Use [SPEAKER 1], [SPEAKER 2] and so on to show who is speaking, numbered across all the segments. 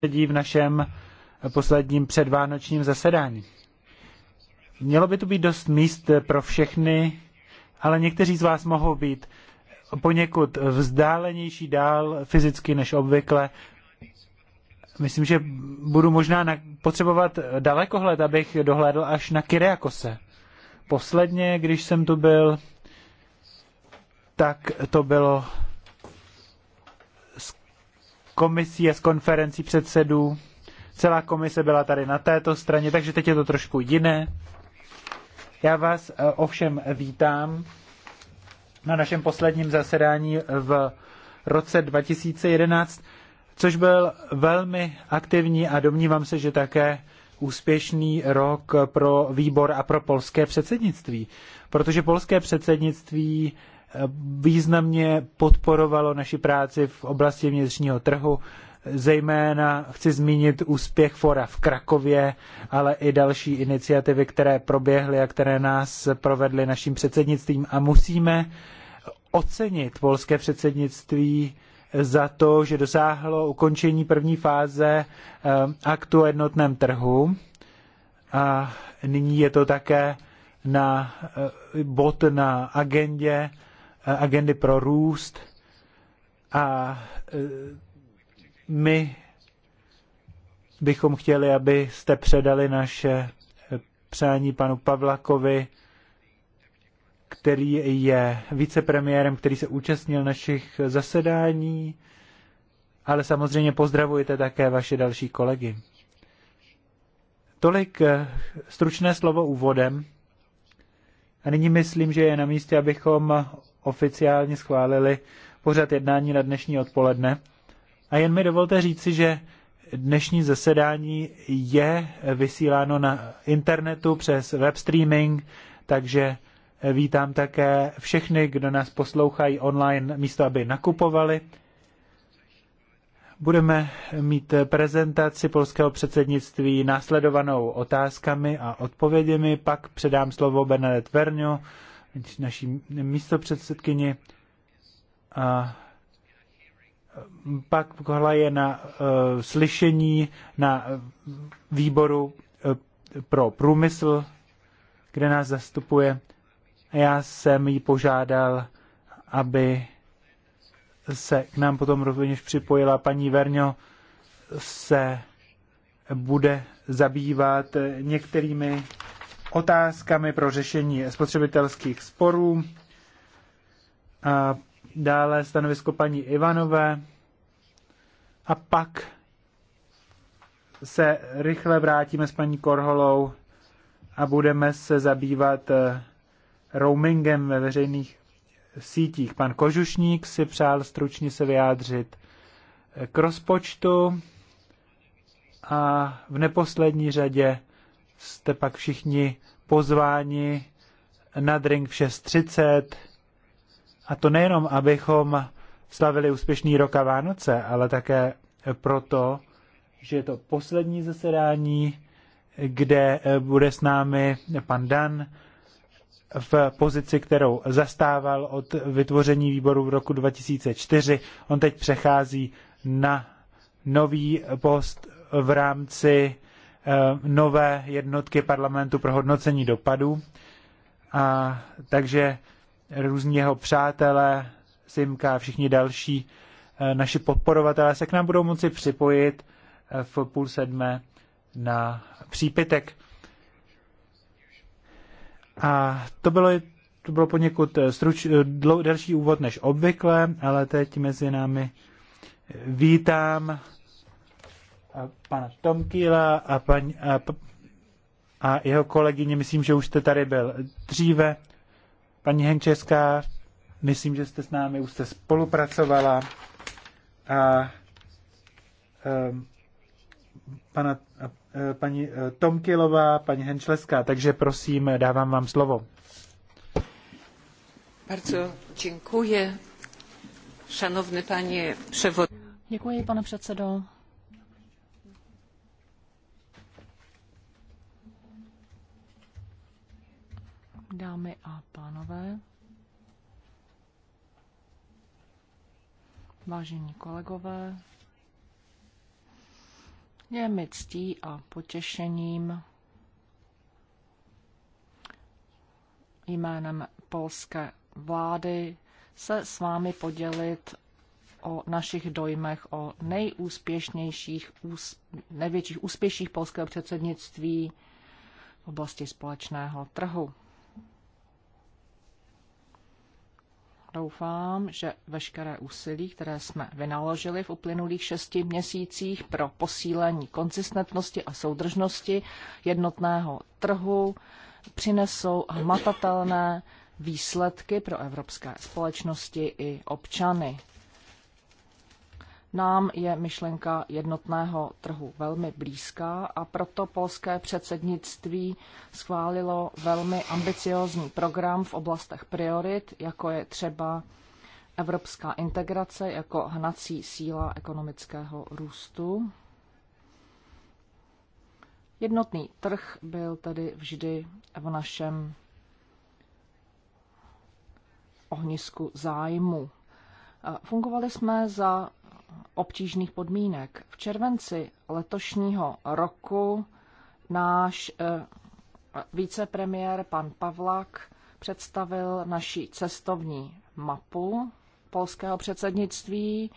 [SPEAKER 1] prostředí v našem posledním předvánočním zasedání. Mělo by tu být dost míst pro všechny, ale někteří z vás mohou být poněkud vzdálenější dál fyzicky než obvykle. Myslím, že budu možná potřebovat dalekohled, abych dohlédl až na Kyriakose. Posledně, když jsem tu byl, tak to bylo komisí a s konferencí předsedů. Celá komise byla tady na této straně, takže teď je to trošku jiné. Já vás eh, ovšem vítám na našem posledním zasedání v roce 2011, což byl velmi aktivní a domnívám se, že také úspěšný rok pro výbor a pro polské předsednictví. Protože polské předsednictví významně podporovalo naši práci v oblasti vnitřního trhu. Zejména chci zmínit úspěch fora v Krakově, ale i další iniciativy, které proběhly a které nás provedly naším předsednictvím. A musíme ocenit polské předsednictví za to, že dosáhlo ukončení první fáze eh, aktu o jednotném trhu. A nyní je to také na eh, bod na agendě Eh, agendy pro růst a eh, my bychom chtěli, abyste předali naše eh, přání panu Pavlakovi, který je vicepremiérem, který se účastnil našich zasedání, ale samozřejmě pozdravujete také vaše další kolegy. Tolik stručné slovo úvodem. A nyní myslím, že je na místě, abychom oficiálně schválili pořad jednání na dnešní odpoledne. A jen mi dovolte říci, že dnešní zasedání je vysíláno na internetu přes web streaming, takže vítám také všechny, kdo nás poslouchají online, místo aby nakupovali. Budeme mít prezentaci polského předsednictví následovanou otázkami a odpověděmi, pak předám slovo Bernadette Verňu, naší místopředsedkyni. A pak kohla je na uh, slyšení na výboru uh, pro průmysl, kde nás zastupuje. Já jsem ji požádal, aby se k nám potom rovněž připojila paní Verňo, se bude zabývat některými otázkami pro řešení spotřebitelských sporů. A dále stanovisko paní Ivanové. A pak se rychle vrátíme s paní Korholou a budeme se zabývat eh, roamingem ve veřejných sítích. Pan Kožušník si přál stručně se vyjádřit eh, k rozpočtu a v neposlední řadě jste pak všichni pozváni na drink v 6.30. A to nejenom, abychom slavili úspěšný rok a Vánoce, ale také proto, že je to poslední zasedání, kde bude s námi pan Dan v pozici, kterou zastával od vytvoření výboru v roku 2004. On teď přechází na nový post v rámci Eh, nové jednotky parlamentu pro hodnocení dopadů. A takže různí jeho přátelé, Simka a všichni další eh, naši podporovatelé se k nám budou moci připojit eh, v půl sedmé na přípitek. A to bylo, to bylo poněkud struč, dlou, delší úvod než obvykle, ale teď mezi námi vítám pana Tomkýla a, paň, a, a jeho kolegyně, myslím, že už jste tady byl dříve. Paní Henčeská, myslím, že jste s námi už jste spolupracovala. A a, ehm, pana, a, e, paní e, Tomkilová, paní Henčleská, takže prosím, dávám vám slovo.
[SPEAKER 2] Bardzo dziękuję. Szanowny panie przewodniczący. Děkuji, pane předsedo. dámy a pánové, vážení kolegové, je mi ctí a potěšením jménem polské vlády se s vámi podělit o našich dojmech o nejúspěšnějších, největších úspěších polského předsednictví v oblasti společného trhu. Doufám, že veškeré úsilí, které jsme vynaložili v uplynulých šesti měsících pro posílení konzistentnosti a soudržnosti jednotného trhu, přinesou hmatatelné výsledky pro evropské společnosti i občany. Nám je myšlenka jednotného trhu velmi blízká a proto polské předsednictví schválilo velmi ambiciózní program v oblastech priorit, jako je třeba evropská integrace jako hnací síla ekonomického růstu. Jednotný trh byl tedy vždy v našem ohnisku zájmu. Fungovali jsme za obtížných podmínek. V červenci letošního roku náš eh, vicepremiér pan Pavlak představil naši cestovní mapu polského předsednictví,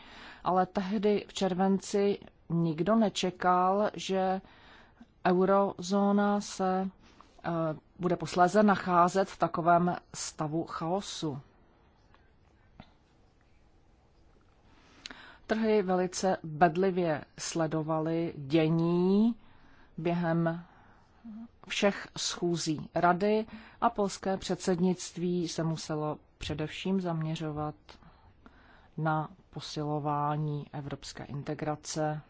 [SPEAKER 2] ale tehdy v červenci nikdo nečekal, že eurozóna se eh, bude posléze nacházet v takovém stavu chaosu. trhy velice bedlivě sledovaly dění během všech schůzí rady a polské předsednictví se muselo především zaměřovat na posilování evropské integrace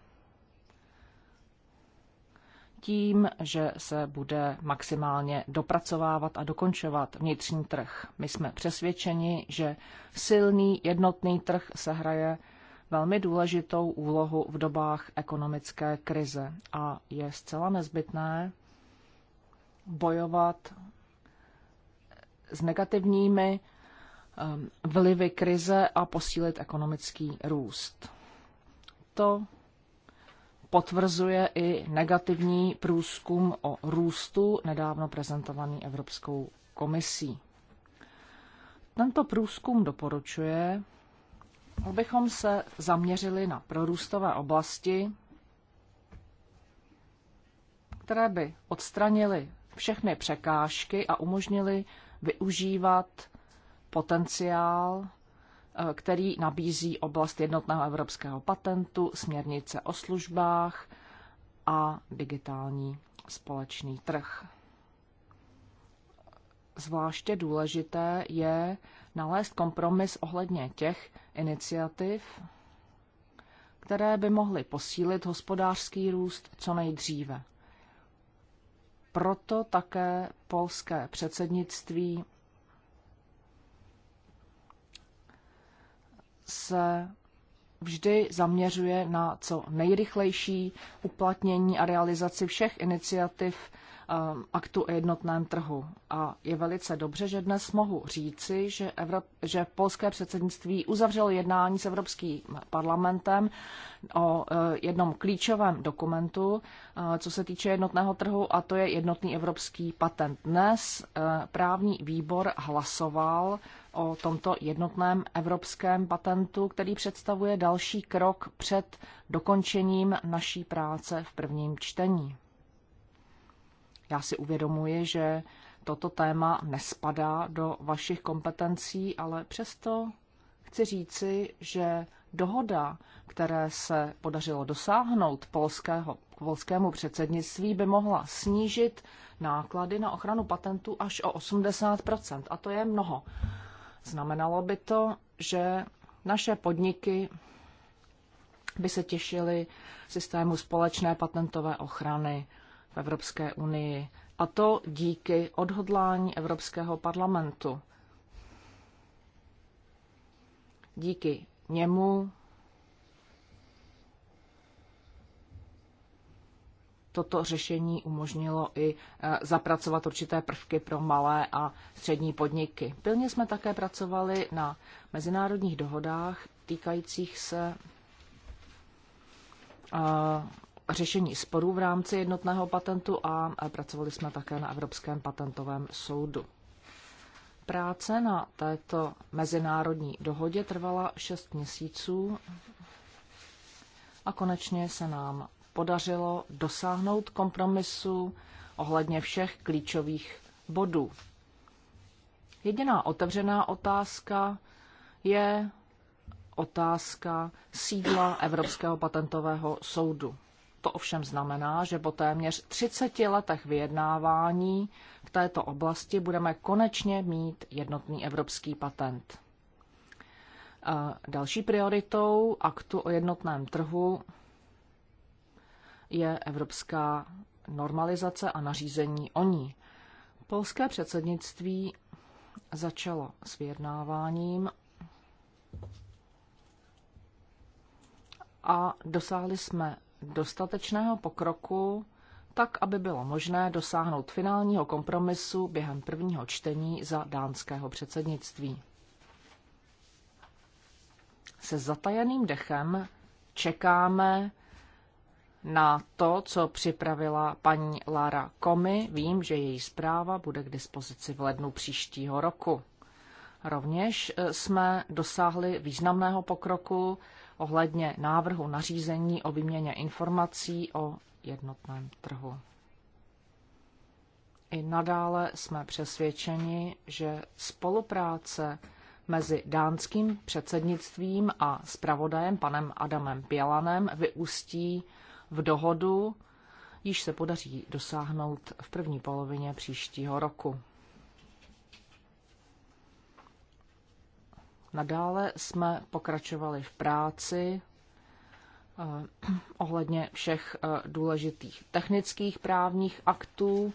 [SPEAKER 2] tím, že se bude maximálně dopracovávat a dokončovat vnitřní trh. My jsme přesvědčeni, že silný jednotný trh se hraje velmi důležitou úlohu v dobách ekonomické krize a je zcela nezbytné bojovat s negativními um, vlivy krize a posílit ekonomický růst. To potvrzuje i negativní průzkum o růstu nedávno prezentovaný Evropskou komisí. Tento průzkum doporučuje, abychom se zaměřili na prorůstové oblasti, které by odstranily všechny překážky a umožnily využívat potenciál, eh, který nabízí oblast jednotného evropského patentu, směrnice o službách a digitální společný trh. Zvláště důležité je nalézt kompromis ohledně těch iniciativ, které by mohly posílit hospodářský růst co nejdříve. Proto také polské předsednictví se vždy zaměřuje na co nejrychlejší uplatnění a realizaci všech iniciativ Um, aktu o jednotném trhu. A je velice dobře, že dnes mohu říci, že, Evrop, že polské předsednictví uzavřelo jednání s Evropským parlamentem o uh, jednom klíčovém dokumentu, uh, co se týče jednotného trhu, a to je jednotný evropský patent. Dnes uh, právní výbor hlasoval o tomto jednotném evropském patentu, který představuje další krok před dokončením naší práce v prvním čtení. Já si uvědomuji, že toto téma nespadá do vašich kompetencí, ale přesto chci říci, že dohoda, které se podařilo dosáhnout polského, polskému předsednictví, by mohla snížit náklady na ochranu patentů až o 80 a to je mnoho. Znamenalo by to, že naše podniky by se těšily systému společné patentové ochrany v Evropské unii. A to díky odhodlání Evropského parlamentu. Díky němu toto řešení umožnilo i eh, zapracovat určité prvky pro malé a střední podniky. Pilně jsme také pracovali na mezinárodních dohodách týkajících se eh, řešení sporů v rámci jednotného patentu a pracovali jsme také na Evropském patentovém soudu. Práce na této mezinárodní dohodě trvala 6 měsíců a konečně se nám podařilo dosáhnout kompromisu ohledně všech klíčových bodů. Jediná otevřená otázka je otázka sídla Evropského patentového soudu. To ovšem znamená, že po téměř 30 letech vyjednávání v této oblasti budeme konečně mít jednotný evropský patent. E, další prioritou aktu o jednotném trhu je evropská normalizace a nařízení o ní. Polské předsednictví začalo s vyjednáváním a dosáhli jsme dostatečného pokroku, tak aby bylo možné dosáhnout finálního kompromisu během prvního čtení za dánského předsednictví. Se zatajeným dechem čekáme na to, co připravila paní Lara Komi. Vím, že její zpráva bude k dispozici v lednu příštího roku. Rovněž e, jsme dosáhli významného pokroku ohledně návrhu nařízení o vyměně informací o jednotném trhu. I nadále jsme přesvědčeni, že spolupráce mezi dánským předsednictvím a zpravodajem panem Adamem Pělanem vyústí v dohodu, již se podaří dosáhnout v první polovině příštího roku. Nadále jsme pokračovali v práci eh, ohledně všech eh, důležitých technických právních aktů.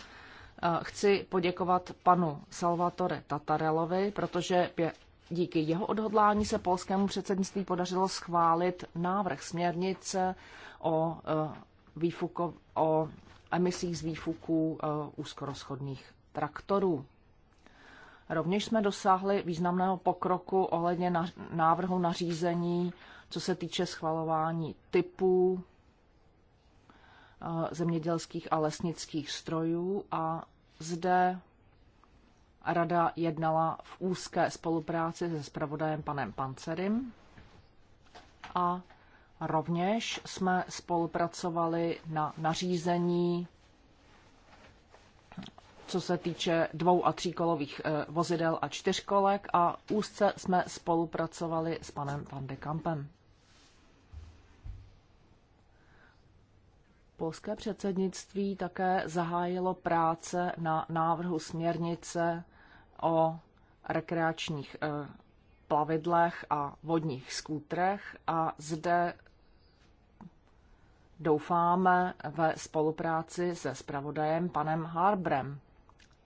[SPEAKER 2] Eh, chci poděkovat panu Salvatore Tatarelovi, protože díky jeho odhodlání se polskému předsednictví podařilo schválit návrh směrnice o, výfuko, o emisích z výfuků úzkoroschodných traktorů. Rovněž jsme dosáhli významného pokroku ohledně na, návrhu nařízení, co se týče schvalování typů eh, zemědělských a lesnických strojů a zde rada jednala v úzké spolupráci se spravodajem panem Pancerim a rovněž jsme spolupracovali na nařízení co se týče dvou a tříkolových eh, vozidel a čtyřkolek a úzce jsme spolupracovali s panem Van de Kampem. Polské předsednictví také zahájilo práce na návrhu směrnice o rekreačních eh, plavidlech a vodních skútrech a zde doufáme ve spolupráci se spravodajem panem Harbrem.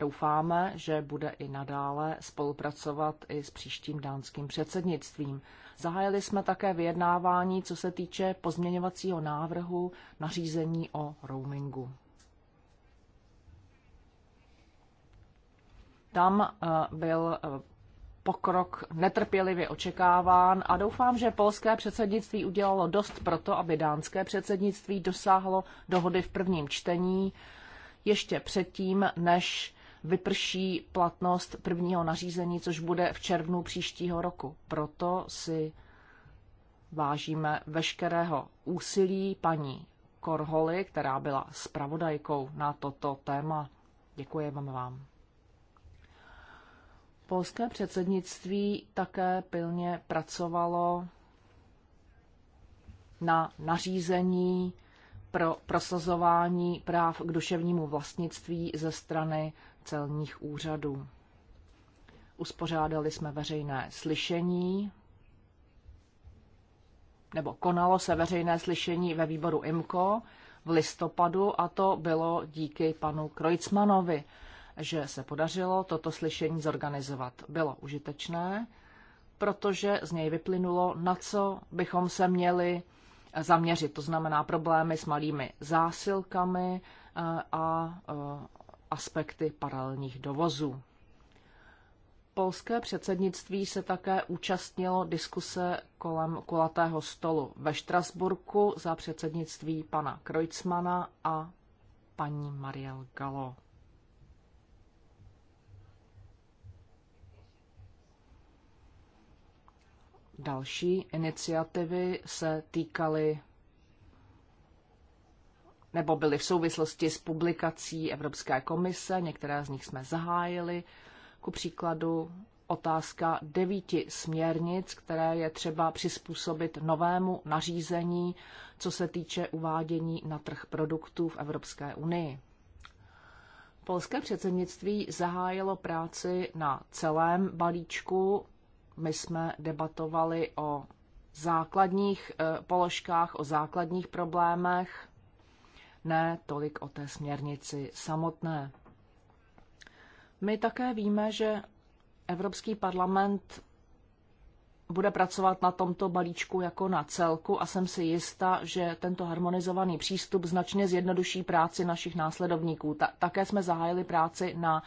[SPEAKER 2] Doufáme, že bude i nadále spolupracovat i s příštím dánským předsednictvím. Zahájili jsme také vyjednávání, co se týče pozměňovacího návrhu nařízení o roamingu. Tam eh, byl eh, pokrok netrpělivě očekáván a doufám, že polské předsednictví udělalo dost pro to, aby dánské předsednictví dosáhlo dohody v prvním čtení ještě předtím, než vyprší platnost prvního nařízení, což bude v červnu příštího roku. Proto si vážíme veškerého úsilí paní Korholy, která byla spravodajkou na toto téma. Děkuji vám. vám. Polské předsednictví také pilně pracovalo na nařízení pro prosazování práv k duševnímu vlastnictví ze strany celních úřadů. Uspořádali jsme veřejné slyšení, nebo konalo se veřejné slyšení ve výboru IMKO v listopadu a to bylo díky panu Krojcmanovi, že se podařilo toto slyšení zorganizovat. Bylo užitečné, protože z něj vyplynulo, na co bychom se měli zaměřit. To znamená problémy s malými zásilkami eh, a eh, aspekty paralelních dovozů. Polské předsednictví se také účastnilo diskuse kolem kulatého stolu ve Štrasburku za předsednictví pana Kreutzmana a paní Mariel Galo. Další iniciativy se týkaly nebo byly v souvislosti s publikací Evropské komise, některé z nich jsme zahájili. Ku příkladu otázka devíti směrnic, které je třeba přizpůsobit novému nařízení, co se týče uvádění na trh produktů v Evropské unii. Polské předsednictví zahájilo práci na celém balíčku. My jsme debatovali o základních eh, položkách, o základních problémech ne tolik o té směrnici samotné. My také víme, že Evropský parlament bude pracovat na tomto balíčku jako na celku a jsem si jista, že tento harmonizovaný přístup značně zjednoduší práci našich následovníků. Ta- také jsme zahájili práci na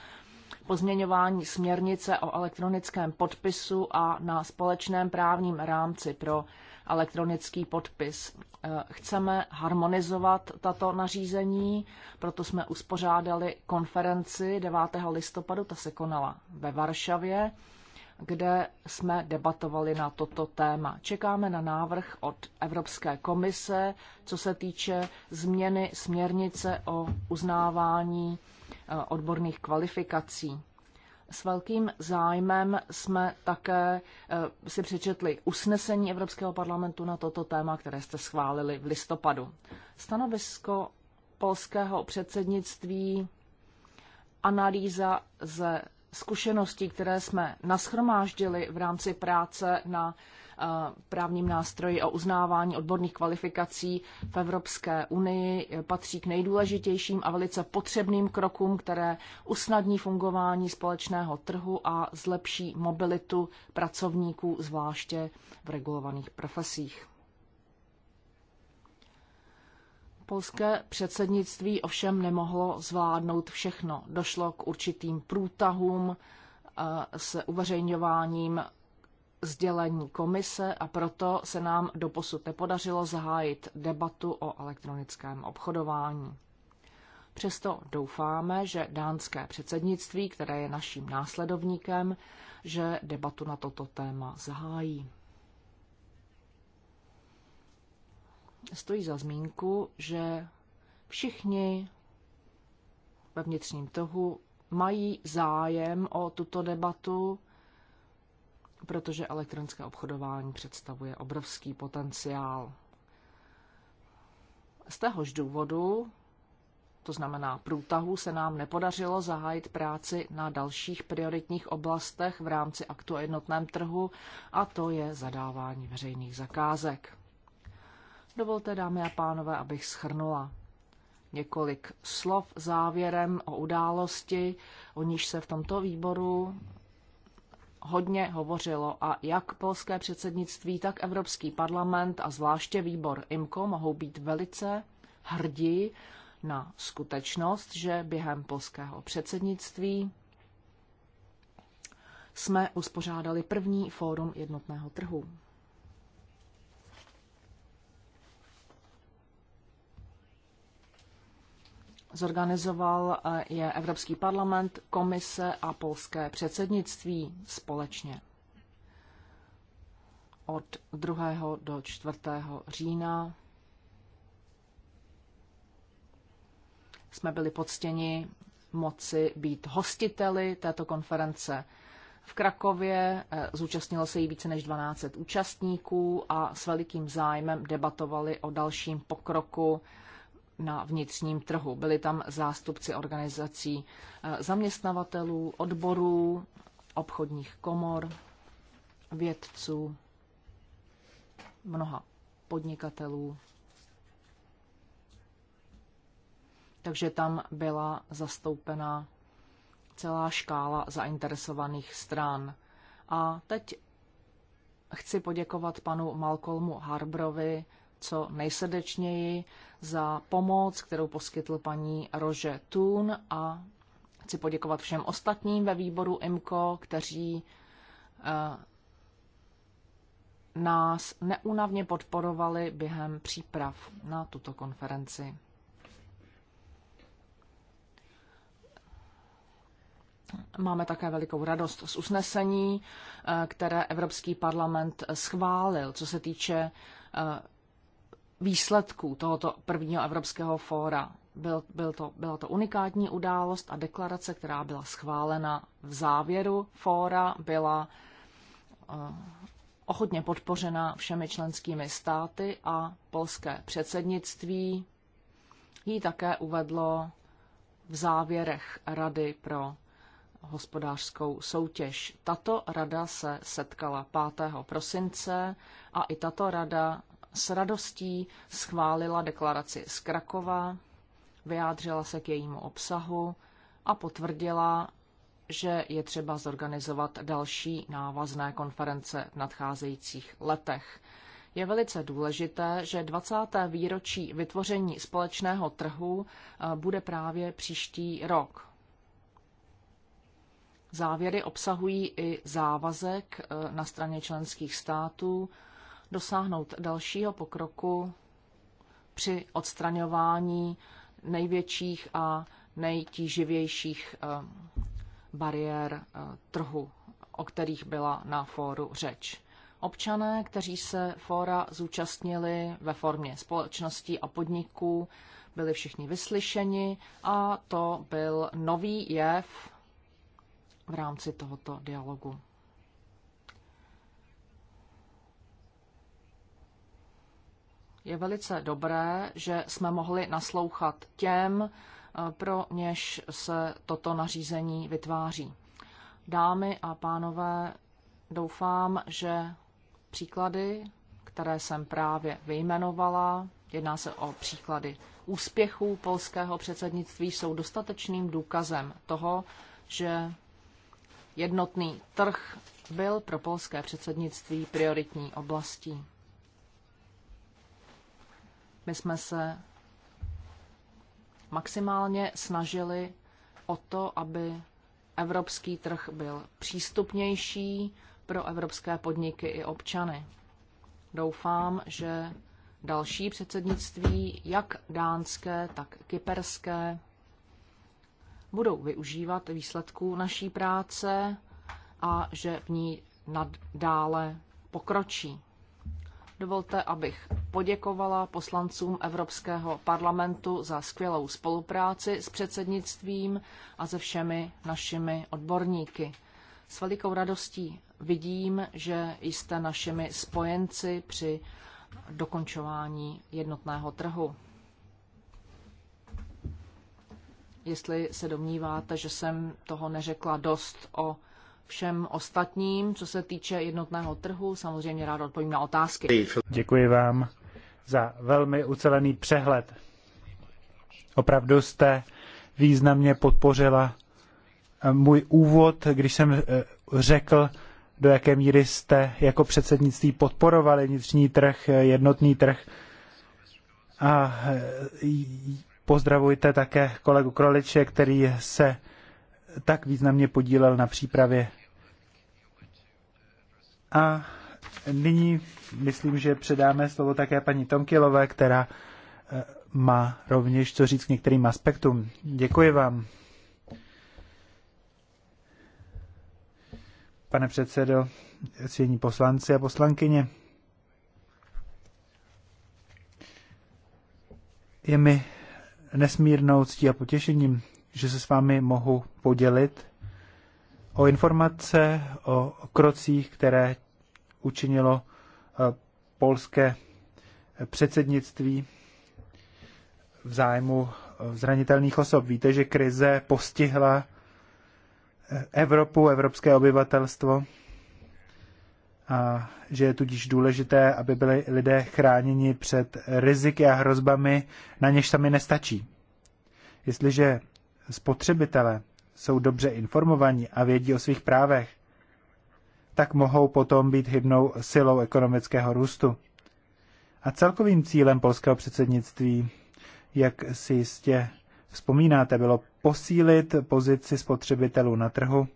[SPEAKER 2] pozměňování směrnice o elektronickém podpisu a na společném právním rámci pro elektronický podpis. Eh, chceme harmonizovat tato nařízení, proto jsme uspořádali konferenci 9. listopadu, ta se konala ve Varšavě, kde jsme debatovali na toto téma. Čekáme na návrh od Evropské komise, co se týče změny směrnice o uznávání eh, odborných kvalifikací. S velkým zájmem jsme také eh, si přečetli usnesení Evropského parlamentu na toto téma, které jste schválili v listopadu. Stanovisko polského předsednictví, analýza ze zkušeností, které jsme naschromáždili v rámci práce na Eh, právním nástroji o uznávání odborných kvalifikací v Evropské unii eh, patří k nejdůležitějším a velice potřebným krokům, které usnadní fungování společného trhu a zlepší mobilitu pracovníků, zvláště v regulovaných profesích. Polské předsednictví ovšem nemohlo zvládnout všechno. Došlo k určitým průtahům eh, se uveřejňováním sdělení komise a proto se nám doposud nepodařilo zahájit debatu o elektronickém obchodování. Přesto doufáme, že dánské předsednictví, které je naším následovníkem, že debatu na toto téma zahájí. Stojí za zmínku, že všichni ve vnitřním trhu mají zájem o tuto debatu, protože elektronické obchodování představuje obrovský potenciál. Z téhož důvodu, to znamená průtahu, se nám nepodařilo zahájit práci na dalších prioritních oblastech v rámci aktu o jednotném trhu, a to je zadávání veřejných zakázek. Dovolte, dámy a pánové, abych schrnula několik slov závěrem o události, o níž se v tomto výboru hodně hovořilo a jak polské předsednictví, tak Evropský parlament a zvláště výbor IMCO mohou být velice hrdí na skutečnost, že během polského předsednictví jsme uspořádali první fórum jednotného trhu. Zorganizoval eh, je Evropský parlament, komise a polské předsednictví společně. Od 2. do 4. října jsme byli poctěni moci být hostiteli této konference v Krakově. Eh, zúčastnilo se jí více než 12 účastníků a s velikým zájmem debatovali o dalším pokroku na vnitřním trhu. Byli tam zástupci organizací eh, zaměstnavatelů, odborů, obchodních komor, vědců, mnoha podnikatelů. Takže tam byla zastoupena celá škála zainteresovaných stran. A teď chci poděkovat panu Malcolmu Harbrovi co nejsrdečněji za pomoc, kterou poskytl paní Rože Thun a chci poděkovat všem ostatním ve výboru IMCO, kteří eh, nás neunavně podporovali během příprav na tuto konferenci. Máme také velikou radost z usnesení, eh, které Evropský parlament schválil, co se týče eh, výsledků tohoto prvního Evropského fóra. Byl, byl to, byla to unikátní událost a deklarace, která byla schválena v závěru fóra, byla eh, ochotně podpořena všemi členskými státy a polské předsednictví ji také uvedlo v závěrech Rady pro hospodářskou soutěž. Tato rada se setkala 5. prosince a i tato rada s radostí schválila deklaraci z Krakova, vyjádřila se k jejímu obsahu a potvrdila, že je třeba zorganizovat další návazné konference v nadcházejících letech. Je velice důležité, že 20. výročí vytvoření společného trhu eh, bude právě příští rok. Závěry obsahují i závazek eh, na straně členských států dosáhnout dalšího pokroku při odstraňování největších a nejtíživějších eh, bariér eh, trhu, o kterých byla na fóru řeč. Občané, kteří se fóra zúčastnili ve formě společností a podniků, byli všichni vyslyšeni a to byl nový jev v rámci tohoto dialogu. Je velice dobré, že jsme mohli naslouchat těm, eh, pro něž se toto nařízení vytváří. Dámy a pánové, doufám, že příklady, které jsem právě vyjmenovala, jedná se o příklady úspěchů polského předsednictví, jsou dostatečným důkazem toho, že jednotný trh byl pro polské předsednictví prioritní oblastí. My jsme se maximálně snažili o to, aby evropský trh byl přístupnější pro evropské podniky i občany. Doufám, že další předsednictví, jak dánské, tak kyperské, budou využívat výsledků naší práce a že v ní nadále pokročí. Dovolte, abych poděkovala poslancům Evropského parlamentu za skvělou spolupráci s předsednictvím a se všemi našimi odborníky. S velikou radostí vidím, že jste našimi spojenci při dokončování jednotného trhu. Jestli se domníváte, že jsem toho neřekla dost o všem ostatním, co se týče jednotného trhu. Samozřejmě rád odpovím na otázky.
[SPEAKER 1] Děkuji vám za velmi ucelený přehled. Opravdu jste významně podpořila eh, můj úvod, když jsem eh, řekl, do jaké míry jste jako předsednictví podporovali vnitřní trh, eh, jednotný trh. A pozdravujte také kolegu Kroliče, který se tak významně podílel na přípravě. A nyní myslím, že předáme slovo také paní Tomkilové, která eh, má rovněž co říct k některým aspektům. Děkuji vám. Pane předsedo, svění poslanci a poslankyně, je mi nesmírnou ctí a potěšením že se s vámi mohu podělit o informace o krocích, které učinilo eh, polské předsednictví v zájmu eh, zranitelných osob. Víte, že krize postihla eh, Evropu, evropské obyvatelstvo a že je tudíž důležité, aby byli lidé chráněni před riziky a hrozbami, na něž sami nestačí. Jestliže spotřebitele jsou dobře informovaní a vědí o svých právech, tak mohou potom být hybnou silou ekonomického růstu. A celkovým cílem polského předsednictví, jak si jistě vzpomínáte, bylo posílit pozici spotřebitelů na trhu,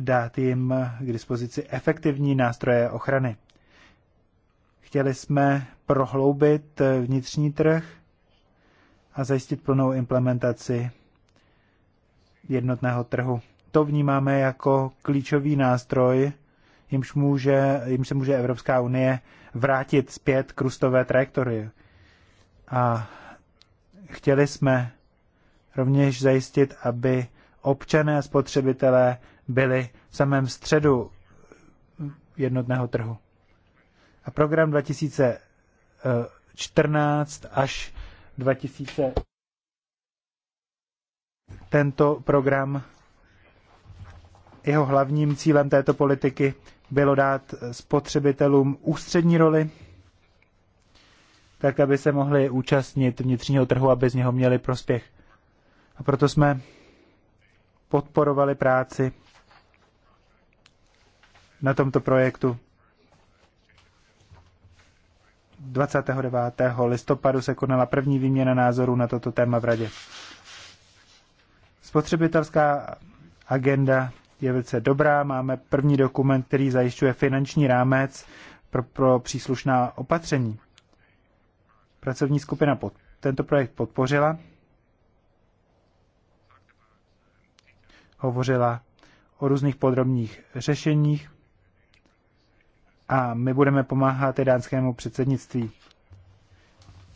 [SPEAKER 1] dát jim k dispozici efektivní nástroje ochrany. Chtěli jsme prohloubit vnitřní trh, a zajistit plnou implementaci jednotného trhu. To vnímáme jako klíčový nástroj, jimž, může, jimž se může Evropská unie vrátit zpět k růstové trajektorii. A chtěli jsme rovněž zajistit, aby občané a spotřebitelé byli v samém středu jednotného trhu. A program 2014 eh, až 2000. Tento program, jeho hlavním cílem této politiky bylo dát spotřebitelům ústřední roli, tak aby se mohli účastnit vnitřního trhu, aby z něho měli prospěch. A proto jsme podporovali práci na tomto projektu 29. listopadu se konala první výměna názorů na toto téma v Radě. Spotřebitelská agenda je velice dobrá. Máme první dokument, který zajišťuje finanční rámec pro, pro příslušná opatření. Pracovní skupina pod, tento projekt podpořila. Hovořila o různých podrobných řešeních a my budeme pomáhat i dánskému předsednictví.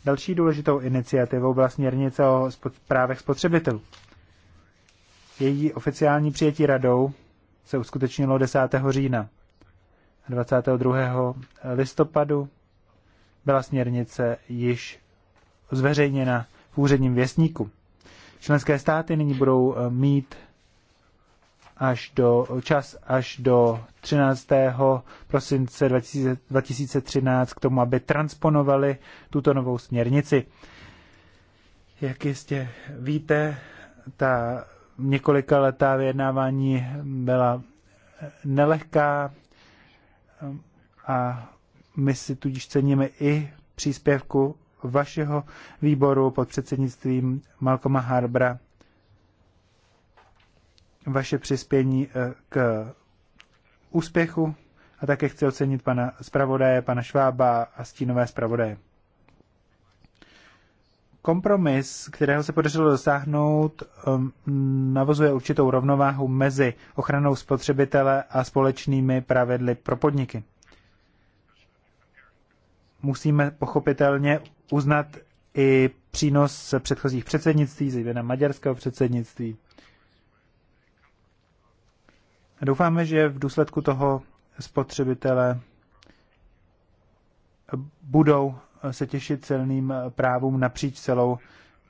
[SPEAKER 1] Další důležitou iniciativou byla směrnice o právech spotřebitelů. Její oficiální přijetí radou se uskutečnilo 10. října. 22. listopadu byla směrnice již zveřejněna v úředním věstníku. Členské státy nyní budou eh, mít až do, čas až do 13. prosince 2013 k tomu, aby transponovali tuto novou směrnici. Jak jistě víte, ta několika letá vyjednávání byla nelehká ehm, a my si tudíž ceníme i příspěvku vašeho výboru pod předsednictvím Malcolma Harbra vaše přispění eh, k úspěchu a také chci ocenit pana zpravodaje, pana Švába a stínové zpravodaje. Kompromis, kterého se podařilo dosáhnout, ehm, navozuje určitou rovnováhu mezi ochranou spotřebitele a společnými pravidly pro podniky. Musíme pochopitelně uznat i přínos předchozích předsednictví, zejména maďarského předsednictví, Doufáme, že v důsledku toho spotřebitele budou se těšit celným právům napříč celou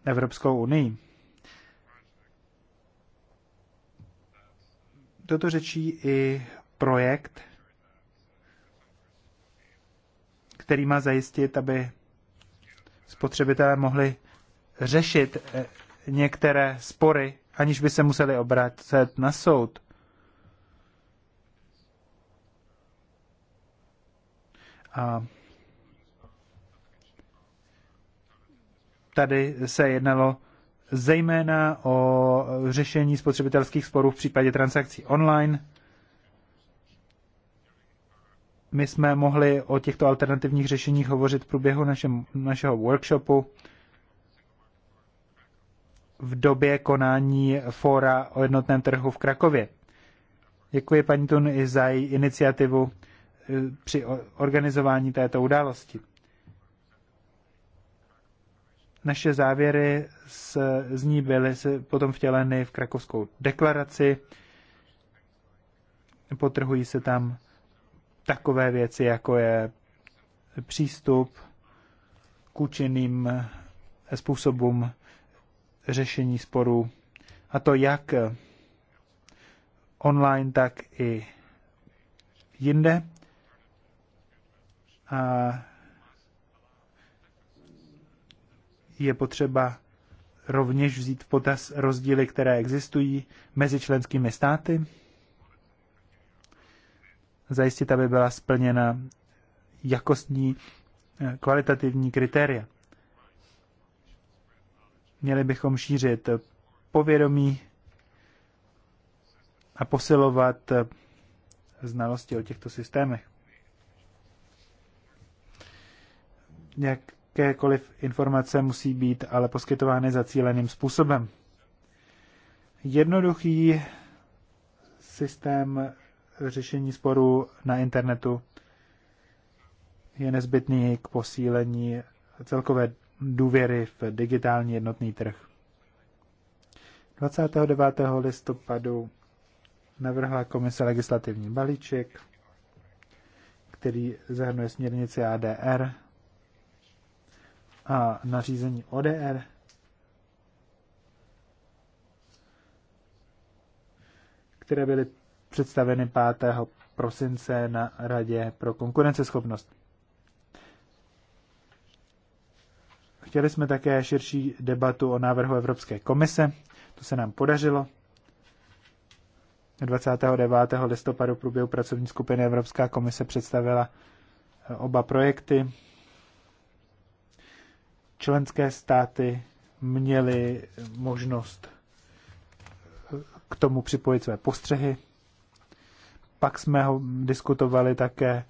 [SPEAKER 1] Evropskou unii. Toto řečí i projekt, který má zajistit, aby spotřebitelé mohli řešit eh, některé spory, aniž by se museli obrátit na soud. A tady se jednalo zejména o řešení spotřebitelských sporů v případě transakcí online. My jsme mohli o těchto alternativních řešeních hovořit v průběhu našem, našeho workshopu v době konání fóra o jednotném trhu v Krakově. Děkuji paní Tun i za její iniciativu při organizování této události. Naše závěry z, z ní byly potom vtěleny v krakovskou deklaraci. Potrhují se tam takové věci, jako je přístup k účinným způsobům řešení sporů, a to jak online, tak i jinde. A je potřeba rovněž vzít v potaz rozdíly, které existují mezi členskými státy, zajistit, aby byla splněna jakostní eh, kvalitativní kritéria. Měli bychom šířit povědomí a posilovat eh, znalosti o těchto systémech. Jakékoliv informace musí být ale poskytovány zacíleným způsobem. Jednoduchý systém řešení sporů na internetu je nezbytný k posílení celkové důvěry v digitální jednotný trh. 29. listopadu navrhla komise legislativní balíček, který zahrnuje směrnici ADR a nařízení ODR. které byly představeny 5. prosince na Radě pro konkurenceschopnost. Chtěli jsme také širší debatu o návrhu Evropské komise, to se nám podařilo. 29. listopadu v průběhu pracovní skupiny Evropská komise představila eh, oba projekty, členské státy měly možnost k tomu připojit své postřehy. Pak jsme ho diskutovali také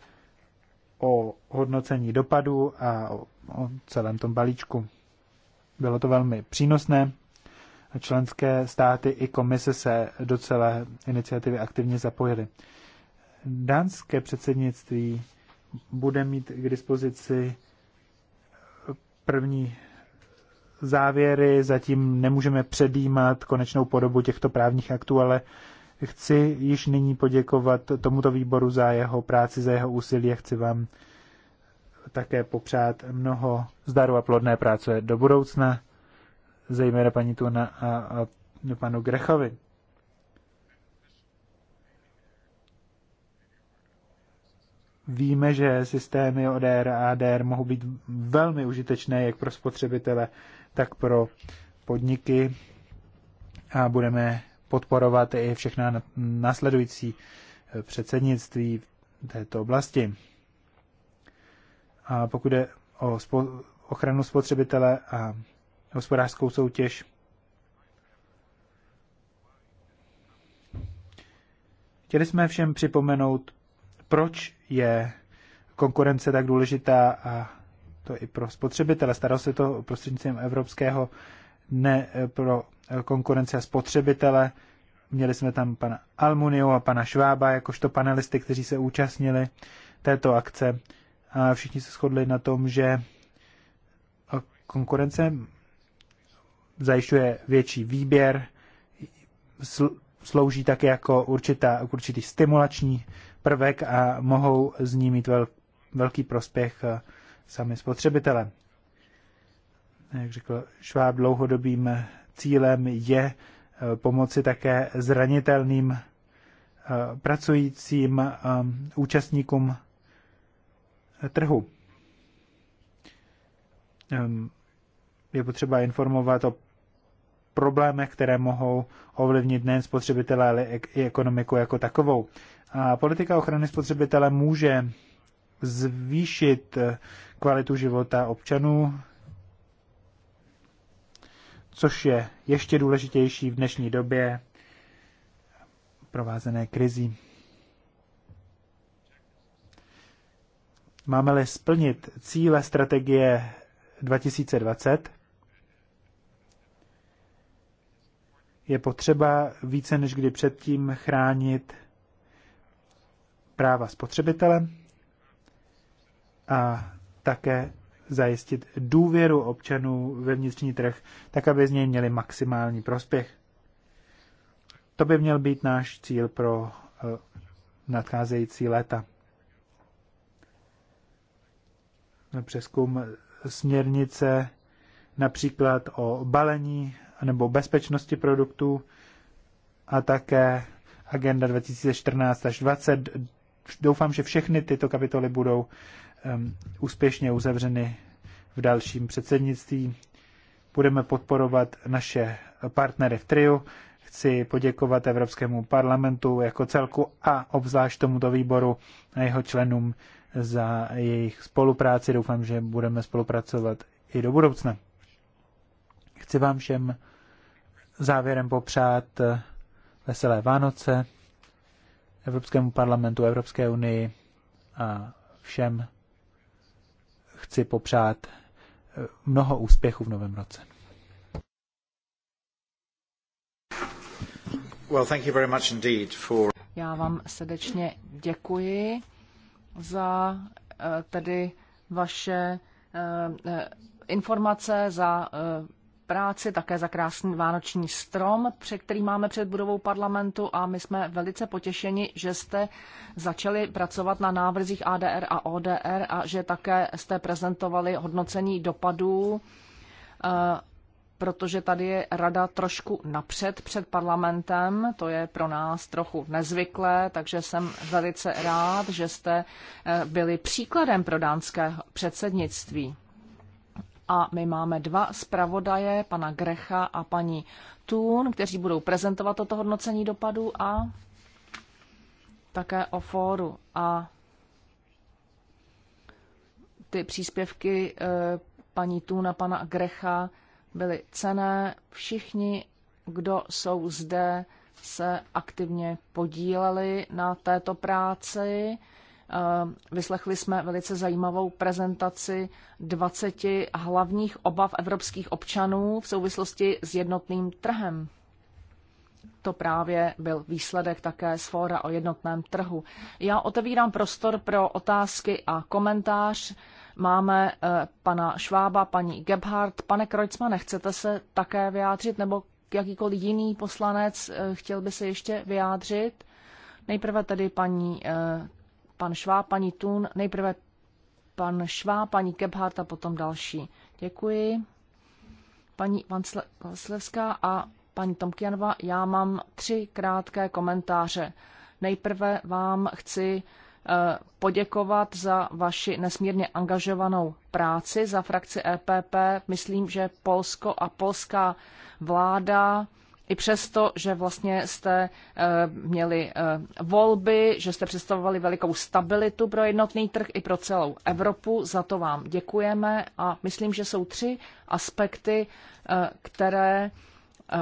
[SPEAKER 1] o hodnocení dopadu a o, o celém tom balíčku. Bylo to velmi přínosné. Členské státy i komise se do celé iniciativy aktivně zapojily. Dánské předsednictví bude mít k dispozici první závěry, zatím nemůžeme předjímat konečnou podobu těchto právních aktů, ale chci již nyní poděkovat tomuto výboru za jeho práci, za jeho úsilí a chci vám také popřát mnoho zdaru a plodné práce do budoucna, zejména paní Tuna a, a panu Grechovi. Víme, že systémy ODR a ADR mohou být velmi užitečné jak pro spotřebitele, tak pro podniky a budeme podporovat i všechna následující eh, předsednictví v této oblasti. A pokud je o spo- ochranu spotřebitele a hospodářskou soutěž, chtěli jsme všem připomenout, proč je konkurence tak důležitá a to i pro spotřebitele. Staral se to prostřednictvím evropského dne eh, pro eh, konkurence a spotřebitele. Měli jsme tam pana Almuniu a pana Švába jakožto panelisty, kteří se účastnili této akce. A všichni se shodli na tom, že eh, konkurence zajišťuje větší výběr, slouží také jako určitá, určitý stimulační prvek a mohou z ní mít velký prospěch eh, sami spotřebitele. Jak řekl Šváb, dlouhodobým eh, cílem je eh, pomoci také zranitelným pracujícím účastníkům trhu. Ehm, je potřeba informovat o problémech, které mohou ovlivnit nejen spotřebitele, ale i ekonomiku jako takovou. A politika ochrany spotřebitele může zvýšit eh, kvalitu života občanů, což je ještě důležitější v dnešní době provázené krizí. Máme-li splnit cíle strategie 2020, je potřeba více než kdy předtím chránit práva spotřebitele a také zajistit důvěru občanů ve vnitřní trh, tak aby z něj měli maximální prospěch. To by měl být náš cíl pro eh, nadcházející léta. Přeskum směrnice například o balení nebo bezpečnosti produktů a také agenda 2014 až 20 doufám, že všechny tyto kapitoly budou um, úspěšně uzavřeny v dalším předsednictví. Budeme podporovat naše partnery v TRIU. Chci poděkovat Evropskému parlamentu jako celku a obzvlášť tomuto výboru a jeho členům za jejich spolupráci. Doufám, že budeme spolupracovat i do budoucna. Chci vám všem závěrem popřát eh, veselé Vánoce, Evropskému parlamentu, Evropské unii a všem chci popřát eh, mnoho úspěchů v novém roce. Well, thank you very much indeed for...
[SPEAKER 2] Já vám srdečně děkuji za eh, tedy vaše eh, informace, za práci, také za krásný vánoční strom, před který máme před budovou parlamentu a my jsme velice potěšeni, že jste začali pracovat na návrzích ADR a ODR a že také jste prezentovali hodnocení dopadů eh, protože tady je rada trošku napřed před parlamentem, to je pro nás trochu nezvyklé, takže jsem velice rád, že jste eh, byli příkladem pro dánské předsednictví a my máme dva zpravodaje, pana Grecha a paní Thun, kteří budou prezentovat toto hodnocení dopadu a také o fóru. A ty příspěvky eh, paní Thun a pana Grecha byly cené. Všichni, kdo jsou zde, se aktivně podíleli na této práci. Eh, vyslechli jsme velice zajímavou prezentaci 20 hlavních obav evropských občanů v souvislosti s jednotným trhem. To právě byl výsledek také z fóra o jednotném trhu. Já otevírám prostor pro otázky a komentář. Máme eh, pana Švába, paní Gebhardt. Pane Krojcmane, Nechcete se také vyjádřit, nebo jakýkoliv jiný poslanec eh, chtěl by se ještě vyjádřit? Nejprve tedy paní pan Švá, paní Tun, nejprve pan Švá, paní kebhart a potom další. Děkuji. Paní Vanslevská a paní Tomkianova, já mám tři krátké komentáře. Nejprve vám chci eh, poděkovat za vaši nesmírně angažovanou práci za frakci EPP. Myslím, že Polsko a polská vláda i přesto, že vlastně jste eh, měli eh, volby, že jste představovali velikou stabilitu pro jednotný trh i pro celou Evropu. Za to vám děkujeme a myslím, že jsou tři aspekty, eh, které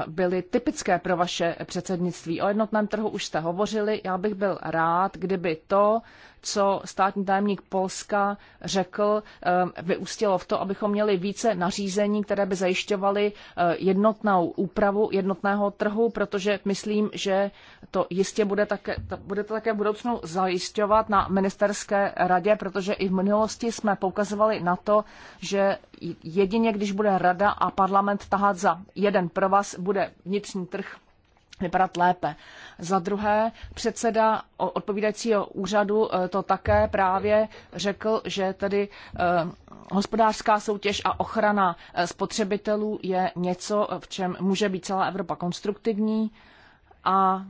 [SPEAKER 2] byly typické pro vaše předsednictví. O jednotném trhu už jste hovořili. Já bych byl rád, kdyby to, co státní tajemník Polska řekl, eh, vyústilo v to, abychom měli více nařízení, které by zajišťovaly eh, jednotnou úpravu jednotného trhu, protože myslím, že to jistě bude také, bude to také v budoucnu zajišťovat na ministerské radě, protože i v minulosti jsme poukazovali na to, že jedině když bude rada a parlament tahat za jeden provaz, bude vnitřní trh vypadat lépe. Za druhé, předseda odpovídajícího úřadu e, to také právě řekl, že tedy e, hospodářská soutěž a ochrana e, spotřebitelů je něco, v čem může být celá Evropa konstruktivní a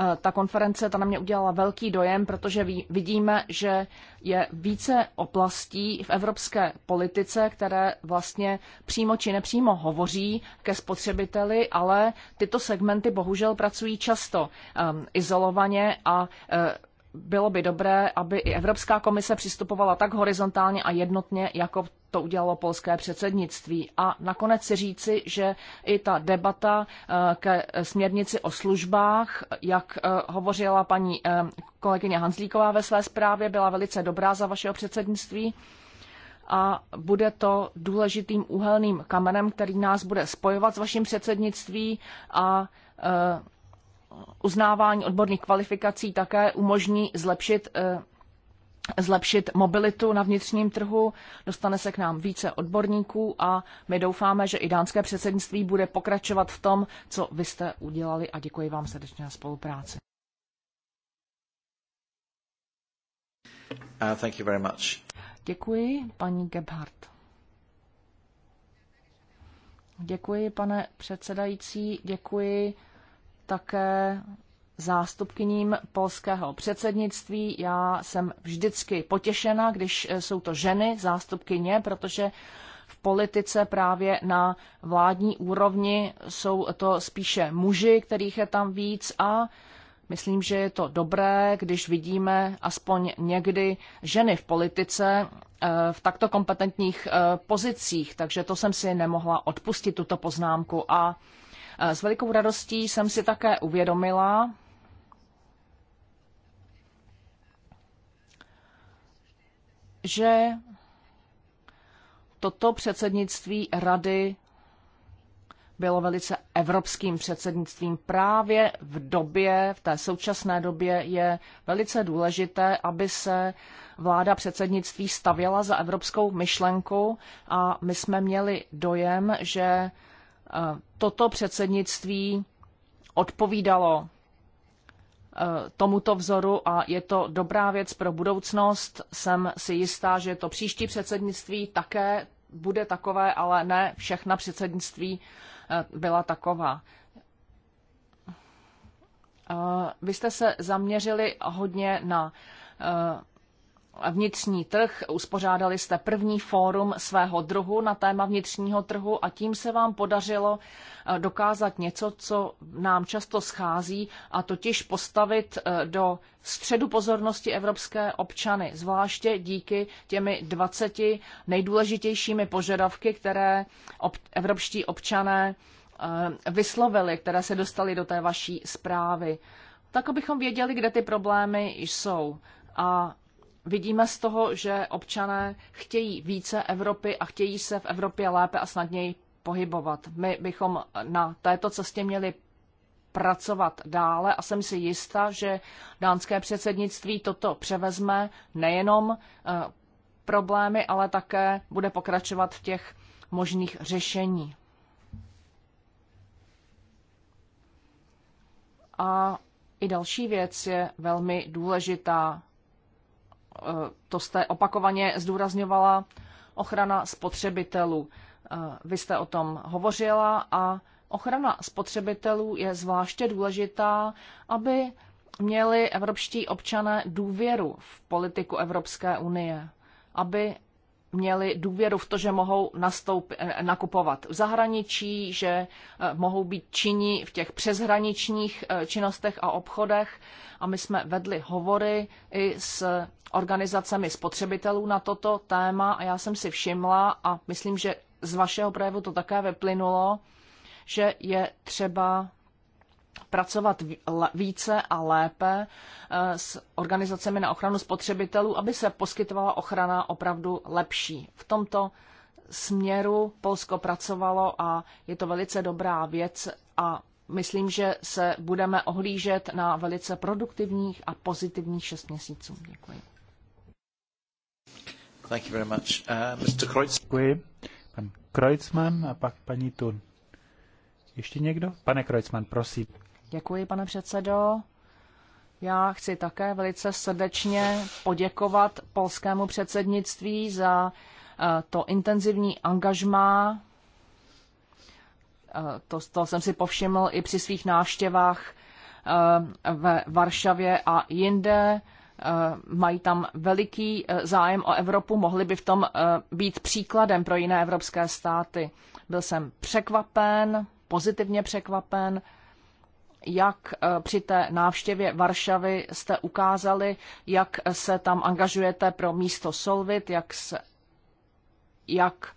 [SPEAKER 2] Eh, ta konference ta na mě udělala velký dojem, protože vidíme, že je více oblastí v evropské politice, které vlastně přímo či nepřímo hovoří ke spotřebiteli, ale tyto segmenty bohužel pracují často um, izolovaně a uh, bylo by dobré, aby i Evropská komise přistupovala tak horizontálně a jednotně, jako to udělalo polské předsednictví. A nakonec si říci, že i ta debata eh, ke směrnici o službách, jak eh, hovořila paní eh, kolegyně Hanzlíková ve své zprávě, byla velice dobrá za vašeho předsednictví a bude to důležitým úhelným kamenem, který nás bude spojovat s vaším předsednictví a uznávání odborných kvalifikací také umožní zlepšit eh, zlepšit mobilitu na vnitřním trhu, dostane se k nám více odborníků a my doufáme, že i dánské předsednictví bude pokračovat v tom, co vy jste udělali a děkuji vám srdečně za spolupráci.
[SPEAKER 1] Uh, thank you very much.
[SPEAKER 2] Děkuji, paní Gebhardt. Děkuji, pane předsedající, děkuji také zástupkyním polského předsednictví. Já jsem vždycky potěšena, když eh, jsou to ženy zástupkyně, protože v politice právě na vládní úrovni jsou to spíše muži, kterých je tam víc a myslím, že je to dobré, když vidíme aspoň někdy ženy v politice eh, v takto kompetentních eh, pozicích, takže to jsem si nemohla odpustit, tuto poznámku a s velikou radostí jsem si také uvědomila, že toto předsednictví rady bylo velice evropským předsednictvím. Právě v době, v té současné době je velice důležité, aby se vláda předsednictví stavěla za evropskou myšlenku a my jsme měli dojem, že toto předsednictví odpovídalo eh, tomuto vzoru a je to dobrá věc pro budoucnost. Jsem si jistá, že to příští předsednictví také bude takové, ale ne všechna předsednictví eh, byla taková. Eh, vy jste se zaměřili hodně na vnitřní trh. Uspořádali jste první fórum svého druhu na téma vnitřního trhu a tím se vám podařilo eh, dokázat něco, co nám často schází, a totiž postavit eh, do středu pozornosti evropské občany, zvláště díky těmi 20 nejdůležitějšími požadavky, které evropští občané eh, vyslovili, které se dostaly do té vaší zprávy tak abychom věděli, kde ty problémy jsou. A vidíme z toho, že občané chtějí více Evropy a chtějí se v Evropě lépe a snadněji pohybovat. My bychom na této cestě měli pracovat dále a jsem si jistá, že dánské předsednictví toto převezme nejenom eh, problémy, ale také bude pokračovat v těch možných řešení. A i další věc je velmi důležitá to jste opakovaně zdůrazňovala, ochrana spotřebitelů. Eh, vy jste o tom hovořila a ochrana spotřebitelů je zvláště důležitá, aby měli evropští občané důvěru v politiku Evropské unie, aby měli důvěru v to, že mohou nastoup, eh, nakupovat v zahraničí, že eh, mohou být činí v těch přeshraničních eh, činnostech a obchodech. A my jsme vedli hovory i s organizacemi spotřebitelů na toto téma a já jsem si všimla a myslím, že z vašeho projevu to také vyplynulo, že je třeba pracovat více a lépe eh, s organizacemi na ochranu spotřebitelů, aby se poskytovala ochrana opravdu lepší. V tomto směru Polsko pracovalo a je to velice dobrá věc a myslím, že se budeme ohlížet na velice produktivních a pozitivních šest měsíců. Děkuji.
[SPEAKER 1] Thank you very much. Uh, Mr. Děkuji. Pan Kreutzmann a pak paní Thun. Ještě někdo? Pane Krojcman, prosím.
[SPEAKER 2] Děkuji, pane předsedo. Já chci také velice srdečně poděkovat polskému předsednictví za eh, to intenzivní angažmá. Eh, to, to jsem si povšiml i při svých návštěvách eh, ve Varšavě a jinde. Mají tam veliký zájem o Evropu, mohli by v tom být příkladem pro jiné evropské státy. Byl jsem překvapen pozitivně překvapen, jak e, při té návštěvě Varšavy jste ukázali, jak se tam angažujete pro místo Solvit, jak, se, jak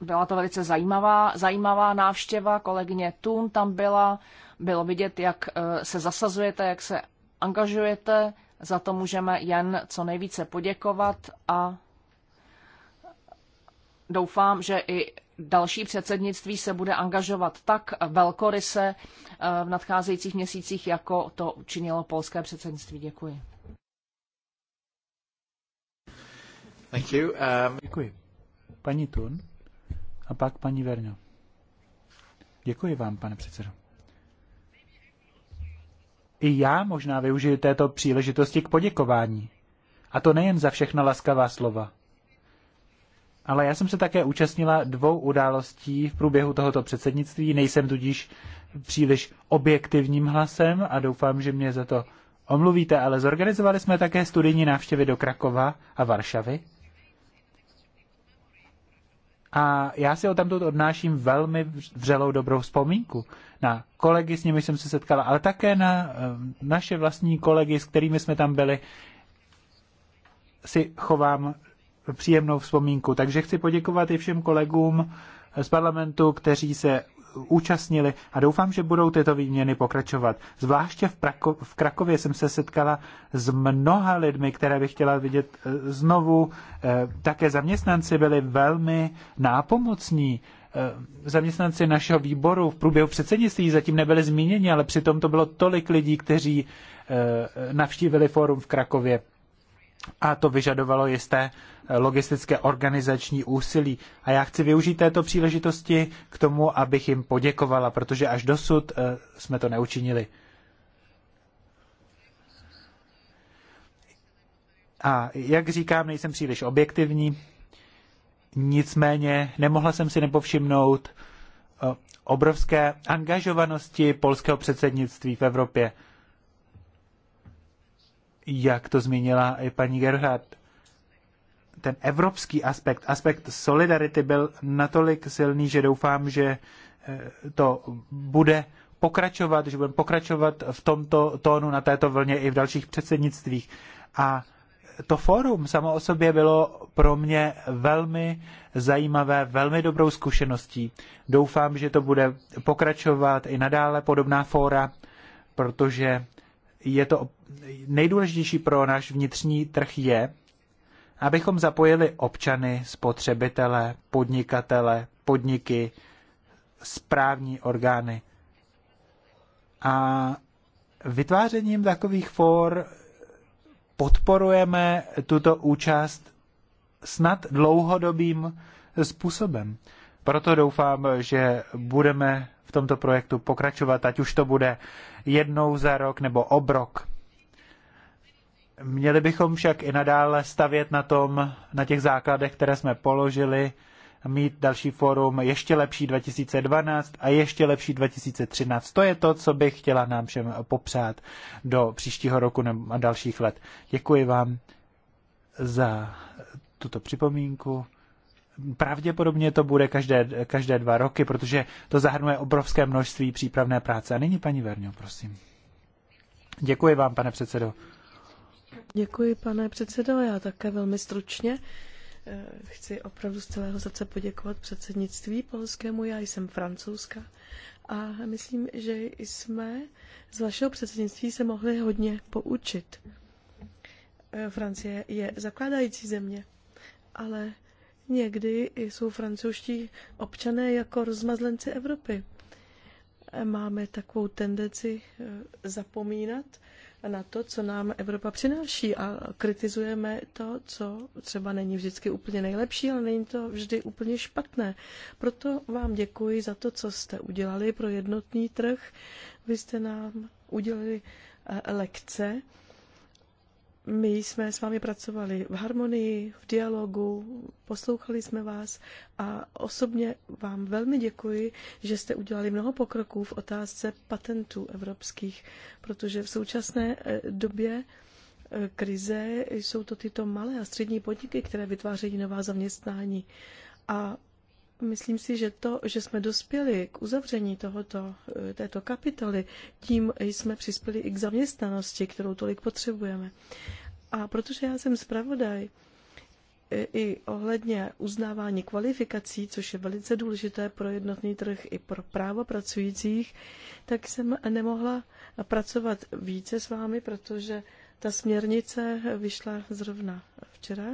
[SPEAKER 2] byla to velice zajímavá, zajímavá návštěva, kolegyně Tun tam byla, bylo vidět, jak e, se zasazujete, jak se angažujete, za to můžeme jen co nejvíce poděkovat a doufám, že i další předsednictví se bude angažovat tak velkoryse eh, v nadcházejících měsících, jako to učinilo polské předsednictví. Děkuji.
[SPEAKER 1] Thank you. Um... Děkuji. Paní Tun a pak paní Verňo. Děkuji vám, pane předsedo. I já možná využiju této příležitosti k poděkování. A to nejen za všechna laskavá slova, ale já jsem se také účastnila dvou událostí v průběhu tohoto předsednictví, nejsem tudíž příliš objektivním hlasem a doufám, že mě za to omluvíte, ale zorganizovali jsme také studijní návštěvy do Krakova a Varšavy. A já si o tamto odnáším velmi vřelou dobrou vzpomínku na kolegy, s nimi jsem se setkala, ale také na eh, naše vlastní kolegy, s kterými jsme tam byli, si chovám příjemnou vzpomínku. Takže chci poděkovat i všem kolegům z parlamentu, kteří se účastnili a doufám, že budou tyto výměny pokračovat. Zvláště v, Prako- v Krakově jsem se setkala s mnoha lidmi, které bych chtěla vidět eh, znovu. Eh, také zaměstnanci byli velmi nápomocní. Eh, zaměstnanci našeho výboru v průběhu předsednictví zatím nebyli zmíněni, ale přitom to bylo tolik lidí, kteří navštívili fórum v Krakově a to vyžadovalo jisté eh, logistické organizační úsilí. A já chci využít této příležitosti k tomu, abych jim poděkovala, protože až dosud eh, jsme to neučinili. A jak říkám, nejsem příliš objektivní, nicméně nemohla jsem si nepovšimnout eh, obrovské angažovanosti polského předsednictví v Evropě jak to zmínila i paní Gerhardt, ten evropský aspekt, aspekt solidarity byl natolik silný, že doufám, že eh, to bude pokračovat, že budeme pokračovat v tomto tónu, na této vlně i v dalších předsednictvích. A to fórum samo o sobě bylo pro mě velmi zajímavé, velmi dobrou zkušeností. Doufám, že to bude pokračovat i nadále podobná fóra, protože je to nejdůležitější pro náš vnitřní trh je, abychom zapojili občany, spotřebitele, podnikatele, podniky, správní orgány. A vytvářením takových for podporujeme tuto účast snad dlouhodobým způsobem. Proto doufám, že budeme v tomto projektu pokračovat, ať už to bude jednou za rok nebo obrok. Měli bychom však i nadále stavět na tom, na těch základech, které jsme položili, mít další fórum ještě lepší 2012 a ještě lepší 2013. To je to, co bych chtěla nám všem popřát do příštího roku a dalších let. Děkuji vám za tuto připomínku. Pravděpodobně to bude každé, každé dva roky, protože to zahrnuje obrovské množství přípravné práce. A nyní paní Verňo, prosím. Děkuji vám, pane předsedo.
[SPEAKER 3] Děkuji, pane předsedo. Já také velmi stručně eh, chci opravdu z celého srdce poděkovat předsednictví polskému. Já jsem Francouzka a myslím, že jsme z vašeho předsednictví se mohli hodně poučit. Eh, Francie je zakládající země, ale někdy jsou francouzští občané jako rozmazlenci Evropy. Eh, Máme takovou tendenci zapomínat na to, co nám Evropa přináší a kritizujeme to, co třeba není vždycky úplně nejlepší, ale není to vždy úplně špatné. Proto vám děkuji za to, co jste udělali pro jednotný trh. Vy jste nám udělali eh, lekce my jsme s vámi pracovali v harmonii, v dialogu, poslouchali jsme vás a osobně vám velmi děkuji, že jste udělali mnoho pokroků v otázce patentů evropských, protože v současné eh, době eh, krize jsou to tyto malé a střední podniky, které vytvářejí nová zaměstnání. A Myslím si, že to, že jsme dospěli k uzavření tohoto, eh, této kapitoly, tím jsme přispěli i k zaměstnanosti, kterou tolik potřebujeme. A protože já jsem zpravodaj eh, i ohledně uznávání kvalifikací, což je velice důležité pro jednotný trh i pro právo pracujících, tak jsem nemohla pracovat více s vámi, protože ta směrnice vyšla zrovna včera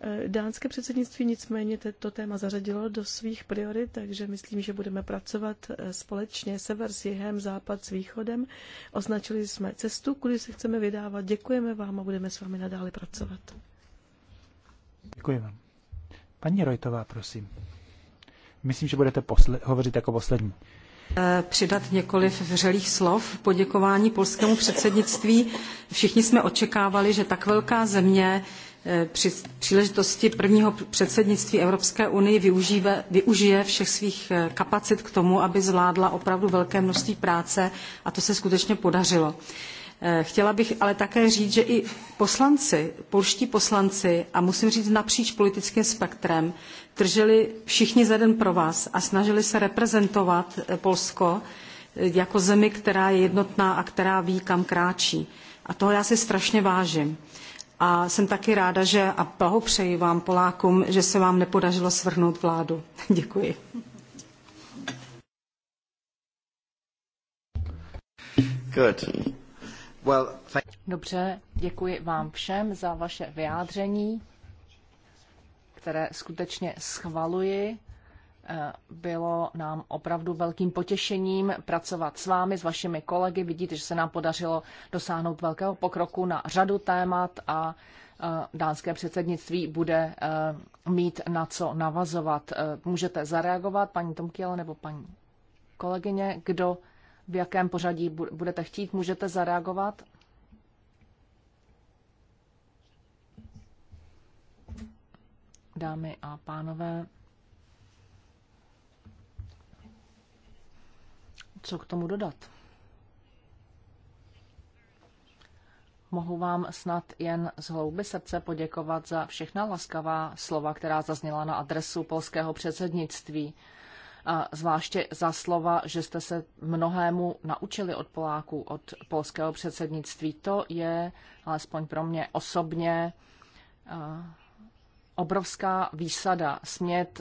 [SPEAKER 3] Eh, dánské předsednictví nicméně to téma zařadilo do svých priorit, takže myslím, že budeme pracovat eh, společně sever s jihem, západ s východem. Označili jsme cestu, kudy se chceme vydávat. Děkujeme vám a budeme s vámi nadále pracovat.
[SPEAKER 1] Děkuji vám. Paní Rojtová, prosím. Myslím, že budete posle- hovořit jako poslední.
[SPEAKER 4] Eh, přidat několik vřelých slov poděkování polskému předsednictví. Všichni jsme očekávali, že tak velká země při příležitosti prvního předsednictví Evropské unie využíve, využije všech svých eh, kapacit k tomu, aby zvládla opravdu velké množství práce a to se skutečně podařilo. Eh, chtěla bych ale také říct, že i poslanci, polští poslanci, a musím říct napříč politickým spektrem, drželi všichni za den pro vás a snažili se reprezentovat eh, Polsko jako zemi, která je jednotná a která ví, kam kráčí. A toho já si strašně vážím. A jsem taky ráda, že a blahopřeji vám Polákům, že se vám nepodařilo svrhnout vládu. Děkuji.
[SPEAKER 3] Good. Well,
[SPEAKER 2] Dobře, děkuji vám všem za vaše vyjádření, které skutečně schvaluji. Eh, bylo nám opravdu velkým potěšením pracovat s vámi, s vašimi kolegy. Vidíte, že se nám podařilo dosáhnout velkého pokroku na řadu témat a eh, dánské předsednictví bude eh, mít na co navazovat. Můžete zareagovat, paní Tomkiel nebo paní kolegyně, kdo v jakém pořadí budete chtít, můžete zareagovat. Dámy a pánové, co k tomu dodat. Mohu vám snad jen z hlouby srdce poděkovat za všechna laskavá slova, která zazněla na adresu polského předsednictví. A zvláště za slova, že jste se mnohému naučili od Poláků, od polského předsednictví. To je, alespoň pro mě osobně, obrovská výsada smět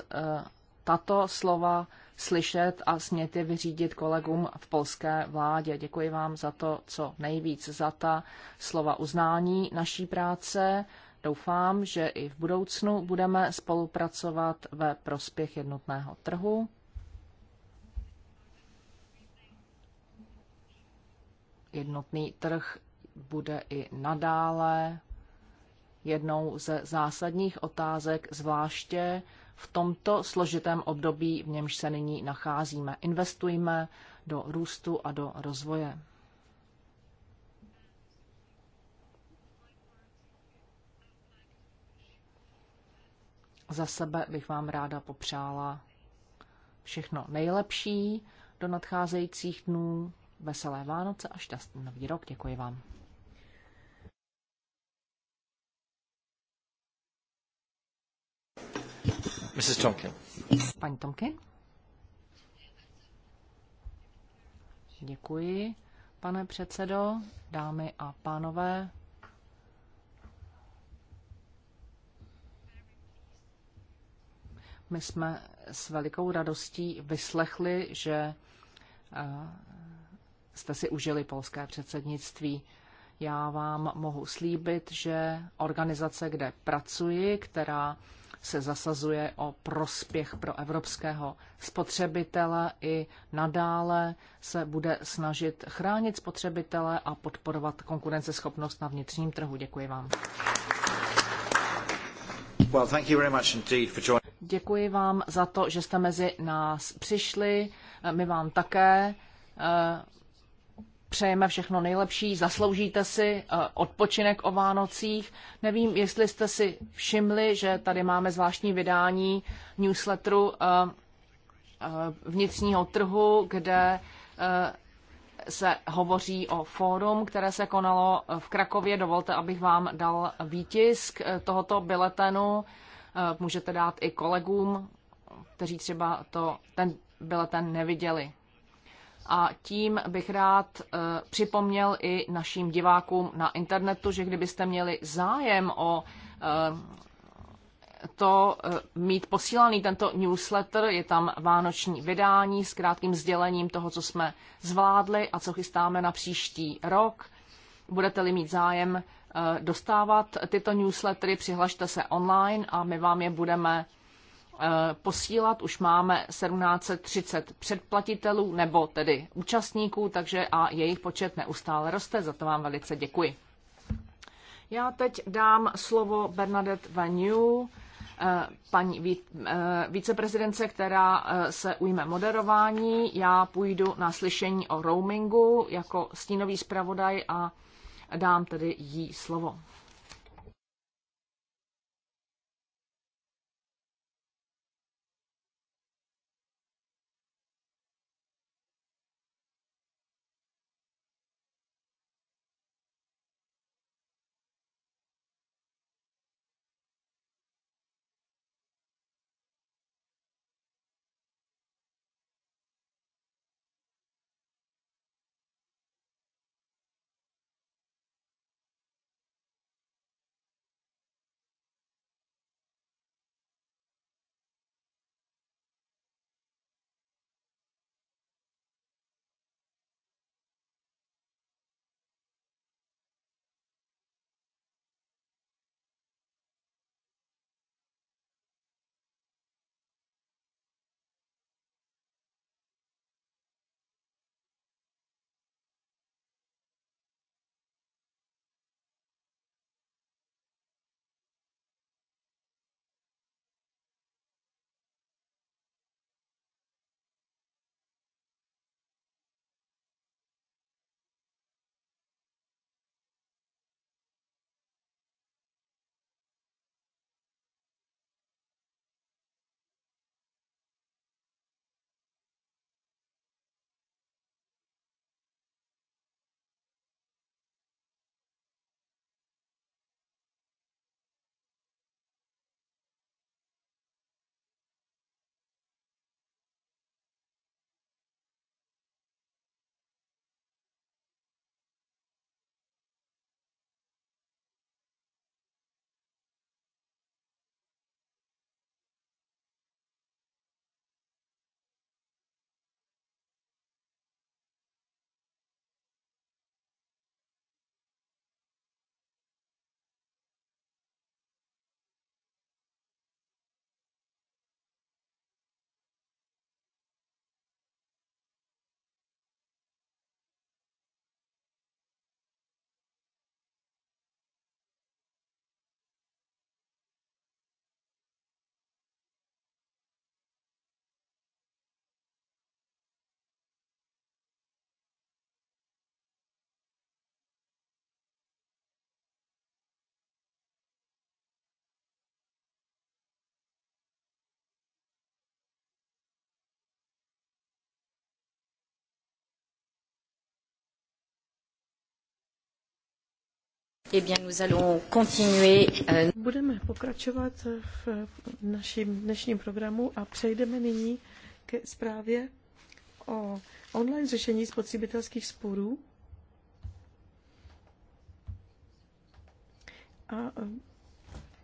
[SPEAKER 2] tato slova slyšet a je vyřídit kolegům v polské vládě. Děkuji vám za to, co nejvíc, za ta slova uznání naší práce. Doufám, že i v budoucnu budeme spolupracovat ve prospěch jednotného trhu. Jednotný trh bude i nadále jednou ze zásadních otázek, zvláště v tomto složitém období, v němž se nyní nacházíme. Investujme do růstu a do rozvoje. Za sebe bych vám ráda popřála všechno nejlepší do nadcházejících dnů. Veselé Vánoce a šťastný nový rok. Děkuji vám. Mrs. Tomkin. Tomkin. Děkuji, pane předsedo, dámy a pánové. My jsme s velikou radostí vyslechli, že eh, jste si užili polské předsednictví. Já vám mohu slíbit, že organizace, kde pracuji, která se zasazuje o prospěch pro evropského spotřebitele i nadále se bude snažit chránit spotřebitele a podporovat konkurenceschopnost na vnitřním trhu. Děkuji vám.
[SPEAKER 1] Well, thank you very much indeed
[SPEAKER 2] for joining. Děkuji vám za to, že jste mezi nás přišli. My vám také. Eh, přejeme všechno nejlepší, zasloužíte si eh, odpočinek o Vánocích. Nevím, jestli jste si všimli, že tady máme zvláštní vydání newsletteru eh, eh, vnitřního trhu, kde se hovoří o fórum, které se konalo v Krakově. Dovolte, abych vám dal výtisk tohoto biletenu. Můžete dát i kolegům, kteří třeba to, ten bileten neviděli. A tím bych rád eh, připomněl i našim divákům na internetu, že kdybyste měli zájem o eh, to eh, mít posílaný tento newsletter, je tam vánoční vydání s krátkým sdělením toho, co jsme zvládli a co chystáme na příští rok. Budete-li mít zájem dostávat tyto newslettery, přihlašte se online a my vám je budeme Eh, posílat. Už máme 1730 předplatitelů nebo tedy účastníků, takže a jejich počet neustále roste. Za to vám velice děkuji. Já teď dám slovo Bernadette Vanu, eh, paní eh, viceprezidence, která se ujme moderování. Já půjdu na slyšení o roamingu jako stínový zpravodaj a dám tedy jí slovo.
[SPEAKER 4] Eh euh,
[SPEAKER 3] Budeme pokračovat v našem dnešním programu a přejdeme nyní ke zprávě o online řešení spotřebitelských sporů. A eh,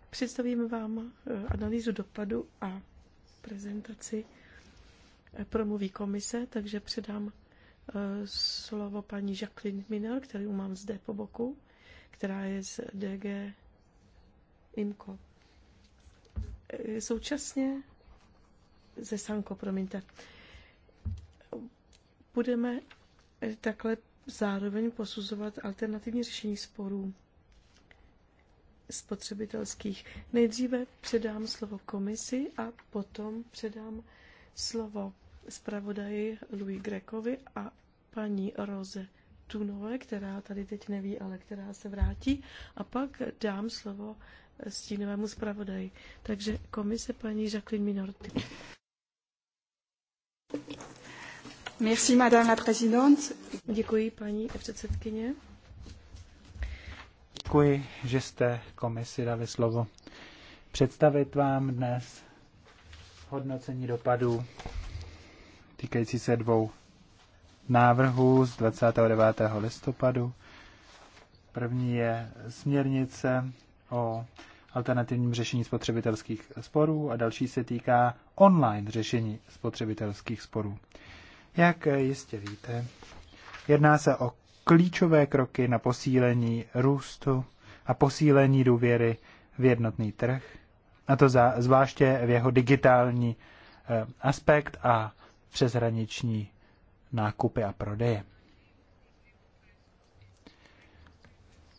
[SPEAKER 3] představím vám eh, analýzu dopadu a prezentaci promluví komise, takže předám slovo paní Jacqueline Miner, kterou mám zde po boku která je z DG IMCO. Eh, současně ze Sanko, promiňte. Budeme eh, takhle zároveň posuzovat alternativní řešení sporů spotřebitelských. Nejdříve předám slovo komisi a potom předám slovo zpravodaji Louis Grekovi a paní Roze Tunové, která tady teď neví, ale která se vrátí. A pak dám slovo stínovému zpravodaji. Takže komise paní Jacqueline Minorty. Merci, madame la présidente. Děkuji, paní předsedkyně.
[SPEAKER 1] Děkuji, že jste komisi dali slovo. Představit vám dnes hodnocení dopadů týkající se dvou návrhů z 29. listopadu. První je směrnice o alternativním řešení spotřebitelských sporů a další se týká online řešení spotřebitelských sporů. Jak jistě víte, jedná se o klíčové kroky na posílení růstu a posílení důvěry v jednotný trh, a to za, zvláště v jeho digitální eh, aspekt a přeshraniční nákupy a prodeje.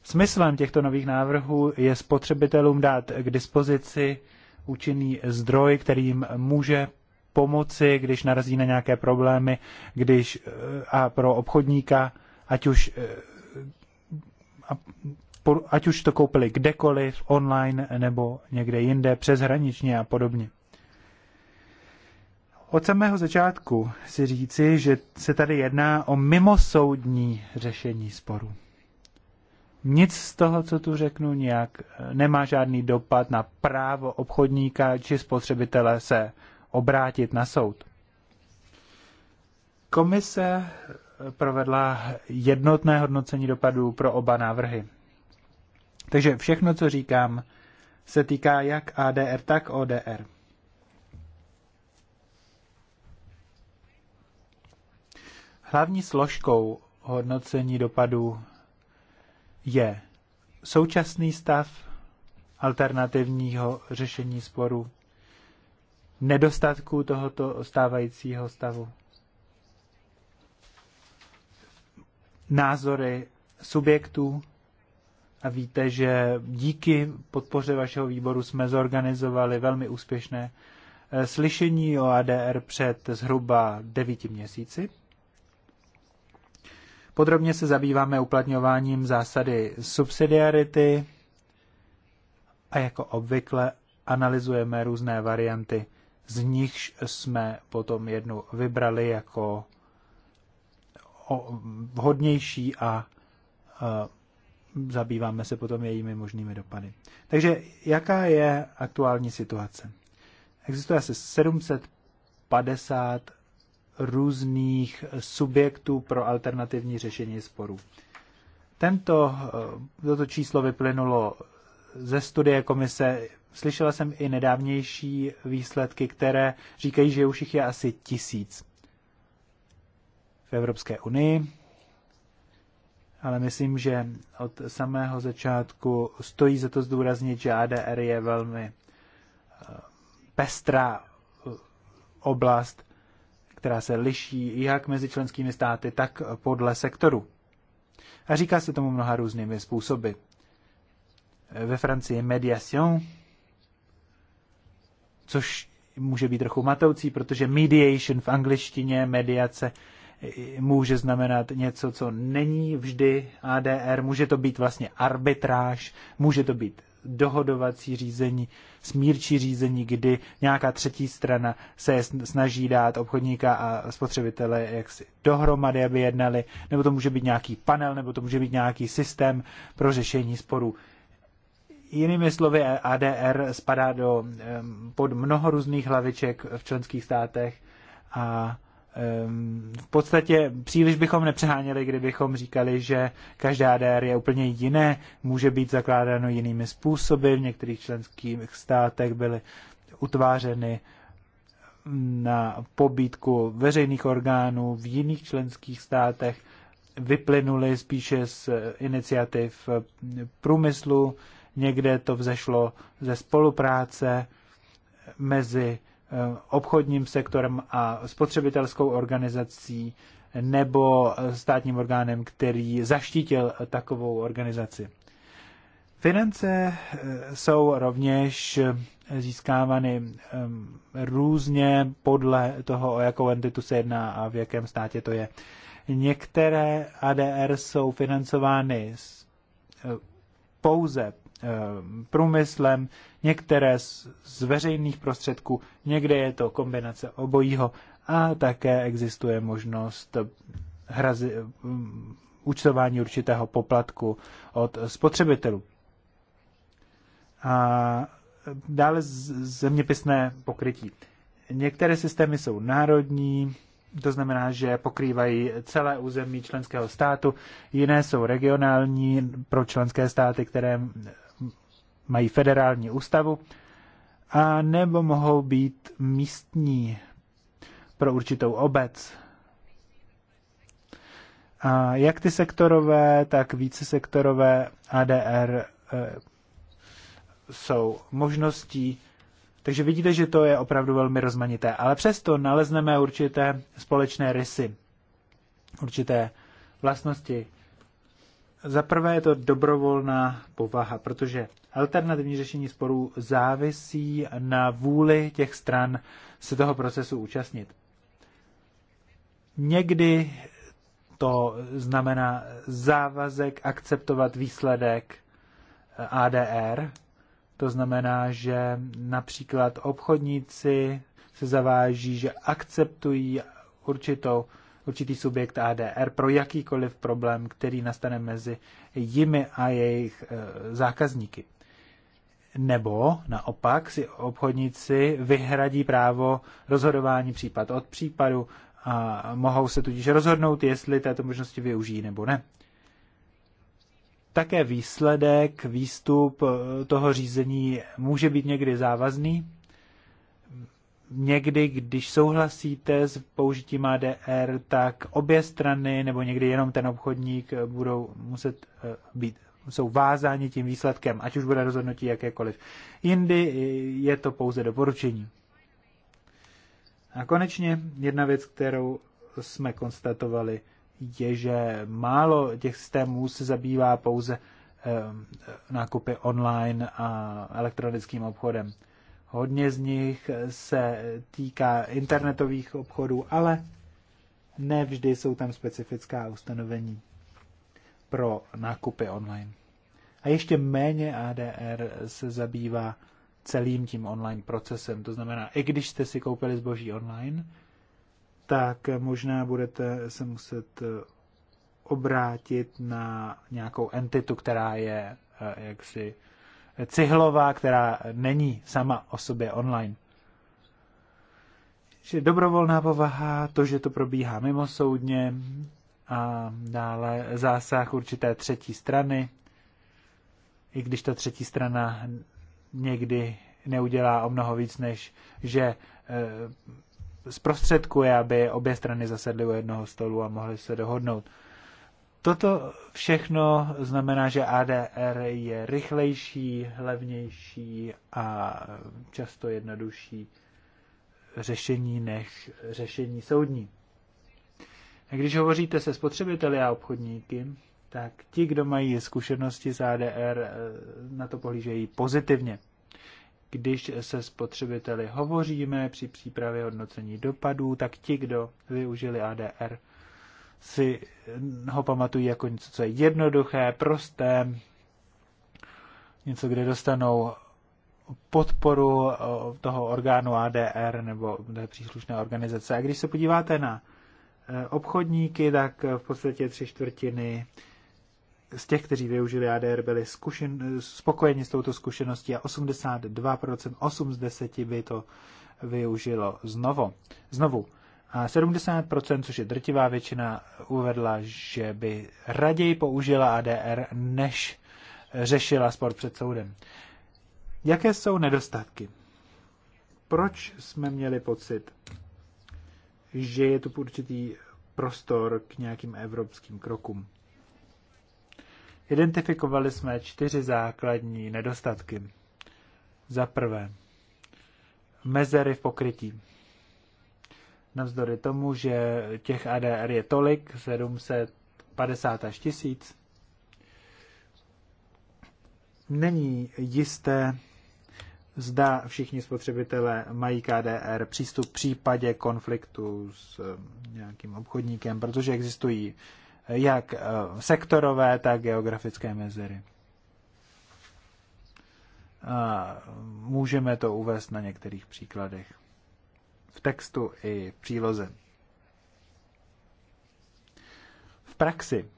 [SPEAKER 1] Smyslem těchto nových návrhů je spotřebitelům dát k dispozici účinný zdroj, který jim může pomoci, když narazí na nějaké problémy, když eh, a pro obchodníka, ať už, eh, a, ať už to koupili kdekoliv, online nebo někde jinde, přeshraničně a podobně. Od samého začátku si říci, že se tady jedná o mimosoudní řešení sporu. Nic z toho, co tu řeknu, nějak eh, nemá žádný dopad na právo obchodníka či spotřebitele se obrátit na soud. Komise eh, provedla jednotné hodnocení dopadů pro oba návrhy. Takže všechno, co říkám, se týká jak ADR, tak ODR. Hlavní složkou hodnocení dopadů je současný stav alternativního řešení sporu, nedostatků tohoto stávajícího stavu, názory subjektů a víte, že díky podpoře vašeho výboru jsme zorganizovali velmi úspěšné eh, slyšení o ADR před zhruba devíti měsíci. Podrobně se zabýváme uplatňováním zásady subsidiarity a jako obvykle analyzujeme různé varianty, z nichž jsme potom jednu vybrali jako vhodnější a zabýváme se potom jejími možnými dopady. Takže jaká je aktuální situace? Existuje asi 750 různých subjektů pro alternativní řešení sporů. Tento, eh, toto číslo vyplynulo ze studie komise. Slyšela jsem i nedávnější výsledky, které říkají, že už jich je asi tisíc v Evropské unii. Ale myslím, že od samého začátku stojí za to zdůraznit, že ADR je velmi eh, pestrá eh, oblast která se liší jak mezi členskými státy, tak podle sektoru. A říká se tomu mnoha různými způsoby. Ve Francii mediation, což může být trochu matoucí, protože mediation v angličtině, mediace, může znamenat něco, co není vždy ADR, může to být vlastně arbitráž, může to být dohodovací řízení, smírčí řízení, kdy nějaká třetí strana se snaží dát obchodníka a spotřebitele jaksi dohromady, aby jednali, nebo to může být nějaký panel, nebo to může být nějaký systém pro řešení sporů. Jinými slovy, ADR spadá do, pod mnoho různých hlaviček v členských státech a Ehm, v podstatě příliš bychom nepřeháněli, kdybychom říkali, že každá DR je úplně jiné, může být zakládáno jinými způsoby, v některých členských státech byly utvářeny na pobídku veřejných orgánů, v jiných členských státech vyplynuly spíše z iniciativ průmyslu, někde to vzešlo ze spolupráce mezi Eh, obchodním sektorem a spotřebitelskou organizací nebo státním orgánem, který zaštítil takovou organizaci. Finance eh, jsou rovněž eh, získávány různě podle toho, o jakou entitu se jedná a v jakém státě to je. Některé ADR jsou financovány pouze Eh, průmyslem, některé z, z veřejných prostředků, někde je to kombinace obojího a také existuje možnost hrazi, mm, účtování určitého poplatku od spotřebitelů. A dále zeměpisné pokrytí. Některé systémy jsou národní, to znamená, že pokrývají celé území členského státu, jiné jsou regionální pro členské státy, které mají federální ústavu, a nebo mohou být místní pro určitou obec. A jak ty sektorové, tak více sektorové ADR eh, jsou možností. Takže vidíte, že to je opravdu velmi rozmanité, ale přesto nalezneme určité společné rysy, určité vlastnosti, za prvé je to dobrovolná povaha, protože alternativní řešení sporů závisí na vůli těch stran se toho procesu účastnit. Někdy to znamená závazek akceptovat výsledek eh, ADR. To znamená, že například obchodníci se zaváží, že akceptují určitou určitý subjekt ADR pro jakýkoliv problém, který nastane mezi jimi a jejich e, zákazníky. Nebo naopak si obchodníci vyhradí právo rozhodování případ od případu a mohou se tudíž rozhodnout, jestli této možnosti využijí nebo ne. Také výsledek, výstup e, toho řízení může být někdy závazný, někdy, když souhlasíte s použitím ADR, tak obě strany nebo někdy jenom ten obchodník eh, budou muset eh, být jsou vázáni tím výsledkem, ať už bude rozhodnutí jakékoliv. Jindy eh, je to pouze doporučení. A konečně jedna věc, kterou jsme konstatovali, je, že málo těch systémů se zabývá pouze nákupy online a elektronickým obchodem. Hodně z nich se týká internetových obchodů, ale nevždy jsou tam specifická ustanovení pro nákupy online. A ještě méně ADR se zabývá celým tím online procesem. To znamená, i když jste si koupili zboží online, tak možná budete se muset eh, obrátit na nějakou entitu, která je eh, jaksi cihlová, která není sama o sobě online. Že dobrovolná povaha, to, že to probíhá mimo soudně a dále zásah určité třetí strany, i když ta třetí strana někdy neudělá o mnoho víc, než že e, zprostředkuje, aby obě strany zasedly u jednoho stolu a mohly se dohodnout. Toto všechno znamená, že ADR je rychlejší, levnější a často jednodušší řešení než řešení soudní. A když hovoříte se spotřebiteli a obchodníky, tak ti, kdo mají zkušenosti s ADR, na to pohlížejí pozitivně. Když se spotřebiteli hovoříme při přípravě hodnocení dopadů, tak ti, kdo využili ADR, si ho pamatují jako něco, co je jednoduché, prosté, něco, kde dostanou podporu toho orgánu ADR nebo té příslušné organizace. A když se podíváte na e, obchodníky, tak v podstatě tři čtvrtiny z těch, kteří využili ADR, byli zkušen, spokojeni s touto zkušeností a 82%, 8 z 10 by to využilo znovu. znovu. A 70%, což je drtivá většina, uvedla, že by raději použila ADR, než řešila spor před soudem. Jaké jsou nedostatky? Proč jsme měli pocit, že je tu určitý prostor k nějakým evropským krokům? Identifikovali jsme čtyři základní nedostatky. Za prvé, mezery v pokrytí navzdory tomu, že těch ADR je tolik, 750 až 1000, není jisté, zda všichni spotřebitelé mají KDR přístup v případě konfliktu s eh, nějakým obchodníkem, protože existují eh, jak eh, sektorové, tak geografické mezery. A můžeme to uvést na některých příkladech v textu i v příloze. V praxi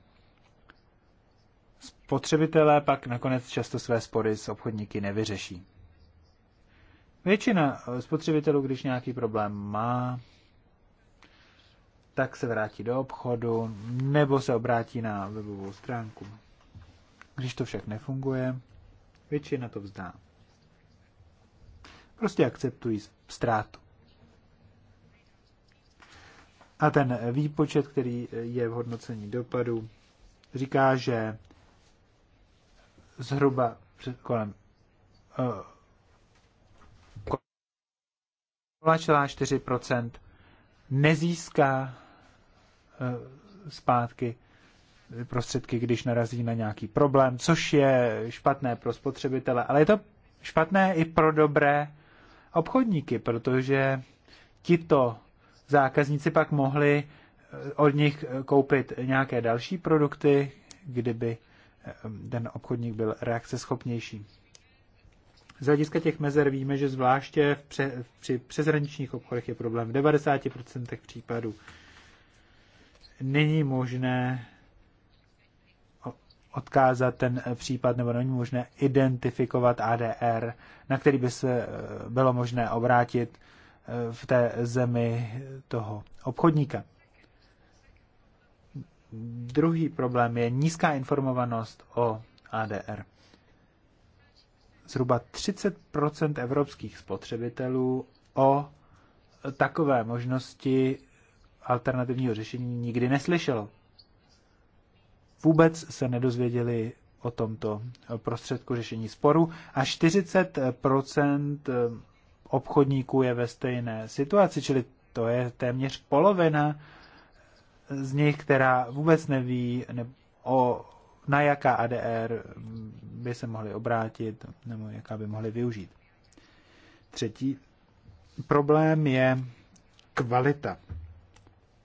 [SPEAKER 1] spotřebitelé pak nakonec často své spory s obchodníky nevyřeší. Většina spotřebitelů, když nějaký problém má, tak se vrátí do obchodu nebo se obrátí na webovou stránku. Když to však nefunguje, většina to vzdá. Prostě akceptují ztrátu. A ten výpočet, který je v hodnocení dopadu, říká, že zhruba kolem 0,4% eh, nezíská eh, zpátky prostředky, když narazí na nějaký problém, což je špatné pro spotřebitele, ale je to špatné i pro dobré obchodníky, protože tito zákazníci pak mohli eh, od nich eh, koupit nějaké další produkty, kdyby eh, ten obchodník byl reakceschopnější. Z hlediska těch mezer víme, že zvláště v pře- při přezraničních obchodech je problém v 90% případů. Není možné odkázat ten případ, nebo není možné identifikovat ADR, na který by se bylo možné obrátit v té zemi toho obchodníka. Druhý problém je nízká informovanost o ADR. Zhruba 30 evropských spotřebitelů o takové možnosti alternativního řešení nikdy neslyšelo. Vůbec se nedozvěděli o tomto prostředku řešení sporu a 40 obchodníků je ve stejné situaci, čili to je téměř polovina z nich, která vůbec neví o, na jaká ADR by se mohli obrátit nebo jaká by mohli využít. Třetí problém je kvalita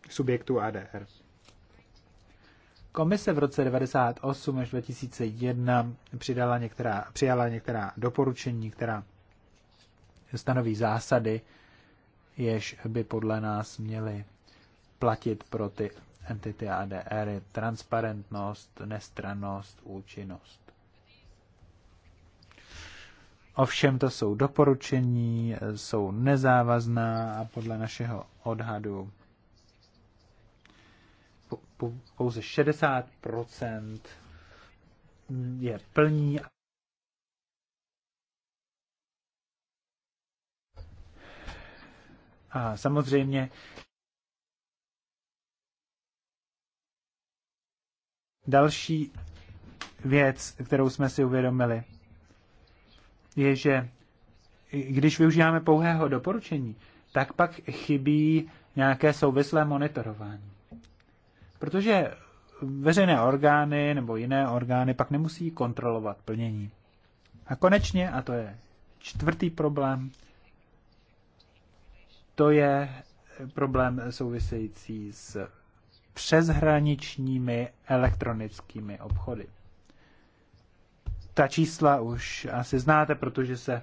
[SPEAKER 1] subjektů ADR. Komise v roce 1998 až 2001 přidala některá, přijala některá doporučení, která stanoví zásady, jež by podle nás měly platit pro ty entity ADR, transparentnost, nestranost, účinnost. Ovšem to jsou doporučení, jsou nezávazná a podle našeho odhadu pouze 60% je plní A samozřejmě další věc, kterou jsme si uvědomili, je, že když využíváme pouhého doporučení, tak pak chybí nějaké souvislé monitorování. Protože veřejné orgány nebo jiné orgány pak nemusí kontrolovat plnění. A konečně, a to je čtvrtý problém, to je problém související s přeshraničními elektronickými obchody. Ta čísla už asi znáte, protože se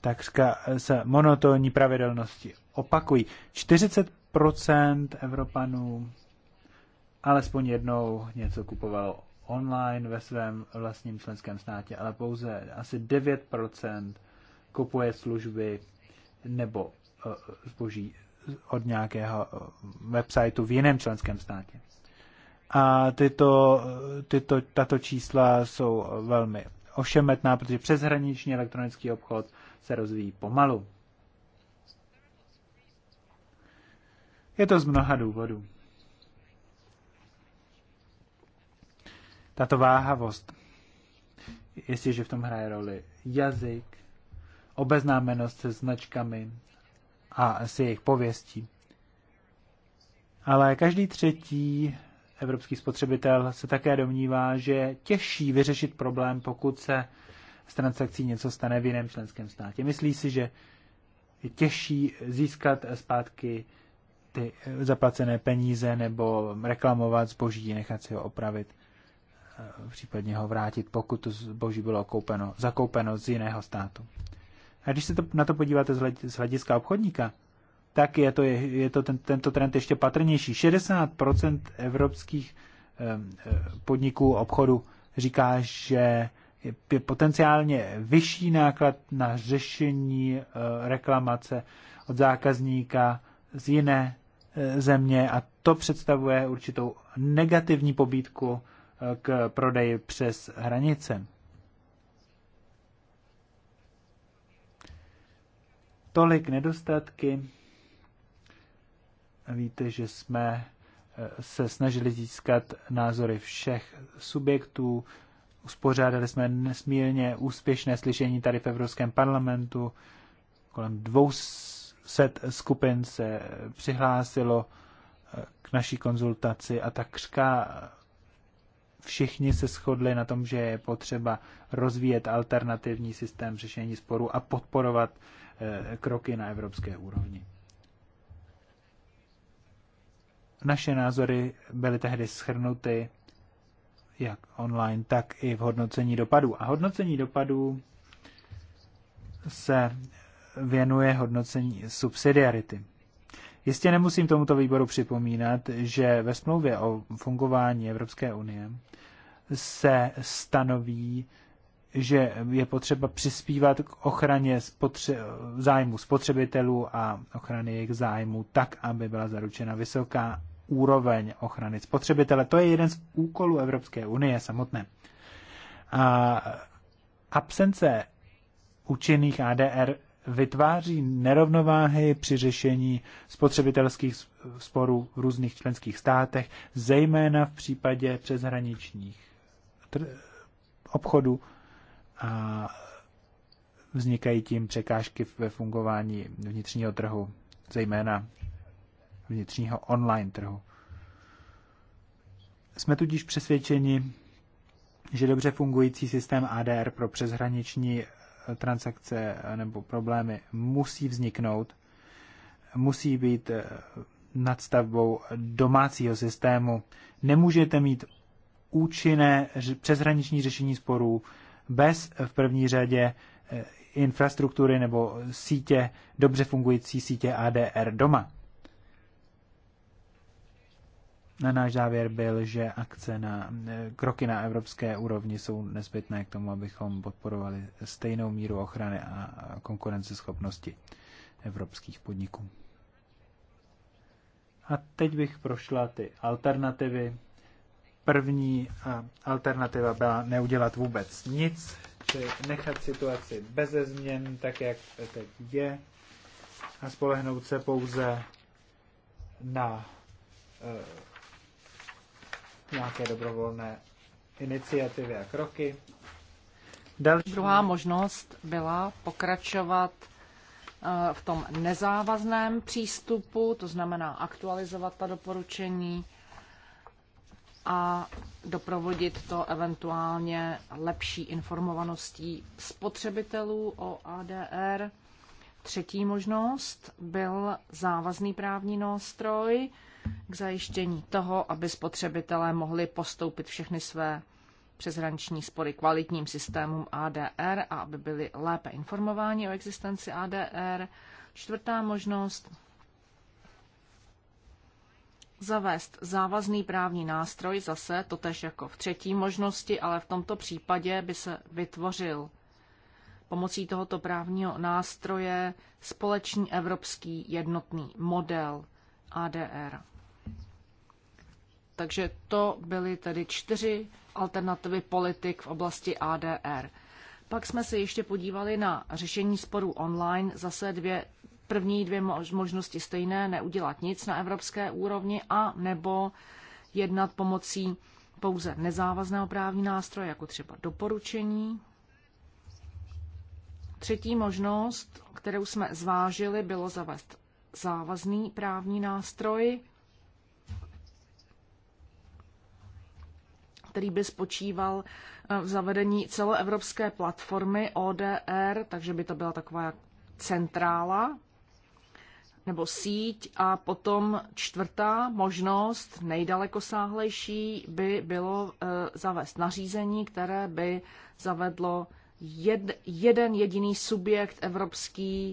[SPEAKER 1] takřka se monotónní pravidelnosti opakují. 40% Evropanů alespoň jednou něco kupovalo online ve svém vlastním členském státě, ale pouze asi 9% kupuje služby nebo zboží od nějakého websiteu v jiném členském státě. A tyto, tyto, tato čísla jsou velmi ošemetná, protože přeshraniční elektronický obchod se rozvíjí pomalu. Je to z mnoha důvodů. Tato váhavost, jestliže v tom hraje roli jazyk, obeznámenost se značkami, a s jejich pověstí. Ale každý třetí evropský spotřebitel se také domnívá, že je těžší vyřešit problém, pokud se z transakcí něco stane v jiném členském státě. Myslí si, že je těžší získat zpátky ty zaplacené peníze nebo reklamovat zboží, nechat si ho opravit, případně ho vrátit, pokud to zboží bylo koupeno, zakoupeno z jiného státu. A když se to, na to podíváte z hlediska obchodníka, tak je to, je, je to ten, tento trend ještě patrnější. 60% evropských eh, podniků obchodu říká, že je potenciálně vyšší náklad na řešení eh, reklamace od zákazníka z jiné eh, země a to představuje určitou negativní pobídku k prodeji přes hranice. tolik nedostatky. Víte, že jsme eh, se snažili získat názory všech subjektů. Uspořádali jsme nesmírně úspěšné slyšení tady v Evropském parlamentu. Kolem 200 skupin se přihlásilo eh, k naší konzultaci a takřka všichni se shodli na tom, že je potřeba rozvíjet alternativní systém řešení sporů a podporovat uh, Eh, kroky na evropské úrovni. Naše názory byly tehdy schrnuty jak online, tak i v hodnocení dopadů. A hodnocení dopadů se věnuje hodnocení subsidiarity. Jistě nemusím tomuto výboru připomínat, že ve smlouvě o fungování Evropské unie se stanoví že je potřeba přispívat k ochraně spotře- zájmu spotřebitelů a ochrany jejich zájmu tak, aby byla zaručena vysoká úroveň ochrany spotřebitele. To je jeden z úkolů Evropské unie samotné. A absence účinných ADR vytváří nerovnováhy při řešení spotřebitelských sporů v různých členských státech, zejména v případě přeshraničních obchodů a vznikají tím překážky ve fungování vnitřního trhu, zejména vnitřního online trhu. Jsme tudíž přesvědčeni, že dobře fungující systém ADR pro přeshraniční eh, transakce eh, nebo problémy musí vzniknout, musí být eh, nadstavbou domácího systému. Nemůžete mít účinné přeshraniční řešení sporů, bez v první řadě eh, infrastruktury nebo sítě, dobře fungující sítě ADR doma. Na náš závěr byl, že akce na eh, kroky na evropské úrovni jsou nezbytné k tomu, abychom podporovali stejnou míru ochrany a konkurenceschopnosti evropských podniků. A teď bych prošla ty alternativy První eh, alternativa byla neudělat vůbec nic, či nechat situaci bez změn, tak jak teď je, a spolehnout se pouze na e, nějaké dobrovolné iniciativy a kroky. Další... Druhá
[SPEAKER 2] možnost byla pokračovat eh, v tom nezávazném přístupu, to znamená aktualizovat ta doporučení a doprovodit to eventuálně lepší informovaností spotřebitelů o ADR. Třetí možnost byl závazný právní nástroj k zajištění toho, aby spotřebitelé mohli postoupit všechny své přeshraniční spory kvalitním systémům ADR a aby byli lépe informováni o existenci ADR. Čtvrtá možnost zavést závazný právní nástroj, zase totež jako v třetí možnosti, ale v tomto případě by se vytvořil pomocí tohoto právního nástroje společný evropský jednotný model ADR. Takže to byly tedy čtyři alternativy politik v oblasti ADR. Pak jsme se ještě podívali na řešení sporů online, zase dvě první dvě možnosti stejné, neudělat nic na evropské úrovni a nebo jednat pomocí pouze nezávazného právní nástroje, jako třeba doporučení. Třetí možnost, kterou jsme zvážili, bylo zavést závazný právní nástroj, který by spočíval eh, v zavedení celoevropské platformy ODR, takže by to byla taková centrála nebo síť a potom čtvrtá možnost, nejdalekosáhlejší, by bylo e, zavést nařízení, které by zavedlo jed, jeden jediný subjekt evropský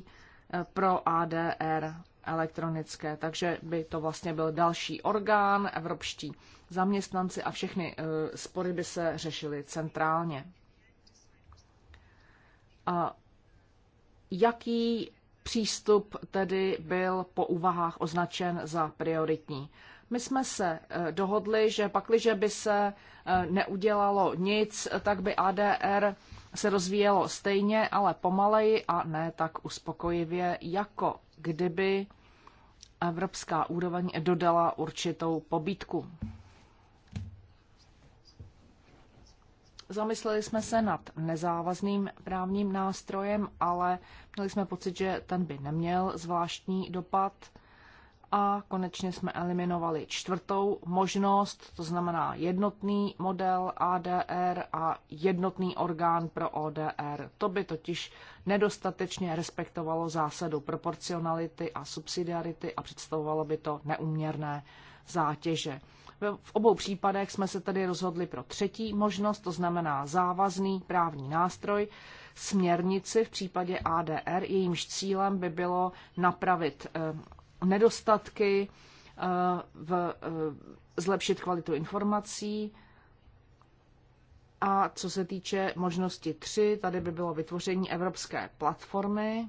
[SPEAKER 2] e, pro ADR elektronické. Takže by to vlastně byl další orgán, evropští zaměstnanci a všechny e, spory by se řešily centrálně. A jaký přístup tedy byl po úvahách označen za prioritní. My jsme se eh, dohodli, že pakliže by se eh, neudělalo nic, tak by ADR se rozvíjelo stejně, ale pomaleji a ne tak uspokojivě, jako kdyby evropská úroveň dodala určitou pobídku. Zamysleli jsme se nad nezávazným právním nástrojem, ale měli jsme pocit, že ten by neměl zvláštní dopad. A konečně jsme eliminovali čtvrtou možnost, to znamená jednotný model ADR a jednotný orgán pro ODR. To by totiž nedostatečně respektovalo zásadu proporcionality a subsidiarity a představovalo by to neuměrné zátěže. V obou případech jsme se tedy rozhodli pro třetí možnost, to znamená závazný právní nástroj, směrnici v případě ADR, jejímž cílem by bylo napravit eh, nedostatky, eh, v, eh, zlepšit kvalitu informací. A co se týče možnosti 3, tady by bylo vytvoření evropské platformy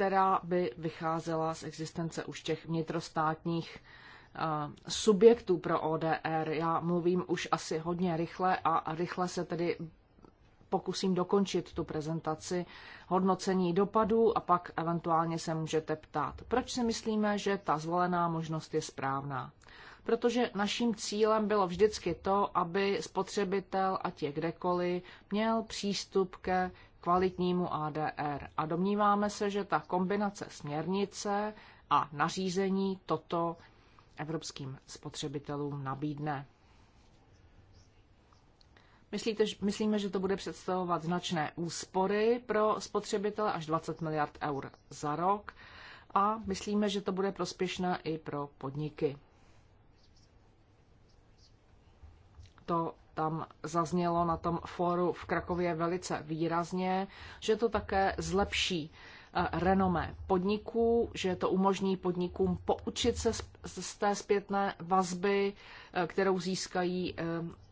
[SPEAKER 2] která by vycházela z existence už těch vnitrostátních eh, subjektů pro ODR. Já mluvím už asi hodně rychle a rychle se tedy pokusím dokončit tu prezentaci hodnocení dopadů a pak eventuálně se můžete ptát, proč si myslíme, že ta zvolená možnost je správná. Protože naším cílem bylo vždycky to, aby spotřebitel, ať je kdekoliv, měl přístup ke kvalitnímu ADR. A domníváme se, že ta kombinace směrnice a nařízení toto evropským spotřebitelům nabídne. Myslíte, myslíme, že to bude představovat značné úspory pro spotřebitele až 20 miliard eur za rok a myslíme, že to bude prospěšné i pro podniky. To tam zaznělo na tom fóru v Krakově velice výrazně, že to také zlepší eh, renomé podniků, že to umožní podnikům poučit se z té zpětné vazby, eh, kterou získají eh,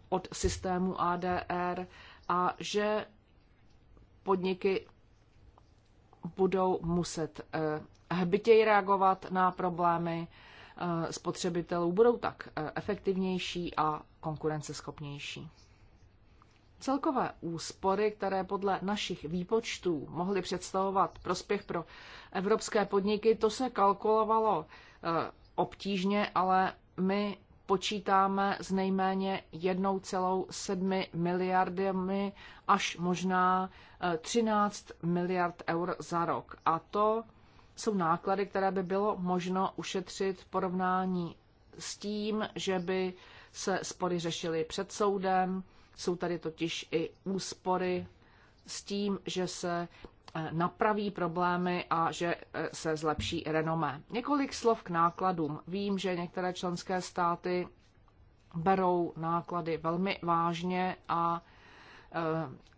[SPEAKER 2] od systému ADR a že podniky budou muset hbitěji reagovat na problémy spotřebitelů, budou tak efektivnější a konkurenceschopnější. Celkové úspory, které podle našich výpočtů mohly představovat prospěch pro evropské podniky, to se kalkulovalo eh, obtížně, ale my počítáme s nejméně 1,7 miliardami až možná 13 eh, miliard eur za rok. A to jsou náklady, které by bylo možno ušetřit v porovnání s tím, že by se spory řešily před soudem. Jsou tady totiž i úspory s tím, že se eh, napraví problémy a že eh, se zlepší renomé. Několik slov k nákladům. Vím, že některé členské státy berou náklady velmi vážně a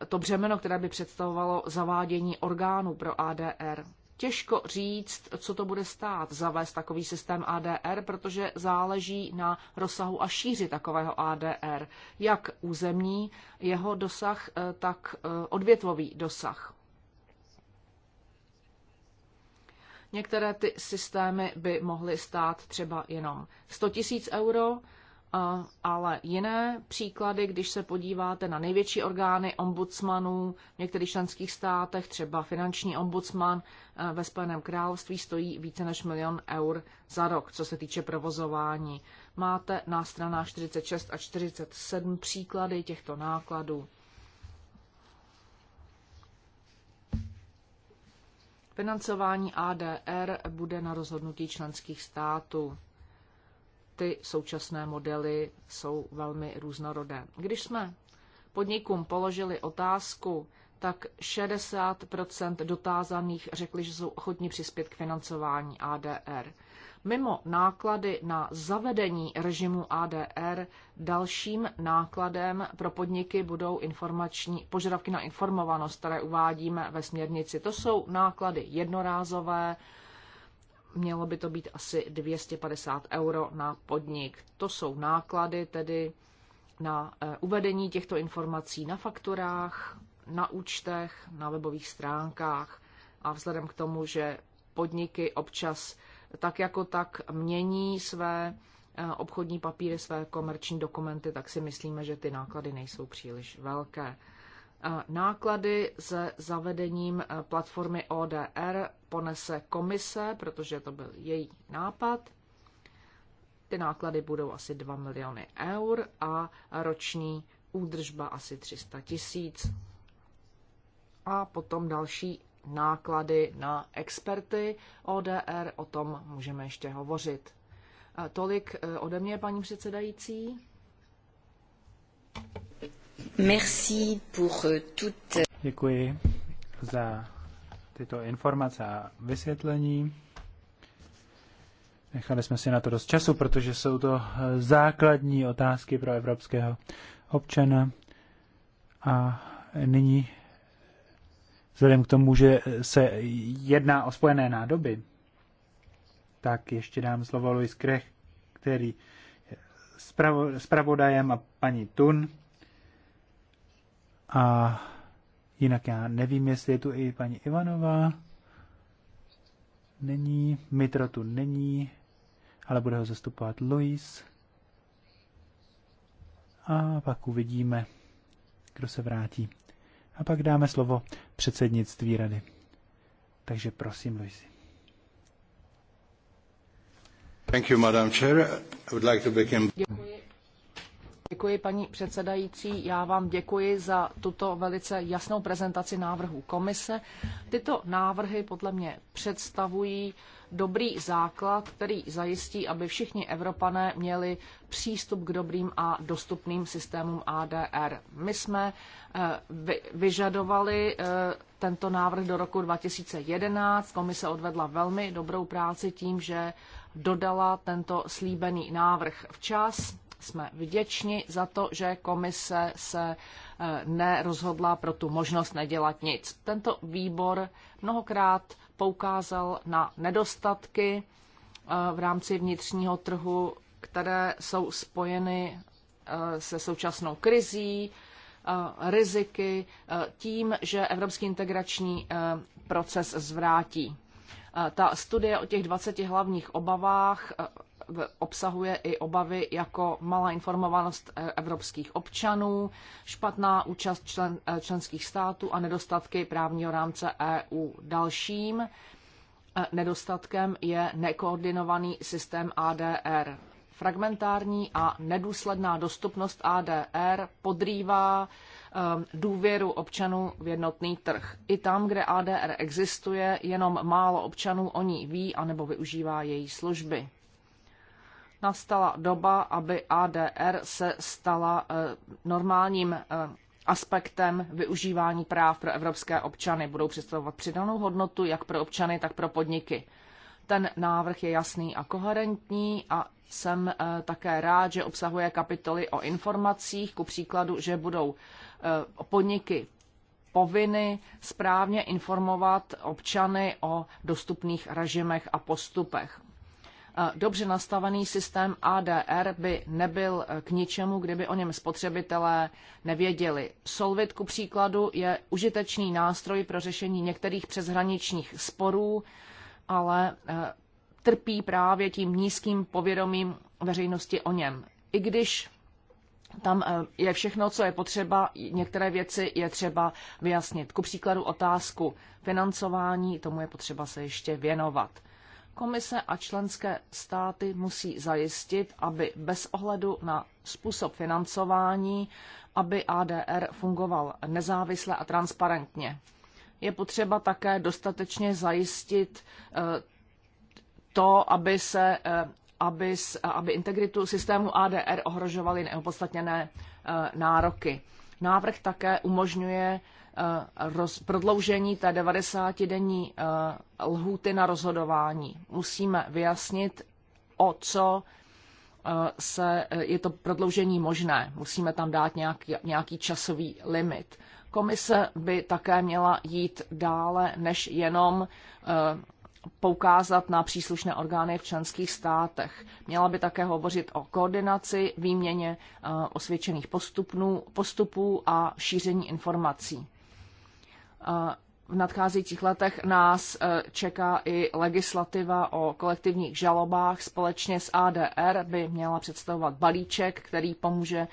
[SPEAKER 2] eh, to břemeno, které by představovalo zavádění orgánů pro ADR. Těžko říct, co to bude stát zavést takový systém ADR, protože záleží na rozsahu a šíři takového ADR, jak územní jeho dosah, eh, tak eh, odvětvový dosah. Některé ty systémy by mohly stát třeba jenom 100 000 euro, ale jiné příklady, když se podíváte na největší orgány ombudsmanů v některých členských státech, třeba finanční ombudsman eh, ve Spojeném království stojí více než milion eur za rok, co se týče provozování. Máte na stranách 46 a 47 příklady těchto nákladů. Financování ADR bude na rozhodnutí členských států ty současné modely jsou velmi různorodé. Když jsme podnikům položili otázku, tak 60 dotázaných řekli, že jsou ochotní přispět k financování ADR. Mimo náklady na zavedení režimu ADR, dalším nákladem pro podniky budou informační, požadavky na informovanost, které uvádíme ve směrnici. To jsou náklady jednorázové, mělo by to být asi 250 euro na podnik. To jsou náklady tedy na eh, uvedení těchto informací na fakturách, na účtech, na webových stránkách a vzhledem k tomu, že podniky občas tak jako tak mění své eh, obchodní papíry, své komerční dokumenty, tak si myslíme, že ty náklady nejsou příliš velké. Náklady se zavedením eh, platformy ODR ponese komise, protože to byl její nápad. Ty náklady budou asi 2 miliony eur a roční údržba asi 300 tisíc. A potom další náklady na experty ODR, o tom můžeme ještě hovořit. Eh, tolik eh, ode mě, paní předsedající.
[SPEAKER 1] Merci pour euh, Děkuji za tyto informace a vysvětlení. Nechali jsme si na to dost času, protože jsou to eh, základní otázky pro evropského občana. A nyní, vzhledem k tomu, že se jedná o spojené nádoby, tak ještě dám slovo Louis Krech, který je spravodajem a paní Tun a jinak já nevím, jestli je tu i paní Ivanová. Není, Mitro tu není, ale bude ho zastupovat Lois. A pak uvidíme, kdo se vrátí. A pak dáme slovo předsednictví rady. Takže prosím, Luisi.
[SPEAKER 2] Děkuji, paní předsedající. Já vám děkuji za tuto velice jasnou prezentaci návrhů komise. Tyto návrhy podle mě představují dobrý základ, který zajistí, aby všichni Evropané měli přístup k dobrým a dostupným systémům ADR. My jsme eh, vyžadovali eh, tento návrh do roku 2011. Komise odvedla velmi dobrou práci tím, že dodala tento slíbený návrh včas jsme vděční za to, že komise se eh, nerozhodla pro tu možnost nedělat nic. Tento výbor mnohokrát poukázal na nedostatky eh, v rámci vnitřního trhu, které jsou spojeny eh, se současnou krizí, riziky tím, že evropský integrační proces zvrátí. Ta studie o těch 20 hlavních obavách obsahuje i obavy jako malá informovanost eh, evropských občanů, špatná účast člen, eh, členských států a nedostatky právního rámce EU. Dalším eh, nedostatkem je nekoordinovaný systém ADR. Fragmentární a nedůsledná dostupnost ADR podrývá důvěru občanů v jednotný trh. I tam, kde ADR existuje, jenom málo občanů o ní ví anebo využívá její služby nastala doba, aby ADR se stala eh, normálním eh, aspektem využívání práv pro evropské občany. Budou představovat přidanou hodnotu jak pro občany, tak pro podniky. Ten návrh je jasný a koherentní a jsem eh, také rád, že obsahuje kapitoly o informacích, ku příkladu, že budou podniky povinny správně informovat občany o dostupných režimech a postupech dobře nastavený systém ADR by nebyl eh, k ničemu, kdyby o něm spotřebitelé nevěděli. Solvit ku příkladu je užitečný nástroj pro řešení některých přeshraničních sporů, ale eh, trpí právě tím nízkým povědomím veřejnosti o něm. I když tam eh, je všechno, co je potřeba, některé věci je třeba vyjasnit. Ku příkladu otázku financování, tomu je potřeba se ještě věnovat. Komise a členské státy musí zajistit, aby bez ohledu na způsob financování, aby ADR fungoval nezávisle a transparentně. Je potřeba také dostatečně zajistit eh, to, aby se eh, aby, aby integritu systému ADR ohrožovaly neopodstatněné eh, nároky. Návrh také umožňuje Eh, roz, prodloužení té 90-denní eh, lhůty na rozhodování. Musíme vyjasnit, o co eh, se, je to prodloužení možné. Musíme tam dát nějaký, nějaký časový limit. Komise by také měla jít dále, než jenom poukázat na příslušné orgány v členských státech. Měla by také hovořit o koordinaci, výměně osvědčených postupů a šíření informací v nadcházejících letech nás e, čeká i legislativa o kolektivních žalobách společně s ADR by měla představovat balíček, který pomůže e,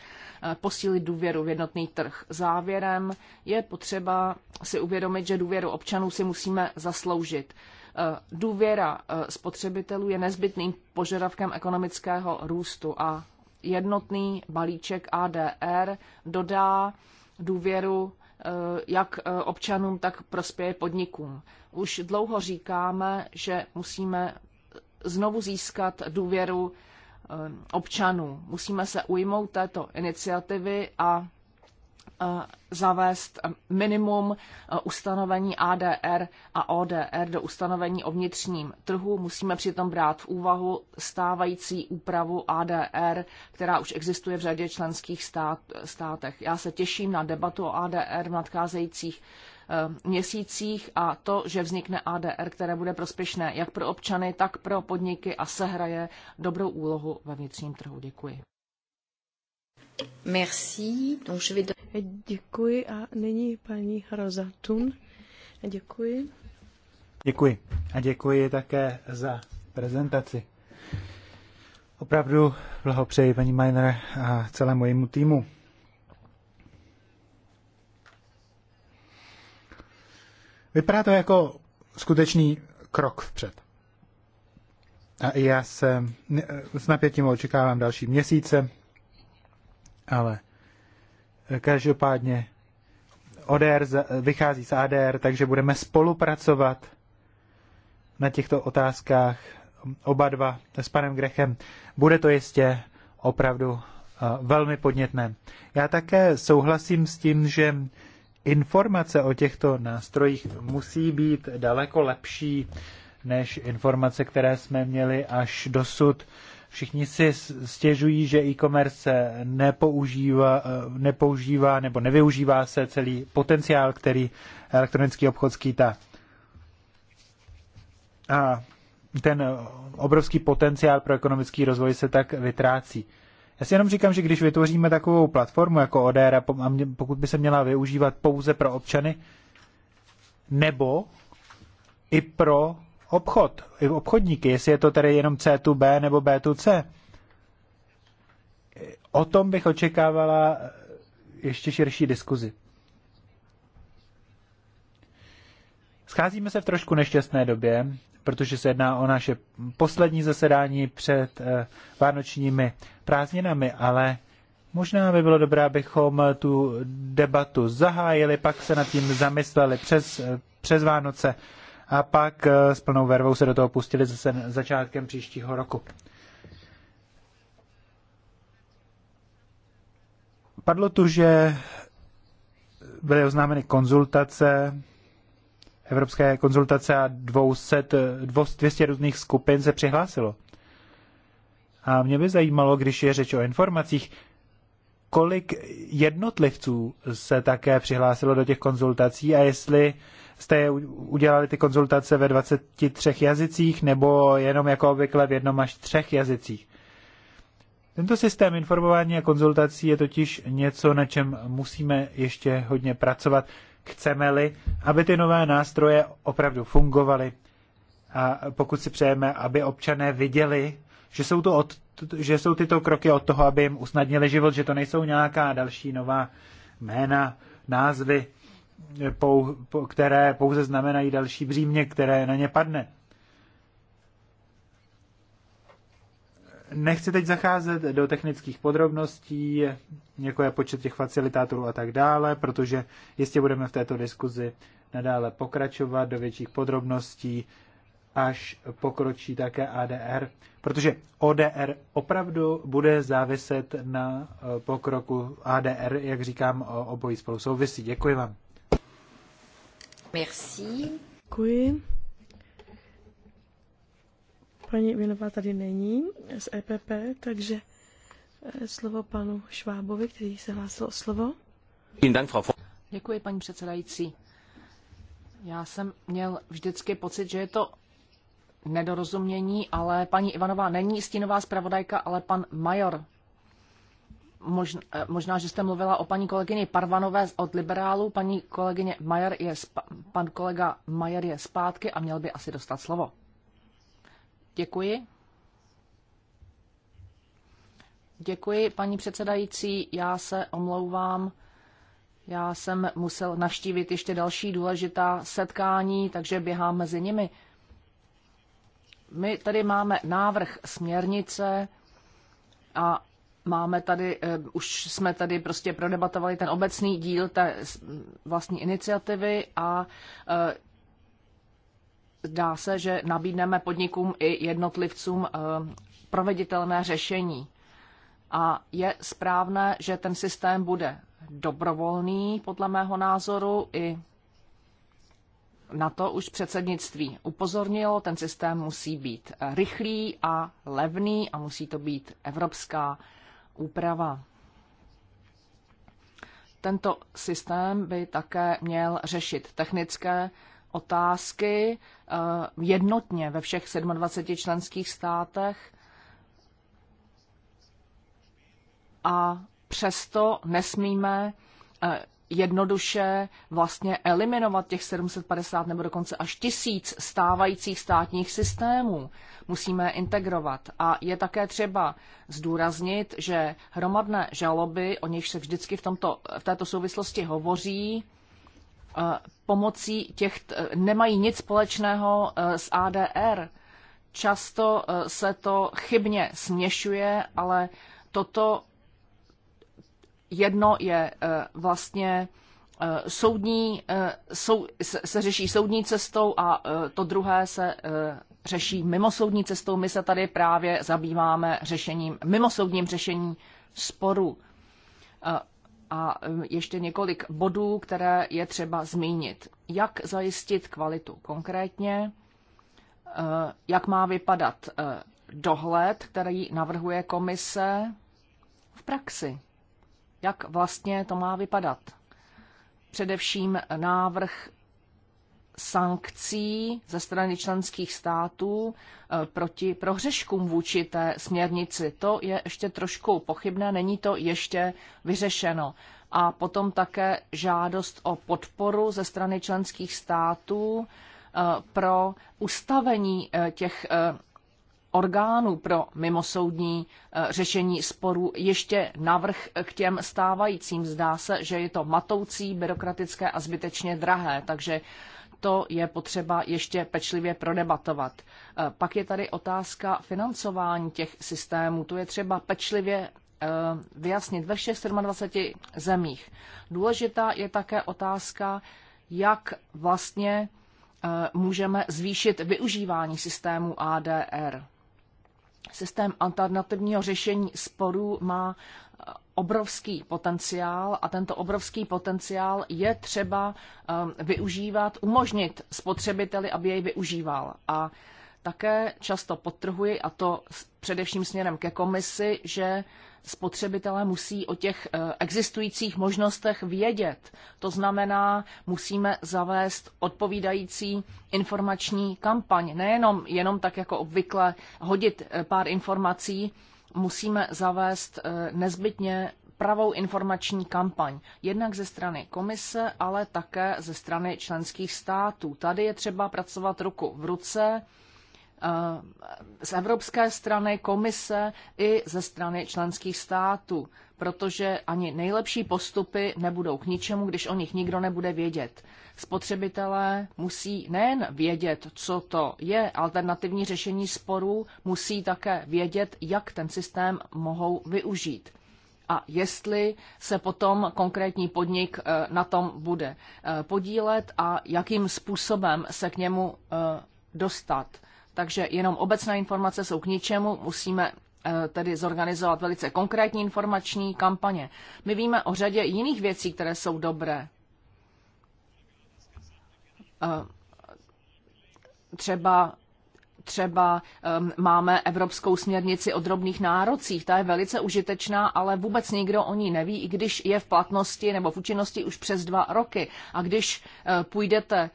[SPEAKER 2] posílit důvěru v jednotný trh. Závěrem je potřeba si uvědomit, že důvěru občanů si musíme zasloužit. E, důvěra spotřebitelů je nezbytným požadavkem ekonomického růstu a jednotný balíček ADR dodá důvěru Eh, jak eh, občanům, tak prospěje podnikům. Už dlouho říkáme, že musíme znovu získat důvěru eh, občanů. Musíme se ujmout této iniciativy a Eh, zavést eh, minimum eh, ustanovení ADR a ODR do ustanovení o vnitřním trhu. Musíme přitom brát v úvahu stávající úpravu ADR, která už existuje v řadě členských stát, státech. Já se těším na debatu o ADR v nadcházejících měsících a to, že vznikne ADR, které bude prospěšné jak pro občany, tak pro podniky a sehraje dobrou úlohu ve vnitřním trhu. Děkuji.
[SPEAKER 3] Merci. Donc je vais... Děkuji a nyní paní Děkuji.
[SPEAKER 1] Děkuji. A děkuji také za prezentaci. Opravdu blahopřeji paní Miner a celému jejímu týmu. Vypadá to jako skutečný krok vpřed. A já se s napětím očekávám další měsíce ale e, každopádně ODR vychází z ADR, takže budeme spolupracovat na těchto otázkách oba dva s panem Grechem. Bude to jistě opravdu e, velmi podnětné. Já také souhlasím s tím, že informace o těchto nástrojích musí být daleko lepší než informace, které jsme měli až dosud. Všichni si stěžují, že e-commerce nepoužívá, eh, nepoužívá nebo nevyužívá se celý potenciál, který elektronický obchod skýtá. A ten obrovský potenciál pro ekonomický rozvoj se tak vytrácí. Já si jenom říkám, že když vytvoříme takovou platformu jako ODR, a pokud by se měla využívat pouze pro občany, nebo i pro obchod, obchodníky, jestli je to tedy jenom C2B nebo B2C. O tom bych očekávala ještě širší diskuzi. Scházíme se v trošku nešťastné době, protože se jedná o naše poslední zasedání před eh, vánočními prázdninami, ale možná by bylo dobré, abychom tu debatu zahájili, pak se nad tím zamysleli přes, eh, přes Vánoce a pak eh, s plnou vervou se do toho pustili zase začátkem příštího roku. Padlo tu, že byly oznámeny konzultace, evropské konzultace a 200, 200 různých skupin se přihlásilo. A mě by zajímalo, když je řeč o informacích, kolik jednotlivců se také přihlásilo do těch konzultací a jestli jste udělali ty konzultace ve 23 jazycích nebo jenom jako obvykle v jednom až třech jazycích. Tento systém informování a konzultací je totiž něco, na čem musíme ještě hodně pracovat, chceme-li, aby ty nové nástroje opravdu fungovaly. A pokud si přejeme, aby občané viděli, že jsou, to od, že jsou tyto kroky od toho, aby jim usnadnili život, že to nejsou nějaká další nová jména, názvy, pou, které pouze znamenají další břímě, které na ně padne. Nechci teď zacházet do technických podrobností, jako je počet těch facilitátorů a tak dále, protože jistě budeme v této diskuzi nadále pokračovat do větších podrobností, až pokročí také ADR, protože ODR opravdu bude záviset na eh, pokroku ADR, jak říkám, obojí spolu souvisí. Děkuji vám.
[SPEAKER 3] Paní Vinová tady není z EPP,
[SPEAKER 2] takže eh, slovo panu Švábovi, který se hlásil o slovo. Děkuji, paní předsedající. Já jsem měl vždycky pocit, že je to nedorozumění, ale paní Ivanová není stínová zpravodajka, ale pan Major Možná, eh, možná, že jste mluvila o paní kolegyni Parvanové od liberálů. Paní kolegyně Majer je, pan kolega Majer je zpátky a měl by asi dostat slovo. Děkuji. Děkuji, paní předsedající. Já se omlouvám. Já jsem musel navštívit ještě další důležitá setkání, takže běhám mezi nimi. My tady máme návrh směrnice a máme tady, eh, už jsme tady prostě prodebatovali ten obecný díl té vlastní iniciativy a eh, dá se, že nabídneme podnikům i jednotlivcům eh, proveditelné řešení. A je správné, že ten systém bude dobrovolný, podle mého názoru, i na to už předsednictví upozornilo, ten systém musí být rychlý a levný a musí to být evropská úprava. Tento systém by také měl řešit technické otázky eh, jednotně ve všech 27 členských státech a přesto nesmíme eh, jednoduše vlastně eliminovat těch 750 nebo dokonce až tisíc stávajících státních systémů. Musíme je integrovat. A je také třeba zdůraznit, že hromadné žaloby, o nich se vždycky v, tomto, v této souvislosti hovoří, eh, pomocí těch eh, nemají nic společného eh, s ADR. Často se to chybně směšuje, ale toto Jedno je eh, vlastně eh, soudní, eh, sou, se řeší soudní cestou a to druhé se řeší mimosoudní cestou. My se tady právě zabýváme řešením, mimosoudním řešením sporu. A ještě několik bodů, které je třeba zmínit. Jak zajistit kvalitu konkrétně? Jak má vypadat dohled, který navrhuje komise v praxi? jak vlastně to má vypadat. Především návrh sankcí ze strany členských států eh, proti prohřeškům vůči té směrnici. To je ještě trošku pochybné, není to ještě vyřešeno. A potom také žádost o podporu ze strany členských států eh, pro ustavení eh, těch orgánů pro mimosoudní eh, řešení sporů ještě navrh k těm stávajícím. Zdá se, že je to matoucí, byrokratické a zbytečně drahé, takže to je potřeba ještě pečlivě prodebatovat. Eh, pak je tady otázka financování těch systémů. To je třeba pečlivě eh, vyjasnit ve všech 27 zemích. Důležitá je také otázka, jak vlastně můžeme zvýšit využívání systému ADR systém alternativního řešení sporů má eh, obrovský potenciál a tento obrovský potenciál je třeba eh, využívat, umožnit spotřebiteli, aby jej využíval. A také často potrhuji, a to především směrem ke komisi, že spotřebitelé musí o těch eh, existujících možnostech vědět. To znamená, musíme zavést odpovídající informační kampaň. Nejenom jenom tak jako obvykle hodit eh, pár informací, musíme zavést eh, nezbytně pravou informační kampaň. Jednak ze strany komise, ale také ze strany členských států. Tady je třeba pracovat ruku v ruce Eh, z evropské strany komise i ze strany členských států, protože ani nejlepší postupy nebudou k ničemu, když o nich nikdo nebude vědět. Spotřebitelé musí nejen vědět, co to je alternativní řešení sporů, musí také vědět, jak ten systém mohou využít a jestli se potom konkrétní podnik eh, na tom bude eh, podílet a jakým způsobem se k němu dostat takže jenom obecné informace jsou k ničemu, musíme eh, tedy zorganizovat velice konkrétní informační kampaně. My víme o řadě jiných věcí, které jsou dobré. Eh, třeba třeba ehm, máme evropskou směrnici o drobných nárocích, ta je velice užitečná, ale vůbec nikdo o ní neví, i když je v platnosti nebo v účinnosti už přes dva roky. A když eh, půjdete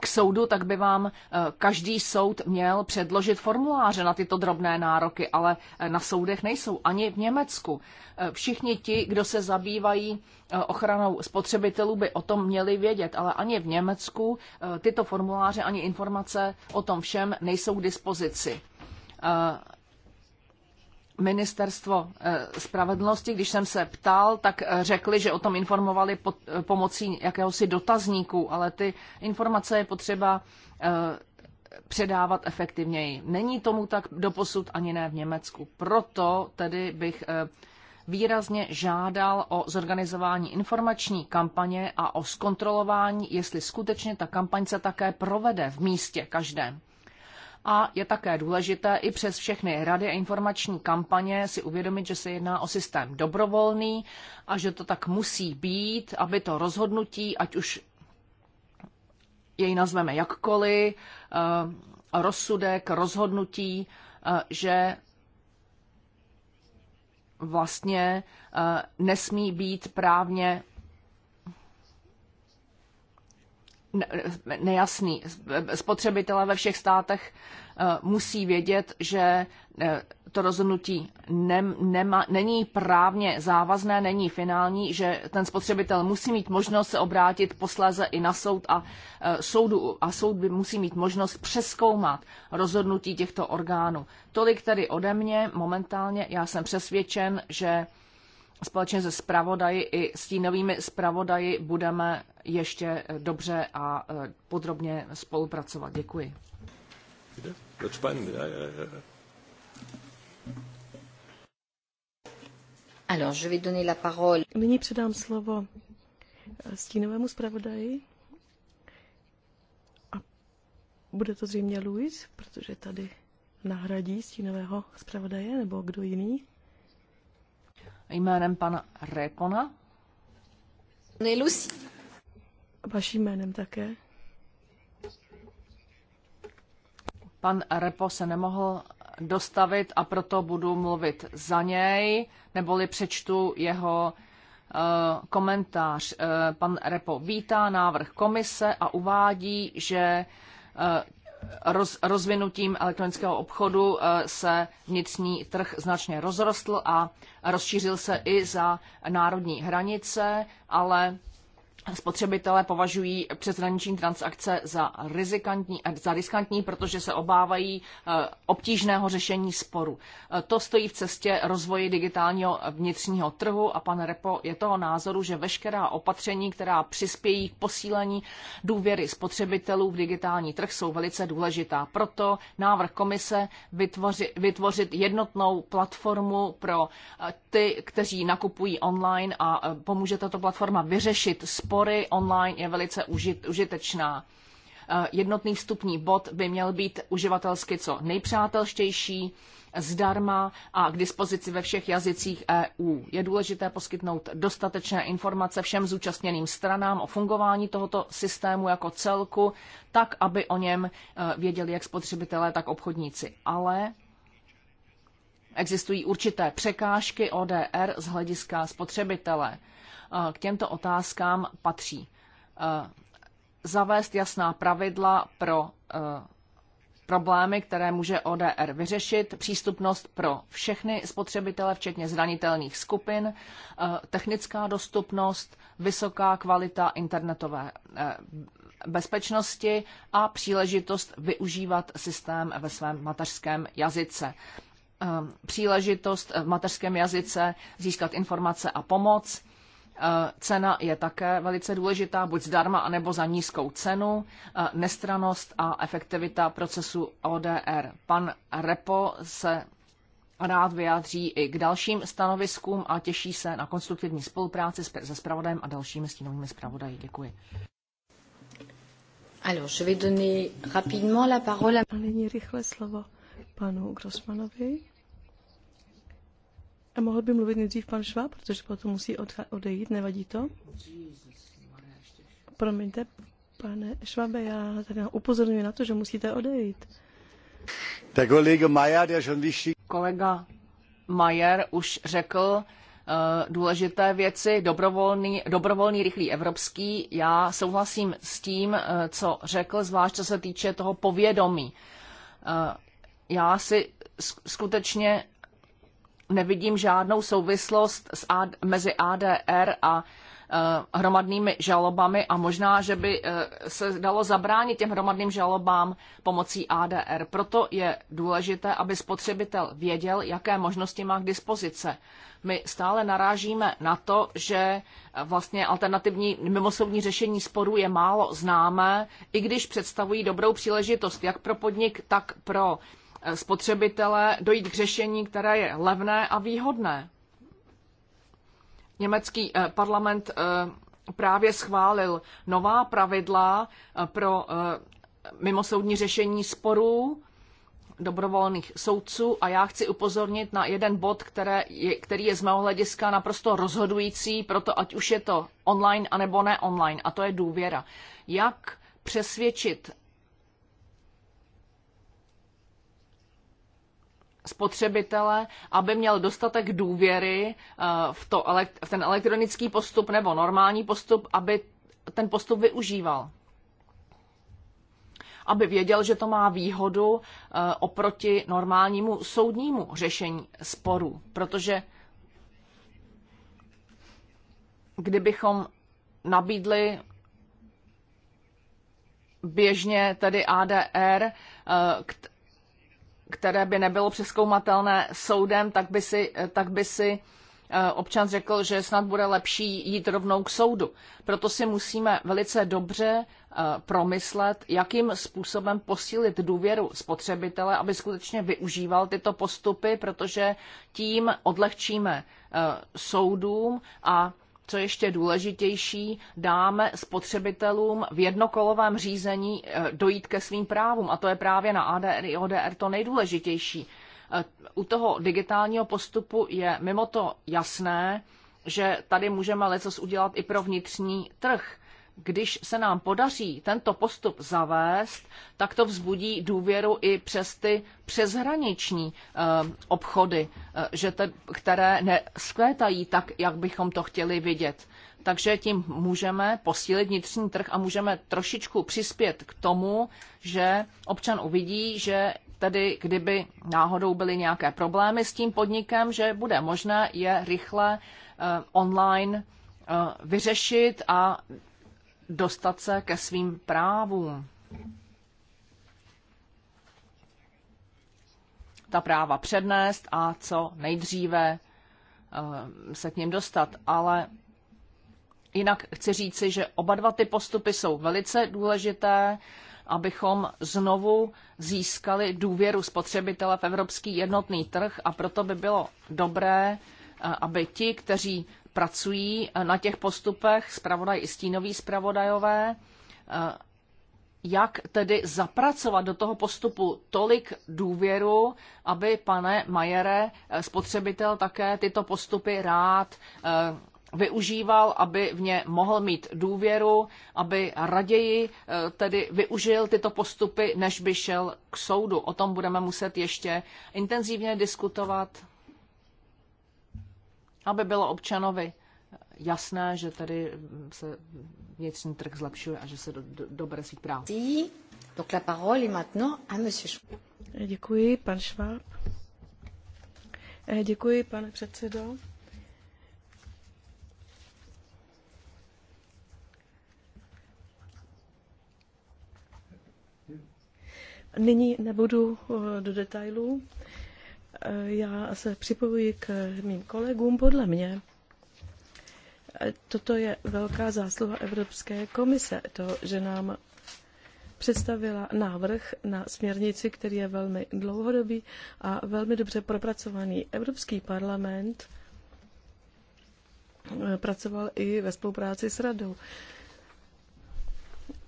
[SPEAKER 2] k soudu, tak by vám eh, každý soud měl předložit formuláře na tyto drobné nároky, ale eh, na soudech nejsou ani v Německu. Eh, všichni ti, kdo se zabývají ochranou spotřebitelů, by o tom měli vědět, ale ani v Německu tyto formuláře ani informace o tom všem nejsou k dispozici ministerstvo eh, spravedlnosti, když jsem se ptal, tak eh, řekli, že o tom informovali pod, eh, pomocí jakéhosi dotazníku, ale ty informace je potřeba předávat efektivněji. Není tomu tak doposud ani ne v Německu. Proto tedy bych výrazně žádal o zorganizování informační kampaně a o zkontrolování, jestli skutečně ta kampaň se také provede v místě každém a je také důležité i přes všechny rady a informační kampaně si uvědomit, že se jedná o systém dobrovolný a že to tak musí být, aby to rozhodnutí, ať už jej nazveme jakkoliv, eh, rozsudek, rozhodnutí, eh, že vlastně eh, nesmí být právně nejasný. Spotřebitelé ve všech státech eh, musí vědět, že eh, to rozhodnutí ne, nema, není právně závazné, není finální, že ten spotřebitel musí mít možnost se obrátit posléze i na soud a, eh, soudu, a soud by musí mít možnost přeskoumat rozhodnutí těchto orgánů. Tolik tedy ode mě momentálně. Já jsem přesvědčen, že společně se zpravodaji i stínovými zpravodaji budeme ještě dobře a e, podrobně spolupracovat. Děkuji.
[SPEAKER 3] Alors, je vais donner la parole. Nyní předám slovo e, stínovému zpravodaji. A bude to zřejmě Luis, protože tady nahradí stínového zpravodaje, nebo kdo jiný
[SPEAKER 2] jménem pana Rekona. Nejlusí. Vaším jménem také. Pan Repo se nemohl dostavit a proto budu mluvit za něj, neboli přečtu jeho eh, komentář. Eh, pan Repo vítá návrh komise a uvádí, že eh, roz, rozvinutím elektronického obchodu eh, se vnitřní trh značně rozrostl a rozšířil se i za národní hranice, ale spotřebitelé považují přeshraniční transakce za, rizikantní, eh, za riskantní, protože se obávají eh, obtížného řešení sporu. Eh, to stojí v cestě rozvoji digitálního vnitřního trhu a pan Repo je toho názoru, že veškerá opatření, která přispějí k posílení důvěry spotřebitelů v digitální trh, jsou velice důležitá. Proto návrh komise vytvořit, vytvořit jednotnou platformu pro ty, kteří nakupují online a pomůže tato platforma vyřešit spor spory online je velice užitečná. Eh, jednotný vstupní bod by měl být uživatelsky co nejpřátelštější, zdarma a k dispozici ve všech jazycích EU. Je důležité poskytnout dostatečné informace všem zúčastněným stranám o fungování tohoto systému jako celku, tak aby o něm eh, věděli jak spotřebitelé, tak obchodníci. Ale existují určité překážky ODR z hlediska spotřebitele k těmto otázkám patří e, zavést jasná pravidla pro e, problémy, které může ODR vyřešit, přístupnost pro všechny spotřebitele, včetně zranitelných skupin, e, technická dostupnost, vysoká kvalita internetové bezpečnosti a příležitost využívat systém ve svém mateřském jazyce. Příležitost v mateřském jazyce získat informace a pomoc, Eh, cena je také velice důležitá, buď zdarma, anebo za nízkou cenu, eh, nestranost a efektivita procesu ODR. Pan Repo se rád vyjádří i k dalším stanoviskům a těší se na konstruktivní spolupráci se zpravodajem a dalšími stínovými zpravodaji. Děkuji. Alors, je vais donner rapidement la parole
[SPEAKER 3] à... Nyní rychle slovo panu Grossmanovi. A mohl by mluvit nejdřív pan Šva, protože potom musí odejít, nevadí to? Promiňte, pane Švabe, já tady upozorňuji na to, že musíte
[SPEAKER 2] odejít. Der Mayer, já jsem wichtig... Kolega Mayer už řekl, eh, důležité věci, dobrovolný, dobrovolný rychlý evropský. Já souhlasím s tím, eh, co řekl, zvlášť co se týče toho povědomí. Eh, já si skutečně nevidím žádnou souvislost s AD, mezi ADR a e, hromadnými žalobami a možná, že by e, se dalo zabránit těm hromadným žalobám pomocí ADR. Proto je důležité, aby spotřebitel věděl, jaké možnosti má k dispozice. My stále narážíme na to, že e, vlastně alternativní mimosoudní řešení sporů je málo známé, i když představují dobrou příležitost jak pro podnik, tak pro spotřebitele dojít k řešení, které je levné a výhodné. Německý eh, parlament eh, právě schválil nová pravidla eh, pro mimosoudní řešení sporů dobrovolných soudců a já chci upozornit na jeden bod, které je, který je z mého hlediska naprosto rozhodující pro to, ať už je to online anebo ne online, a to je důvěra. Jak přesvědčit spotřebitele, aby měl dostatek důvěry eh, v, to, v ten elektronický postup nebo normální postup, aby ten postup využíval. Aby věděl, že to má výhodu eh, oproti normálnímu soudnímu řešení sporu, Protože kdybychom nabídli běžně tedy ADR eh, které by nebylo přeskoumatelné soudem, tak by si, tak by si eh, občan řekl, že snad bude lepší jít rovnou k soudu. Proto si musíme velice dobře eh, promyslet, jakým způsobem posílit důvěru spotřebitele, aby skutečně využíval tyto postupy, protože tím odlehčíme eh, soudům a co ještě důležitější, dáme spotřebitelům v jednokolovém řízení eh, dojít ke svým právům. A to je právě na ADR i ODR to nejdůležitější. Eh, u toho digitálního postupu je mimo to jasné, že tady můžeme lecos udělat i pro vnitřní trh když se nám podaří tento postup zavést, tak to vzbudí důvěru i přes ty přeshraniční eh, obchody, eh, že te, které neskvétají tak, jak bychom to chtěli vidět. Takže tím můžeme posílit vnitřní trh a můžeme trošičku přispět k tomu, že občan uvidí, že tedy kdyby náhodou byly nějaké problémy s tím podnikem, že bude možné je rychle eh, online vyřešit a dostat se ke svým právům. Ta práva přednést a co nejdříve eh, se k ním dostat, ale Jinak chci říci, že oba dva ty postupy jsou velice důležité, abychom znovu získali důvěru spotřebitele v evropský jednotný trh a proto by bylo dobré, eh, aby ti, kteří pracují na těch postupech, zpravodaj i stínoví zpravodajové, eh, jak tedy zapracovat do toho postupu tolik důvěru, aby, pane Majere, eh, spotřebitel také tyto postupy rád eh, využíval, aby v ně mohl mít důvěru, aby raději tedy využil tyto postupy, než by šel k soudu. O tom budeme muset ještě intenzivně diskutovat aby bylo občanovi jasné, že tady se vnitřní trh zlepšuje a že se do, do, dobere svých práv. Děkuji, pan Schwab. Eh, děkuji,
[SPEAKER 3] pane předsedo. Nyní nebudu eh, do detailů. Eh, já se připojuji k mým kolegům. Podle mě eh, toto je velká zásluha Evropské komise, to, že nám představila návrh na směrnici, který je velmi dlouhodobý a velmi dobře propracovaný. Evropský parlament eh, pracoval i ve spolupráci s radou.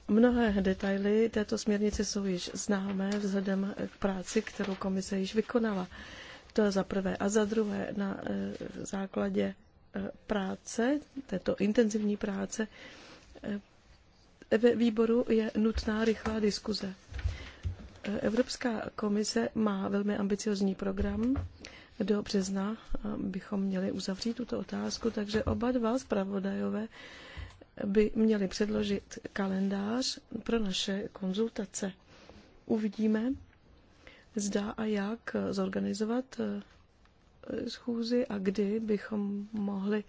[SPEAKER 3] Mnohé detaily této směrnice jsou již známé vzhledem k práci, kterou komise již vykonala. To je za prvé. A za druhé, na eh, základě eh, práce, této intenzivní práce, eh, ve výboru je nutná rychlá diskuze. Evropská komise má velmi ambiciozní program. Do března bychom měli uzavřít tuto otázku, takže oba dva zpravodajové by měli předložit kalendář pro naše konzultace. Uvidíme, zda a jak zorganizovat eh, schůzi a kdy bychom mohli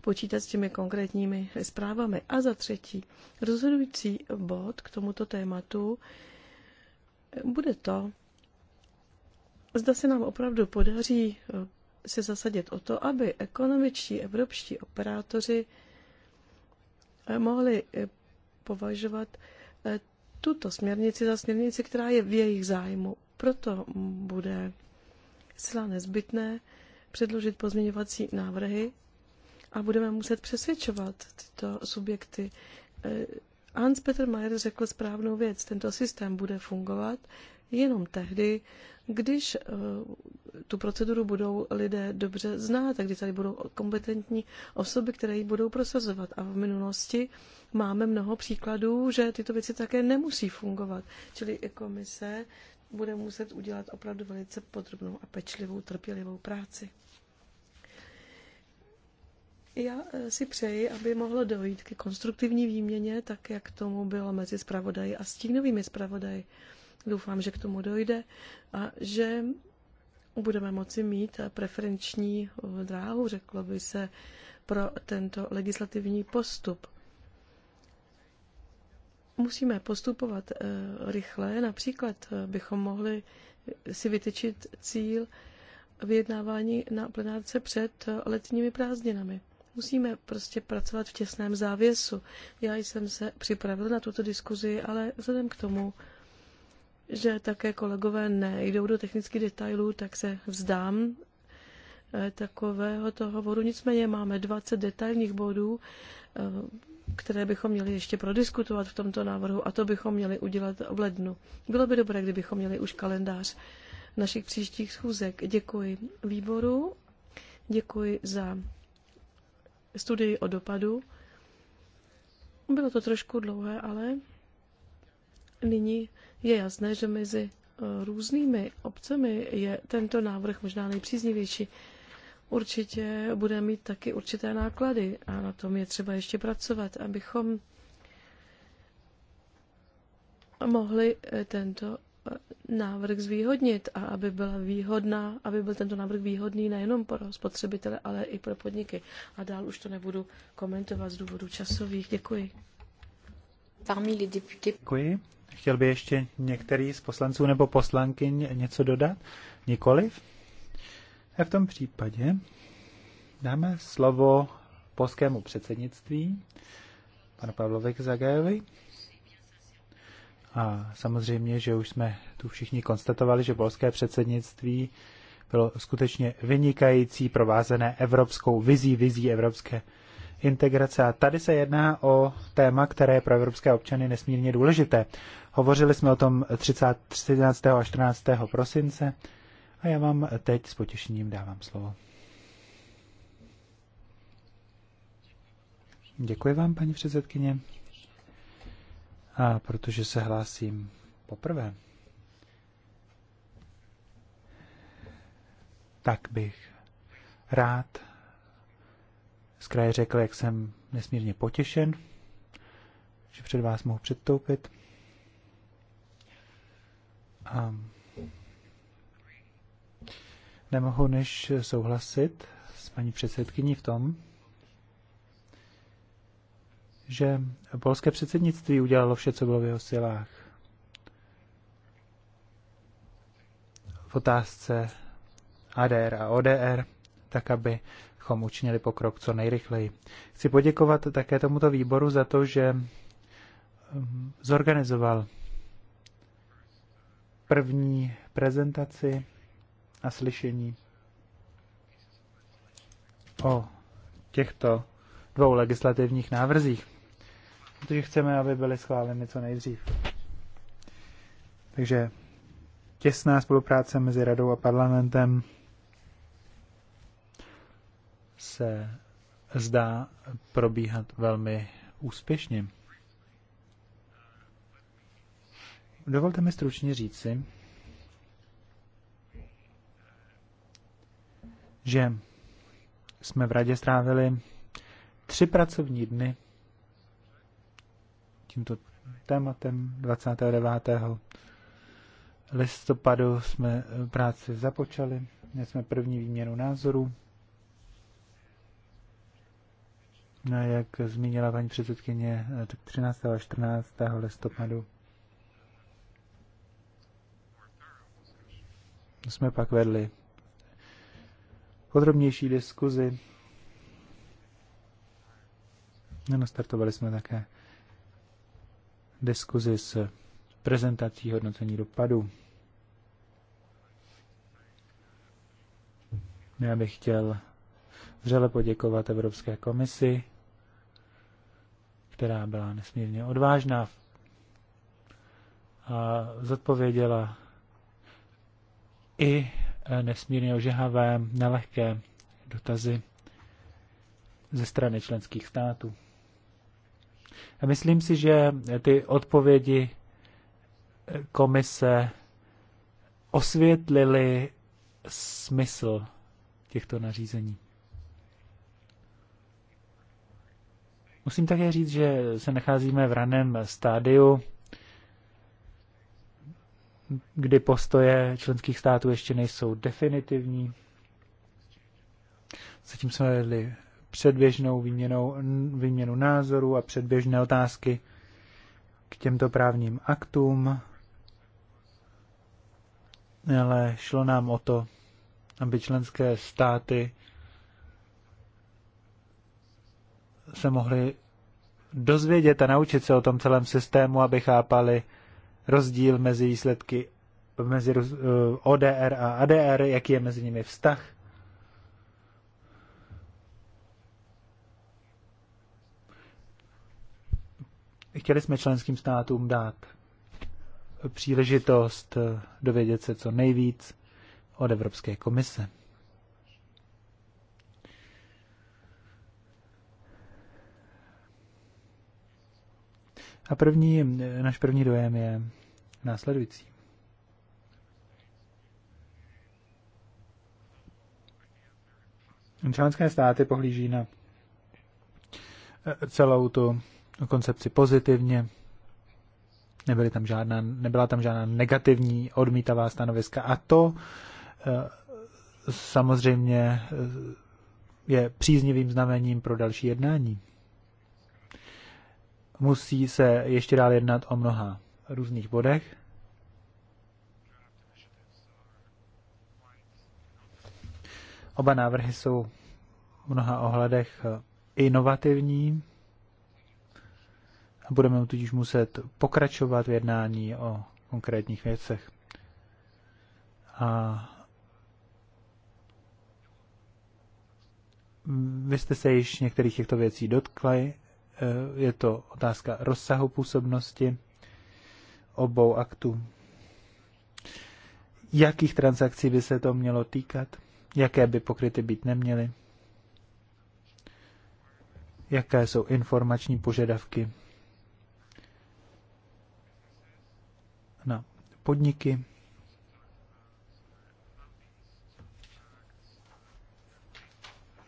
[SPEAKER 3] počítat s těmi konkrétními zprávami. A za třetí, rozhodující bod k tomuto tématu bude to, zda se nám opravdu podaří eh, se zasadit o to, aby ekonomičtí evropští operátoři eh, mohli považovat tuto směrnici za směrnici, která je v jejich zájmu. Proto bude zcela nezbytné předložit pozměňovací návrhy a budeme muset přesvědčovat tyto subjekty. Eh, Hans Peter Mayer řekl správnou věc. Tento systém bude fungovat jenom tehdy, když eh, tu proceduru budou lidé dobře znát a kdy tady budou kompetentní osoby, které ji budou prosazovat. A v minulosti máme mnoho příkladů, že tyto věci také nemusí fungovat. Čili komise bude muset udělat opravdu velice podrobnou a pečlivou, trpělivou práci. Já eh, si přeji, aby mohlo dojít ke konstruktivní výměně, tak jak tomu bylo mezi zpravodaji a stínovými zpravodaji. Doufám, že k tomu dojde a že budeme moci mít preferenční dráhu, řeklo by se, pro tento legislativní postup musíme postupovat eh, rychle. Například eh, bychom mohli si vytyčit cíl vyjednávání na plenárce před eh, letními prázdninami. Musíme prostě pracovat v těsném závěsu. Já jsem se připravil na tuto diskuzi, ale vzhledem k tomu, že také kolegové nejdou do technických detailů, tak se vzdám takového toho hovoru. Nicméně máme 20 detailních bodů které bychom měli ještě prodiskutovat v tomto návrhu a to bychom měli udělat v lednu. Bylo by dobré, kdybychom měli už kalendář našich příštích schůzek. Děkuji výboru, děkuji za studii o dopadu. Bylo to trošku dlouhé, ale nyní je jasné, že mezi eh, různými obcemi je tento návrh možná nejpříznivější určitě bude mít taky určité náklady a na tom je třeba ještě pracovat, abychom mohli eh, tento eh, návrh zvýhodnit a aby, byla výhodná, aby byl tento návrh výhodný nejenom pro spotřebitele, ale i pro podniky. A dál už to nebudu komentovat z důvodu časových. Děkuji.
[SPEAKER 1] Děkuji. Chtěl by ještě některý z poslanců nebo poslankyň něco dodat? Nikoliv? A v tom případě dáme slovo polskému předsednictví, panu Pavlovi Zagajovi. A samozřejmě, že už jsme tu všichni konstatovali, že polské předsednictví bylo skutečně vynikající, provázené evropskou vizí, vizí evropské integrace. A tady se jedná o téma, které je pro evropské občany nesmírně důležité. Hovořili jsme o tom 13. a 14. prosince a já vám teď s potěšením dávám slovo. Děkuji vám, paní předsedkyně. A protože se hlásím poprvé, tak bych rád z kraje řekl, jak jsem nesmírně potěšen, že před vás mohu předtoupit. A Nemohu než souhlasit s paní předsedkyní v tom, že polské předsednictví udělalo vše, co bylo v jeho silách. V otázce ADR a ODR, tak abychom učinili pokrok co nejrychleji. Chci poděkovat také tomuto výboru za to, že um, zorganizoval první prezentaci a slyšení o těchto dvou legislativních návrzích, protože chceme, aby byly schváleny co nejdřív. Takže těsná spolupráce mezi radou a parlamentem se zdá probíhat velmi úspěšně. Dovolte mi stručně říci, že jsme v radě strávili tři pracovní dny tímto tématem 29. listopadu jsme eh, práci započali, měli jsme první výměnu názorů. No, jak zmínila paní předsedkyně, eh, tak 13. a 14. listopadu jsme pak vedli podrobnější diskuzi. Nastartovali jsme také diskuzi s prezentací hodnocení dopadu. Já bych chtěl vřele poděkovat Evropské komisi, která byla nesmírně odvážná a zodpověděla i nesmírně ožehavé, nelehké dotazy ze strany členských států. A myslím si, že ty odpovědi komise osvětlily smysl těchto nařízení. Musím také říct, že se nacházíme v raném stádiu kdy postoje členských států ještě nejsou definitivní. Zatím jsme vedli předběžnou výměnou, výměnu názorů a předběžné otázky k těmto právním aktům, ale šlo nám o to, aby členské státy se mohly dozvědět a naučit se o tom celém systému, aby chápali, rozdíl mezi výsledky mezi ODR eh, a ADR, jaký je mezi nimi vztah. Chtěli jsme členským státům dát příležitost eh, dovědět se co nejvíc od Evropské komise. A první, eh, náš první dojem je, následující. Členské státy pohlíží na eh, celou tu koncepci pozitivně. Nebyly tam žádná, nebyla tam žádná negativní odmítavá stanoviska a to eh, samozřejmě eh, je příznivým znamením pro další jednání. Musí se ještě dál jednat o mnoha různých bodech. Oba návrhy jsou v mnoha ohledech inovativní a budeme tudíž muset pokračovat v jednání o konkrétních věcech. A vy jste se již některých těchto věcí dotkli. Je to otázka rozsahu působnosti obou aktů. Jakých transakcí by se to mělo týkat? Jaké by pokryty být neměly? Jaké jsou informační požadavky na no, podniky?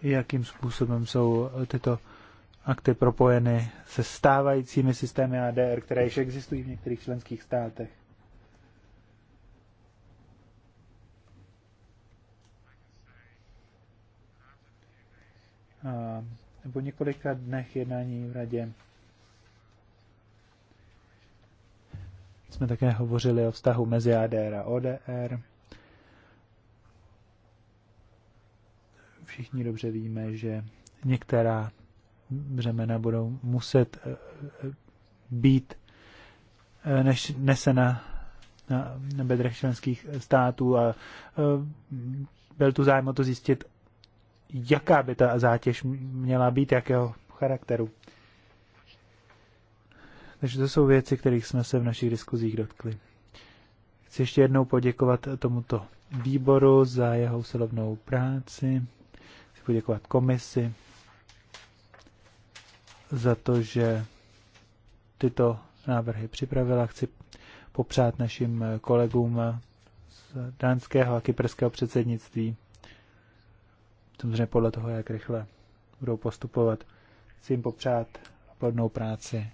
[SPEAKER 1] Jakým způsobem jsou tyto akty propojeny se stávajícími systémy ADR, které již existují v některých členských státech. nebo několika dnech jednání v radě jsme také hovořili o vztahu mezi ADR a ODR. Všichni dobře víme, že některá břemena budou muset eh, eh, být eh, než nesena na, na bedrech členských států a byl tu zájem o to zjistit, jaká by ta zátěž měla být, jakého charakteru. Takže to jsou věci, kterých jsme se v našich diskuzích dotkli. Chci ještě jednou poděkovat tomuto výboru za jeho usilovnou práci, chci poděkovat komisi, za to, že tyto návrhy připravila. Chci popřát našim kolegům z dánského a kyperského předsednictví, samozřejmě podle toho, jak rychle budou postupovat. Chci jim popřát plodnou práci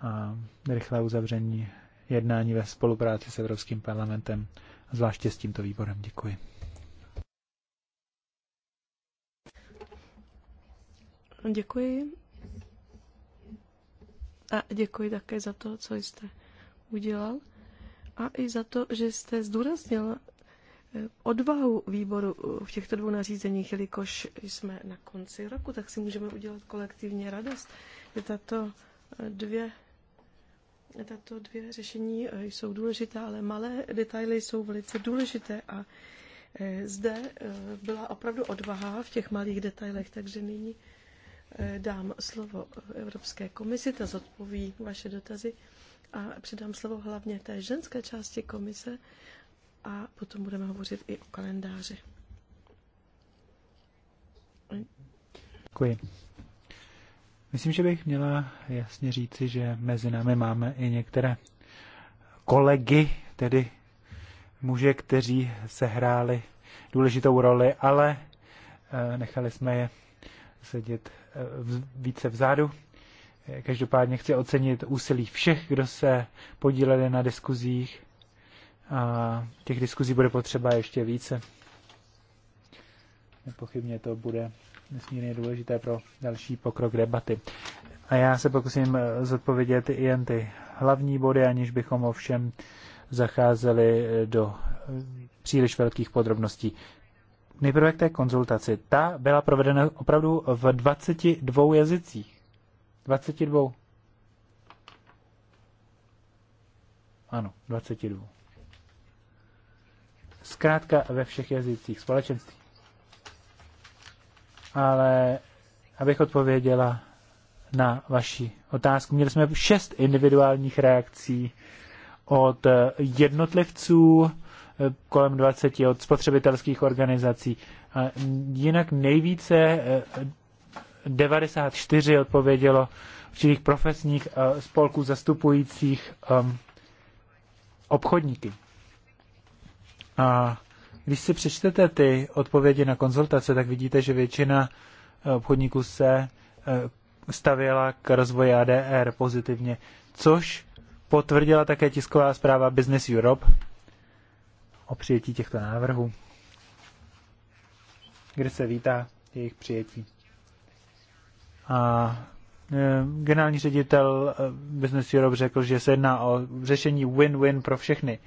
[SPEAKER 1] a rychlé uzavření jednání ve spolupráci s Evropským parlamentem, zvláště s tímto výborem. Děkuji.
[SPEAKER 3] Děkuji. A děkuji také za to, co jste udělal a i za to, že jste zdůraznil eh, odvahu výboru eh, v těchto dvou nařízeních, jelikož jsme na konci roku, tak si můžeme udělat kolektivně radost, že tato eh, dvě tato dvě řešení jsou důležité, ale malé detaily jsou velice důležité a zde byla opravdu odvaha v těch malých detailech, takže nyní Eh, dám slovo Evropské komisi, ta zodpoví vaše dotazy a předám slovo hlavně té ženské části komise a potom budeme hovořit i o kalendáři.
[SPEAKER 1] Děkuji. Myslím, že bych měla jasně říci, že mezi námi máme i některé kolegy, tedy muže, kteří sehráli důležitou roli, ale eh, nechali jsme je sedět více vzadu. Každopádně chci ocenit úsilí všech, kdo se podíleli na diskuzích. A těch diskuzí bude potřeba ještě více. Nepochybně to bude nesmírně důležité pro další pokrok debaty. A já se pokusím zodpovědět i jen ty hlavní body, aniž bychom ovšem zacházeli do příliš velkých podrobností. Nejprve k té konzultaci. Ta byla provedena opravdu v 22 jazycích. 22. Ano, 22. Zkrátka ve všech jazycích společenství. Ale abych odpověděla na vaši otázku, měli jsme šest individuálních reakcí od jednotlivců, kolem 20 od spotřebitelských organizací. A jinak nejvíce 94 eh, odpovědělo určitých profesních eh, spolků zastupujících ehm, obchodníky. A když si přečtete ty odpovědi na konzultace, tak vidíte, že většina eh, obchodníků se stavěla k rozvoji ADR pozitivně, což potvrdila také tisková zpráva Business Europe, o přijetí těchto návrhů, kde se vítá jejich přijetí. A e, generální ředitel e, Business Europe řekl, že se jedná o řešení win-win pro všechny.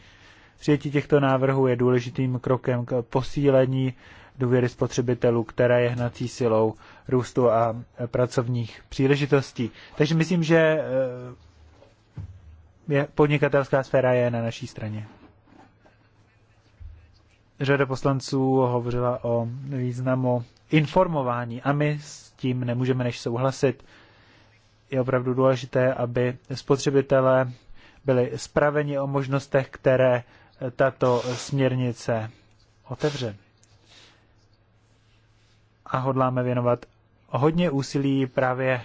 [SPEAKER 1] Přijetí těchto návrhů je důležitým krokem k posílení důvěry spotřebitelů, která je hnací silou růstu a e, pracovních příležitostí. Takže myslím, že podnikatelská sféra je na naší straně řada poslanců hovořila o významu informování a my s tím nemůžeme než souhlasit. Je opravdu důležité, aby spotřebitelé byli spraveni o možnostech, které tato směrnice otevře. A hodláme věnovat hodně úsilí právě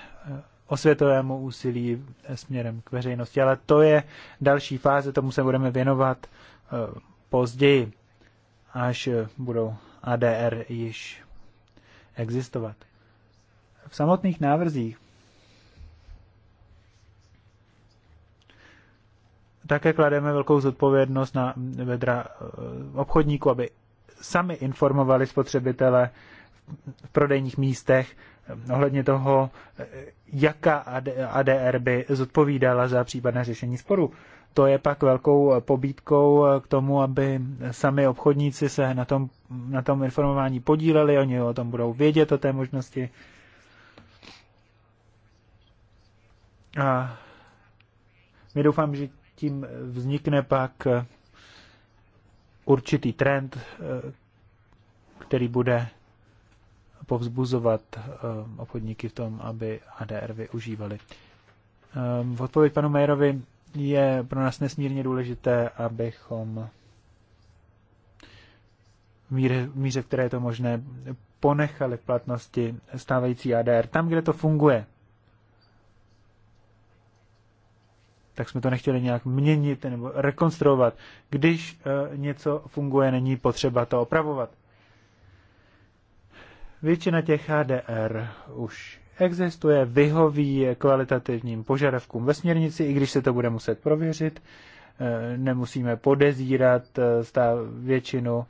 [SPEAKER 1] osvětovému úsilí směrem k veřejnosti, ale to je další fáze, tomu se budeme věnovat eh, později až eh, budou ADR již existovat. V samotných návrzích také klademe velkou zodpovědnost na vedra eh, obchodníků, aby sami informovali spotřebitele v prodejních místech eh, ohledně toho, jaká ADR by zodpovídala za případné řešení sporu to je pak velkou pobídkou k tomu, aby sami obchodníci se na tom, na tom informování podíleli, oni o tom budou vědět, o té možnosti. A my doufám, že tím vznikne pak určitý trend, který bude povzbuzovat eh, obchodníky v tom, aby ADR využívali. Eh, v odpověď panu Majerovi je pro nás nesmírně důležité, abychom v míře, v míře, v které je to možné, ponechali v platnosti stávající ADR tam, kde to funguje. Tak jsme to nechtěli nějak měnit nebo rekonstruovat. Když uh, něco funguje, není potřeba to opravovat. Většina těch ADR už existuje, vyhoví kvalitativním požadavkům ve směrnici, i když se to bude muset prověřit. Eh, nemusíme podezírat eh, stá většinu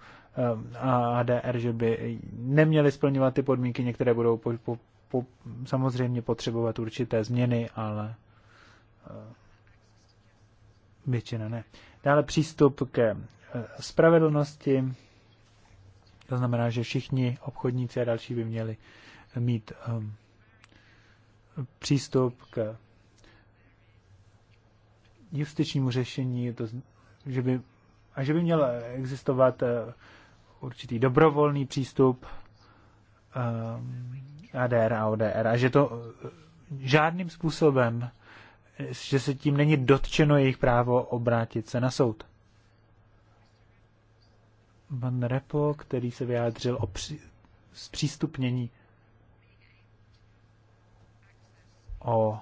[SPEAKER 1] eh, ADR, že by neměli splňovat ty podmínky. Některé budou po, po, po, samozřejmě potřebovat určité změny, ale většina ne. Dále přístup ke spravedlnosti. To znamená, že všichni obchodníci a další by měli mít um, přístup k justičnímu řešení, to, že by, a že by měl existovat eh, určitý dobrovolný přístup ADR eh, a ODR a že to eh, žádným způsobem, že se tím není dotčeno jejich právo obrátit se na soud. Pan Repo, který se vyjádřil o při, zpřístupnění o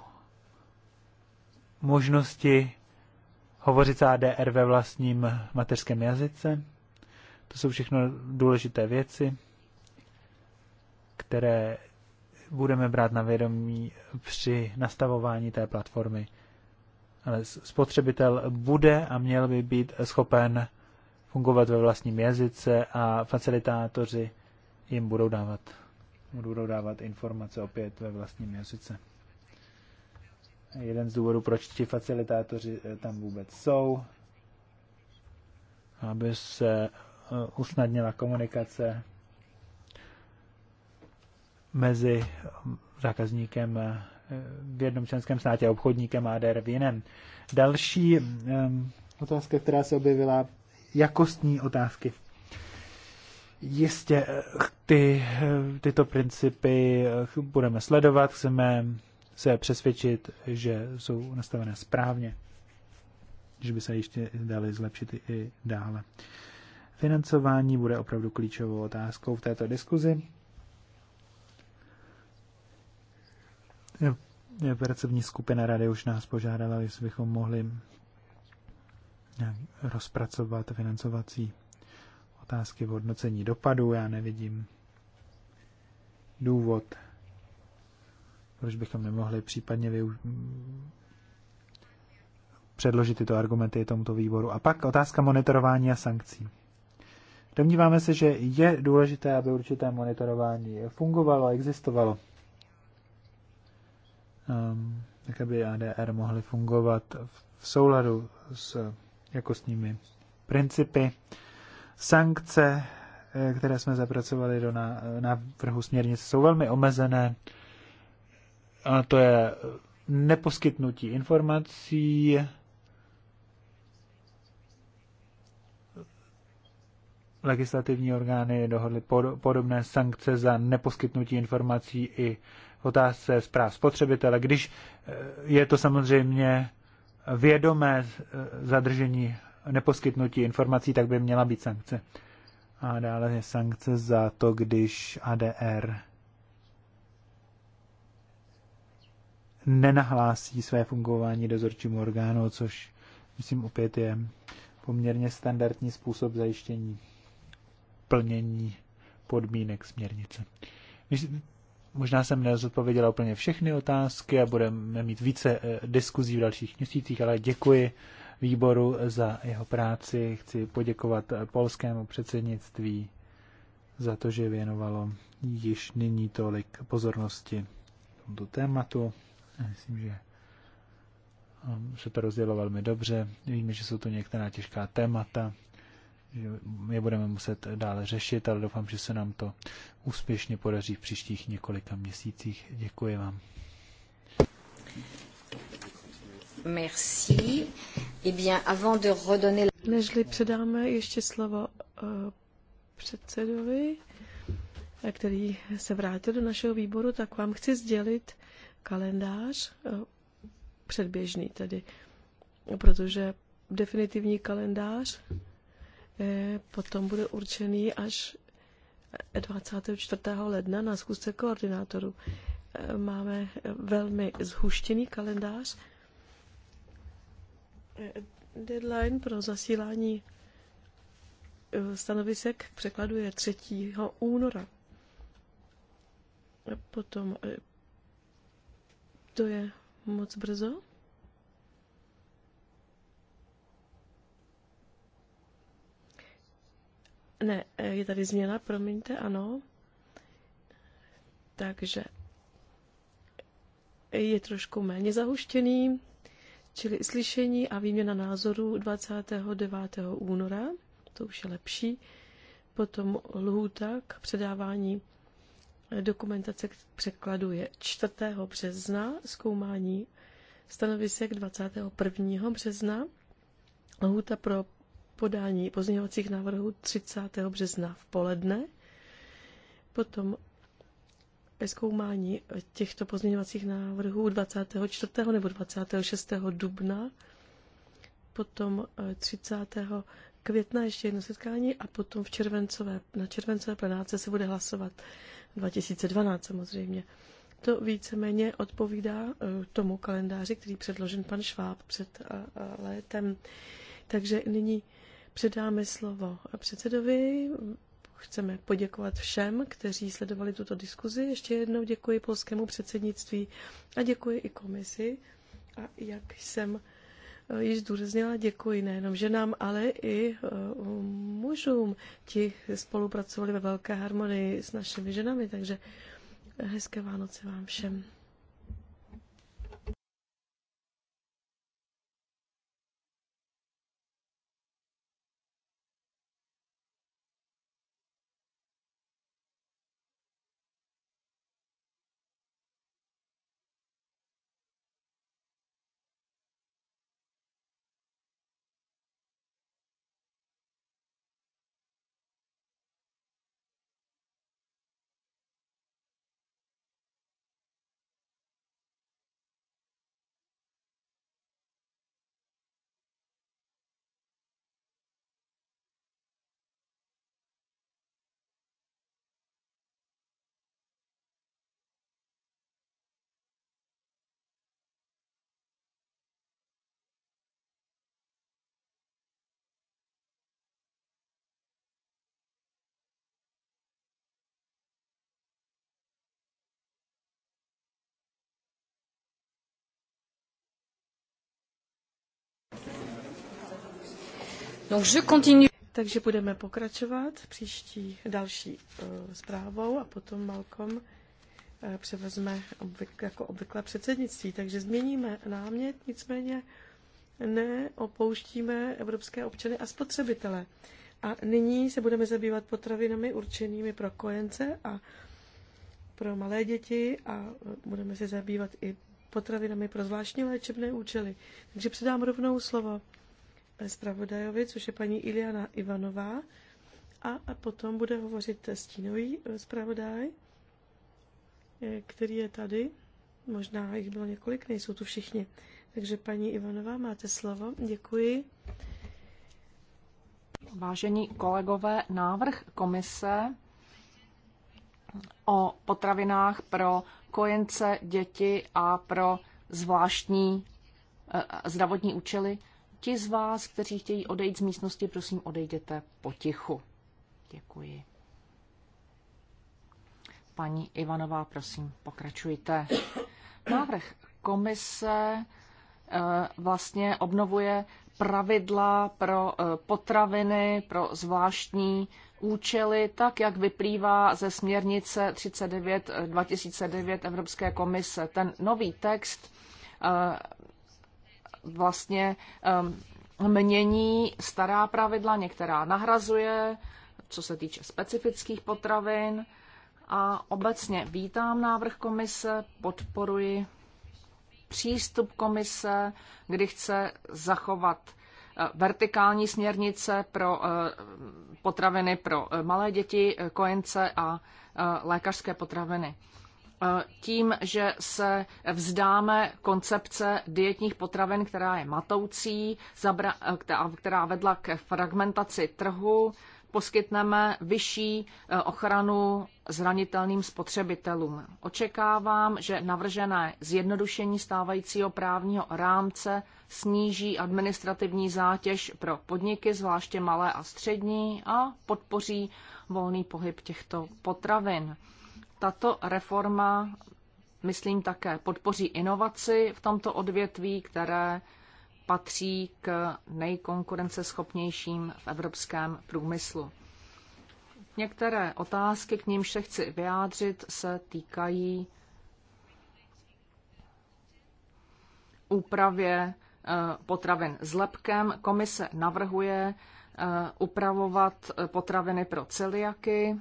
[SPEAKER 1] možnosti hovořit s ADR ve vlastním mateřském jazyce. To jsou všechno důležité věci, které budeme brát na vědomí při nastavování té platformy. Ale spotřebitel bude a měl by být schopen fungovat ve vlastním jazyce a facilitátoři jim budou dávat, budou dávat informace opět ve vlastním jazyce jeden z důvodů, proč ti facilitátoři eh, tam vůbec jsou, aby se eh, usnadnila komunikace mezi eh, zákazníkem v jednom členském státě a obchodníkem ADR v jiném. Další otázka, která se objevila, jakostní otázky. Jistě ty, tyto principy budeme sledovat, chceme se přesvědčit, že jsou nastavené správně, že by se ještě dali zlepšit i dále. Financování bude opravdu klíčovou otázkou v této diskuzi. Pracovní skupina rady už nás požádala, jestli bychom mohli rozpracovat financovací otázky v hodnocení dopadu. Já nevidím důvod, proč bychom nemohli případně využ- předložit tyto argumenty tomuto výboru. A pak otázka monitorování a sankcí. Domníváme se, že je důležité, aby určité monitorování fungovalo, existovalo. Um, tak aby ADR mohly fungovat v souladu s jakostními principy. Sankce, eh, které jsme zapracovali do návrhu směrnice, jsou velmi omezené a to je neposkytnutí informací, legislativní orgány dohodly podobné sankce za neposkytnutí informací i v otázce zpráv spotřebitele, když eh, je to samozřejmě vědomé eh, zadržení neposkytnutí informací, tak by měla být sankce. A dále je sankce za to, když ADR nenahlásí své fungování dozorčímu orgánu, což myslím opět je poměrně standardní způsob zajištění plnění podmínek směrnice. Možná jsem nezodpověděla úplně všechny otázky a budeme mít více eh, diskuzí v dalších měsících, ale děkuji výboru za jeho práci. Chci poděkovat eh, polskému předsednictví za to, že věnovalo již nyní tolik pozornosti tomuto tématu. Myslím, že um, se to rozdělilo velmi dobře. Víme, že jsou to některá těžká témata, že je budeme muset dále řešit, ale doufám, že se nám to úspěšně podaří v příštích několika měsících. Děkuji vám.
[SPEAKER 3] Merci. Eh bien, avant de redonner... Nežli předáme ještě slovo eh, předsedovi, který se vrátil do našeho výboru, tak vám chci sdělit, kalendář, eh, předběžný tedy, protože definitivní kalendář eh, potom bude určený až 24. Eh, ledna na zkusce koordinátorů. Máme velmi zhuštěný kalendář. Deadline pro zasílání stanovisek překladuje 3. února. Potom to je moc brzo. Ne, je tady změna, promiňte, ano. Takže je trošku méně zahuštěný, čili slyšení a výměna názorů 29. února, to už je lepší. Potom lhůta k předávání Dokumentace k překladu je 4. března, zkoumání stanovisek 21. března, lhůta pro podání pozměňovacích návrhů 30. března v poledne, potom zkoumání těchto pozměňovacích návrhů 24. nebo 26. dubna, potom 30. Eh, května ještě jedno setkání a potom v červencové, na červencové plenáce se bude hlasovat. 2012 samozřejmě. To víceméně odpovídá eh, tomu kalendáři, který předložen pan Šváb před eh, eh, létem. Takže nyní předáme slovo předsedovi. Chceme poděkovat všem, kteří sledovali tuto diskuzi. Ještě jednou děkuji polskému předsednictví a děkuji i komisi. A jak jsem Eh, již zdůraznila, děkuji nejenom ženám, ale i eh, mužům. Ti spolupracovali ve velké harmonii s našimi ženami, takže hezké Vánoce vám všem.
[SPEAKER 2] Donc je continue.
[SPEAKER 3] Takže budeme pokračovat příští další uh, zprávou a potom Malcolm uh, převezme obvykle, jako obvykle předsednictví. Takže změníme námět, nicméně neopouštíme evropské občany a spotřebitele. A nyní se budeme zabývat potravinami určenými pro kojence a pro malé děti a eh, budeme se zabývat i potravinami pro zvláštní léčebné účely. Takže předám rovnou slovo zpravodajovi, což je paní Iliana Ivanová. A, a potom bude hovořit stínový eh, zpravodaj, eh, který je tady. Možná jich bylo několik, nejsou tu všichni.
[SPEAKER 2] Takže paní Ivanová, máte slovo. Děkuji. Vážení kolegové, návrh komise o potravinách pro kojence, děti a pro zvláštní eh, zdravotní účely Ti z vás, kteří chtějí odejít z místnosti, prosím, odejděte potichu. Děkuji. Paní Ivanová, prosím, pokračujte. Návrh komise eh, vlastně obnovuje pravidla pro eh, potraviny, pro zvláštní účely, tak jak vyplývá ze směrnice 39 2009 eh, Evropské komise. Ten nový text vlastně um, mění stará pravidla, některá nahrazuje, co se týče specifických potravin. A obecně vítám návrh komise, podporuji přístup komise, kdy chce zachovat eh, vertikální směrnice pro eh, potraviny pro eh, malé děti, kojence a lékařské potraviny. E, tím, že se vzdáme koncepce dietních potravin, která je matoucí, e, která vedla k fragmentaci trhu, poskytneme vyšší e, ochranu zranitelným spotřebitelům. Očekávám, že navržené zjednodušení stávajícího právního rámce sníží administrativní zátěž pro podniky, zvláště malé a střední, a podpoří volný pohyb těchto potravin. Tato reforma, myslím, také podpoří inovaci v tomto odvětví, které patří k nejkonkurenceschopnějším v evropském průmyslu. Některé otázky, k nímž se chci vyjádřit, se týkají úpravě eh, potravin s lepkem. Komise navrhuje eh, upravovat potraviny pro celiaky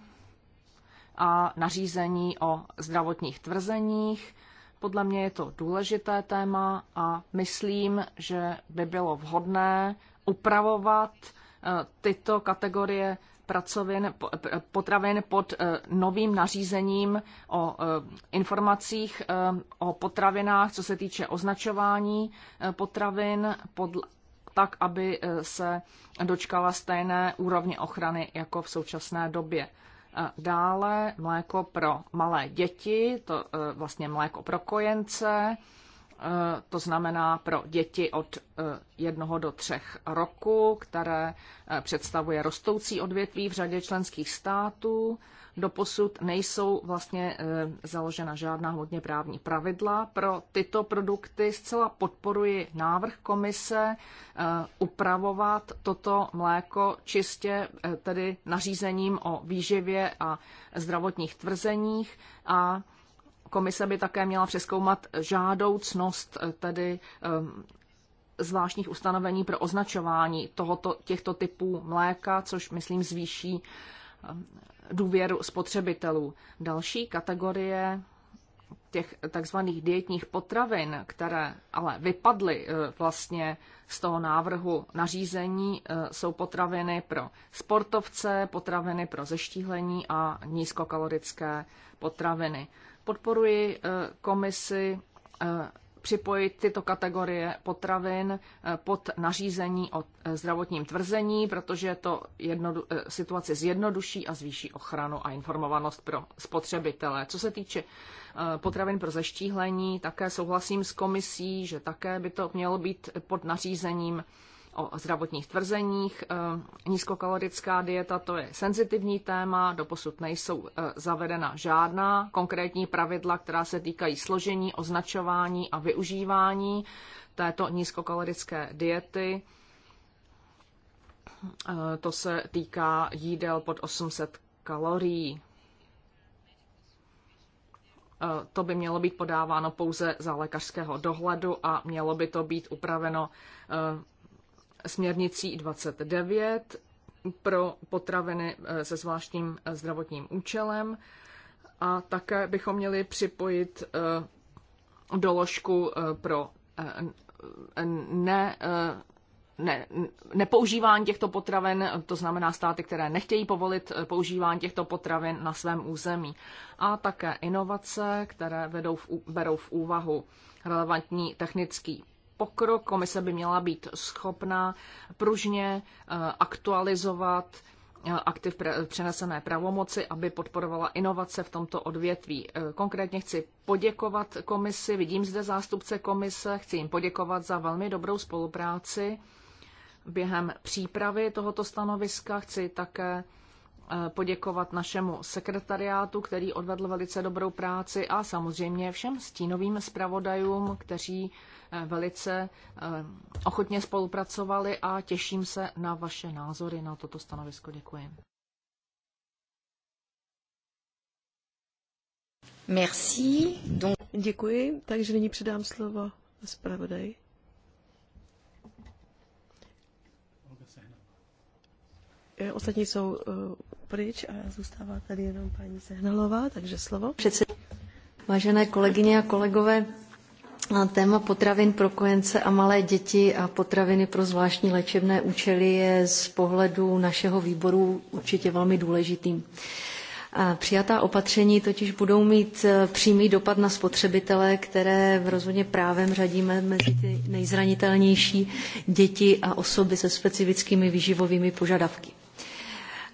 [SPEAKER 2] a nařízení o zdravotních tvrzeních. Podle mě je to důležité téma a myslím, že by bylo vhodné upravovat eh, tyto kategorie pracovin, eh, potravin pod eh, novým nařízením o informacích o potravinách, co se týče označování potravin, tak, aby se dočkala stejné úrovně ochrany jako v současné době. Dále mléko pro malé děti, to e, vlastně mléko pro kojence, e, to znamená pro děti od e, jednoho do třech roku, které představuje rostoucí odvětví v řadě členských států doposud nejsou vlastně e, založena žádná hodně právní pravidla pro tyto produkty. Zcela podporuji návrh komise e, upravovat toto mléko čistě e, tedy nařízením o výživě a zdravotních tvrzeních a Komise by také měla přeskoumat žádoucnost tedy zvláštních ustanovení pro označování tohoto, těchto typů mléka, což myslím zvýší důvěru spotřebitelů. Další kategorie těch takzvaných dietních potravin, které ale vypadly eh, vlastně z toho návrhu nařízení, eh, jsou potraviny pro sportovce, potraviny pro zeštíhlení a nízkokalorické potraviny. Podporuji eh, komisi připojit tyto kategorie potravin eh, pod nařízení o eh, zdravotním tvrzení, protože to jednodu, eh, situaci zjednoduší a zvýší ochranu a informovanost pro spotřebitele. Co se týče potravin pro zeštíhlení, také souhlasím s komisí, že také by to mělo být pod nařízením o zdravotních tvrzeních. Eh, nízkokalorická dieta to je senzitivní téma, doposud nejsou eh, zavedena žádná konkrétní pravidla, která se týkají složení, označování a využívání této nízkokalorické diety. Eh, to se týká jídel pod 800 kalorií. To by mělo být podáváno pouze za lékařského dohledu a mělo by to být upraveno směrnicí 29 pro potraviny eh, se zvláštním eh, zdravotním účelem a také bychom měli připojit eh, doložku pro ne, ne, nepoužívání těchto potravin, to znamená státy, které nechtějí povolit používání těchto potravin na svém území. A také inovace, které vedou v, berou v úvahu relevantní technický pokrok. Komise by měla být schopná pružně eh, aktualizovat eh, aktiv přenesené pravomoci, aby podporovala inovace v tomto odvětví. Eh, konkrétně chci poděkovat komisi, vidím zde zástupce komise, chci jim poděkovat za velmi dobrou spolupráci během přípravy tohoto stanoviska. Chci také Eh, poděkovat našemu sekretariátu, který odvedl velice dobrou práci a samozřejmě všem stínovým zpravodajům, kteří eh, velice eh, ochotně spolupracovali a těším se na vaše názory na toto stanovisko. Děkuji.
[SPEAKER 3] Merci. Děkuji, takže nyní předám slovo zpravodaji. Ostatní jsou pryč a zůstává tady jenom paní Sehnalová, takže slovo.
[SPEAKER 4] Vážené kolegyně a kolegové, Téma potravin pro kojence a malé děti a potraviny pro zvláštní léčebné účely je z pohledu našeho výboru určitě velmi důležitým. A přijatá opatření totiž budou mít e, přímý dopad na spotřebitele, které rozhodně právem řadíme mezi ty nejzranitelnější děti a osoby se specifickými výživovými požadavky.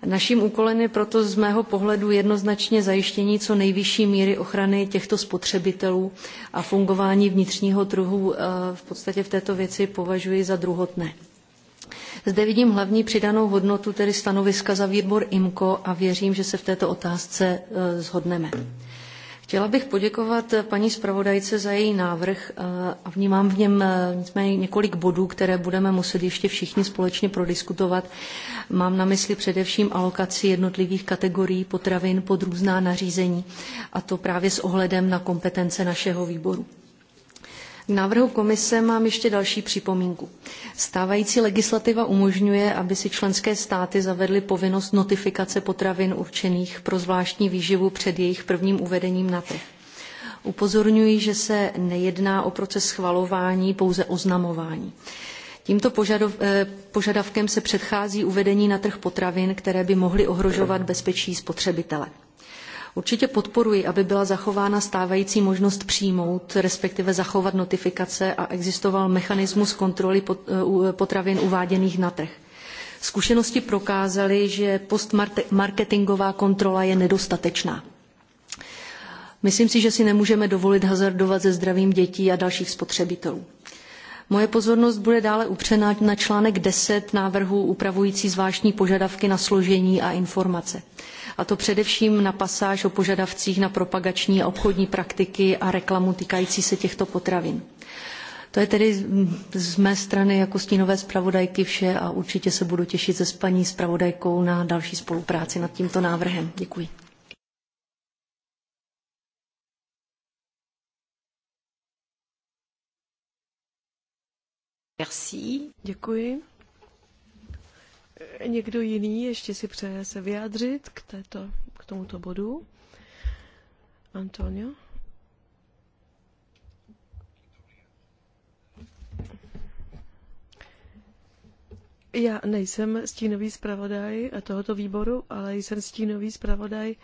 [SPEAKER 4] Naším úkolem je proto z mého pohledu jednoznačně zajištění co nejvyšší míry ochrany těchto spotřebitelů a fungování vnitřního trhu eh, v podstatě v této věci považuji za druhotné. Zde vidím hlavní přidanou hodnotu tedy stanoviska za výbor IMCO a věřím, že se v této otázce zhodneme. Eh, Chtěla bych poděkovat paní zpravodajce za její návrh eh, a vnímám v něm eh, nicméně několik bodů, které budeme muset ještě všichni společně prodiskutovat. Mám na mysli především alokaci jednotlivých kategorií potravin pod různá nařízení a to právě s ohledem na kompetence našeho výboru. K návrhu komise mám ještě další připomínku. Stávající legislativa umožňuje, aby si členské státy zavedly povinnost notifikace potravin určených pro zvláštní výživu před jejich prvním uvedením na trh. Upozorňuji, že se nejedná o proces schvalování, pouze oznamování. Tímto požadov, eh, požadavkem se předchází uvedení na trh potravin, které by mohly ohrožovat bezpečí spotřebitele. Určitě podporuji, aby byla zachována stávající možnost přijmout, respektive zachovat notifikace a existoval mechanismus kontroly eh, potravin uváděných na trh. Zkušenosti prokázaly, že postmarketingová kontrola je nedostatečná. Myslím si, že si nemůžeme dovolit hazardovat se zdravím dětí a dalších spotřebitelů. Moje pozornost bude dále upřena na článek 10 návrhu upravující zvláštní požadavky na složení a informace. A to především na pasáž o požadavcích na propagační a obchodní praktiky a reklamu týkající se těchto potravin. To je tedy z mé strany jako stínové zpravodajky vše a určitě se budu těšit se s paní zpravodajkou na další spolupráci nad tímto návrhem. Děkuji.
[SPEAKER 5] Merci. Děkuji. Někdo jiný
[SPEAKER 3] ještě si přeje se vyjádřit k, této, k tomuto bodu? Antonio? Já nejsem stínový zpravodaj tohoto výboru, ale jsem stínový zpravodaj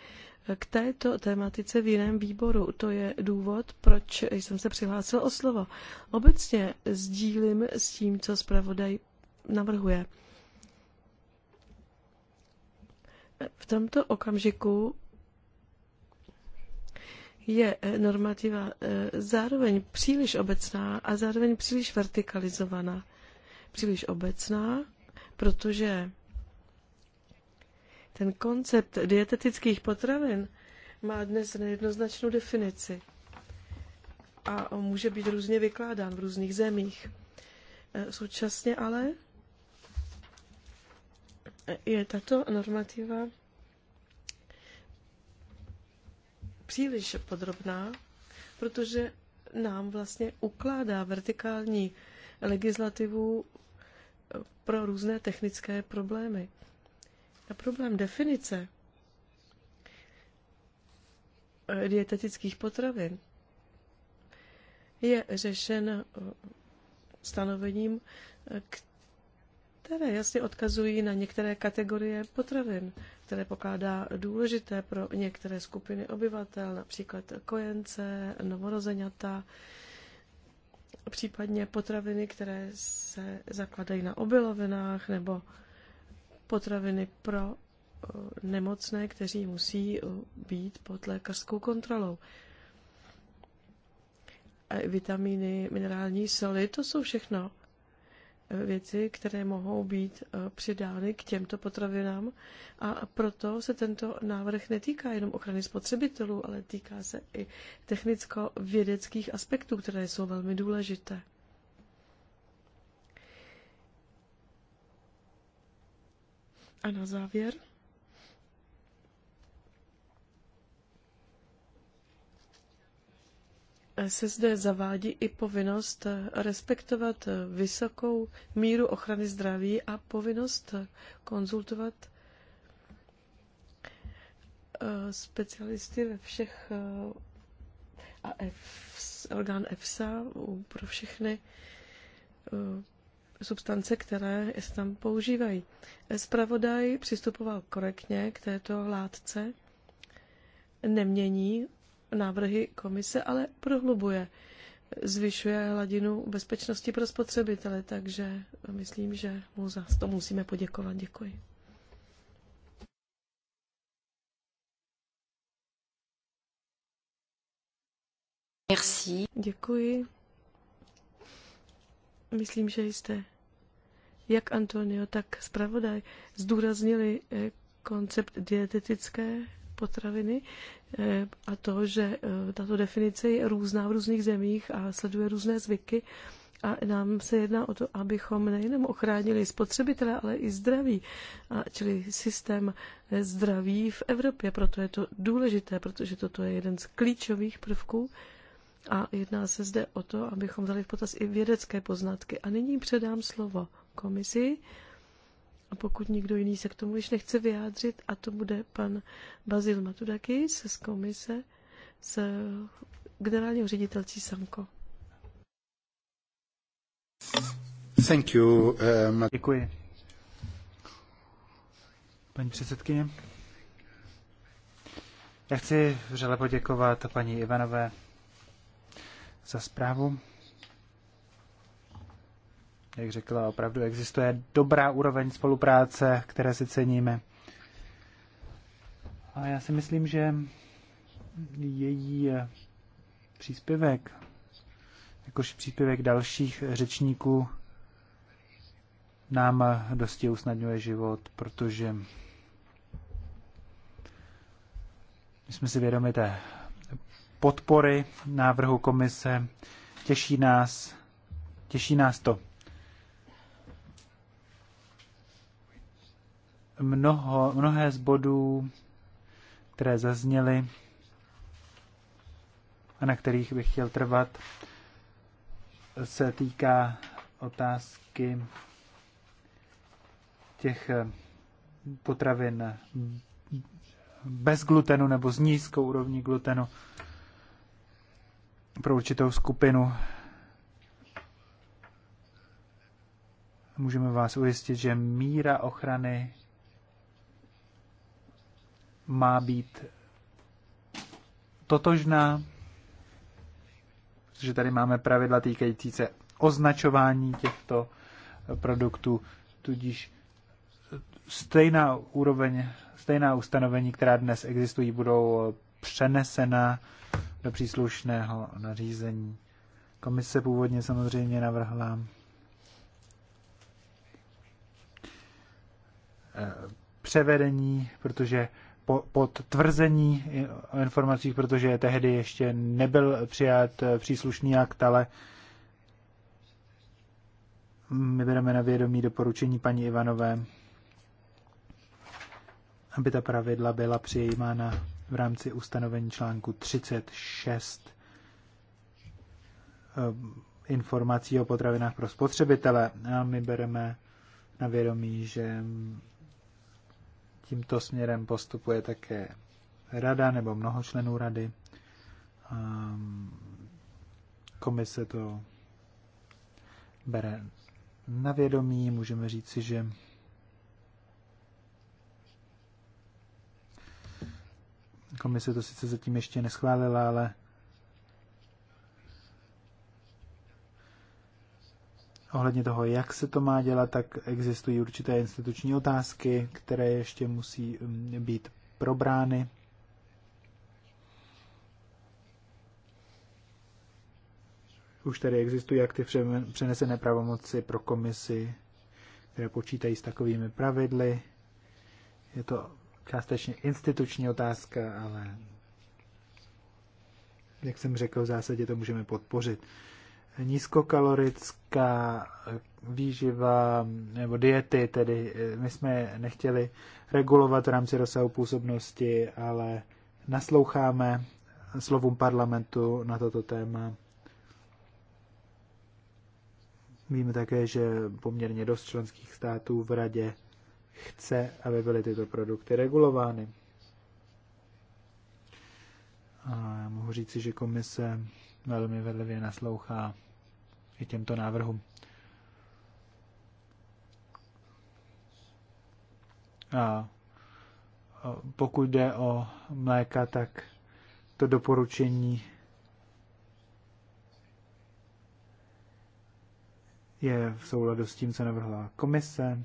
[SPEAKER 3] k této tématice v jiném výboru. To je důvod, proč jsem se přihlásil o slovo. Obecně sdílím s tím, co zpravodaj navrhuje. V tomto okamžiku je normativa eh, zároveň příliš obecná a zároveň příliš vertikalizovaná. Příliš obecná, protože ten koncept dietetických potravin má dnes nejednoznačnou definici a může být různě vykládán v různých zemích. E, současně ale je tato normativa příliš podrobná, protože nám vlastně ukládá vertikální legislativu pro různé technické problémy na problém definice dietetických potravin je řešen eh, stanovením, eh, které jasně odkazují na některé kategorie potravin, které pokládá důležité pro některé skupiny obyvatel, například kojence, novorozeňata, případně potraviny, které se zakladají na obilovinách nebo potraviny pro eh, nemocné, kteří musí eh, být pod lékařskou kontrolou. Vitamíny, minerální soli, to jsou všechno eh, věci, které mohou být přidány k těmto potravinám a proto se tento návrh netýká jenom ochrany spotřebitelů, ale týká se i technicko-vědeckých aspektů, které jsou velmi důležité. A na závěr. se zde zavádí i povinnost respektovat vysokou míru ochrany zdraví a povinnost konzultovat eh, specialisty ve všech eh, a F, orgán EFSA pro všechny eh, substance, které se tam používají. Spravodaj přistupoval korektně k této látce, nemění návrhy komise, ale prohlubuje, zvyšuje hladinu bezpečnosti pro spotřebitele, takže myslím, že mu za to musíme poděkovat. Děkuji.
[SPEAKER 5] Merci. Děkuji.
[SPEAKER 3] Myslím, že jste jak Antonio, tak zpravodaj zdůraznili eh, koncept dietetické potraviny eh, a to, že eh, tato definice je různá v různých zemích a sleduje různé zvyky. A nám se jedná o to, abychom nejenom ochránili spotřebitele, ale i zdraví, a čili systém zdraví v Evropě. Proto je to důležité, protože toto je jeden z klíčových prvků. A jedná se zde o to, abychom vzali v potaz i vědecké poznatky. A nyní předám slovo komisi. A pokud někdo jiný se k tomu již nechce vyjádřit, a to bude pan Bazil Matudakis z komise, z generálního ředitelcí Samko.
[SPEAKER 1] Thank you, um... Děkuji. Paní předsedkyně. Já chci vřele poděkovat paní Ivanové za zprávu jak řekla, opravdu existuje dobrá úroveň spolupráce, které si ceníme. A já si myslím, že její příspěvek, jakož příspěvek dalších řečníků, nám dosti usnadňuje život, protože my jsme si vědomi té podpory návrhu komise. Těší nás, těší nás to. mnoho, mnohé z bodů, které zazněly a na kterých bych chtěl trvat, se týká otázky těch eh, potravin bez glutenu nebo s nízkou úrovní glutenu pro určitou skupinu. Můžeme vás ujistit, že míra ochrany má být totožná, protože tady máme pravidla týkající se označování těchto produktů, tudíž stejná úroveň, stejná ustanovení, která dnes existují, budou přenesena do příslušného nařízení. Komise původně samozřejmě navrhla eh, převedení, protože potvrzení informacích, protože tehdy ještě nebyl přijat příslušný akt, ale my bereme na vědomí doporučení paní Ivanové, aby ta pravidla byla přijímána v rámci ustanovení článku 36 eh, informací o potravinách pro spotřebitele. A my bereme na vědomí, že Tímto směrem postupuje také rada nebo mnoho členů rady. Ehm, komise to bere na vědomí. Můžeme říci, že komise to sice zatím ještě neschválila, ale ohledně toho, jak se to má dělat, tak existují určité instituční otázky, které ještě musí mm, být probrány. Už tady existují akty přenesené pravomoci pro komisi, které počítají s takovými pravidly. Je to částečně instituční otázka, ale jak jsem řekl, v zásadě to můžeme podpořit nízkokalorická výživa nebo diety, tedy eh, my jsme nechtěli regulovat v rámci rozsahu působnosti, ale nasloucháme slovům parlamentu na toto téma. Víme také, že poměrně dost členských států v radě chce, aby byly tyto produkty regulovány. A já mohu říci, že komise velmi vedlivě naslouchá i těmto návrhům. A pokud jde o mléka, tak to doporučení je v souladu s tím, co navrhla komise.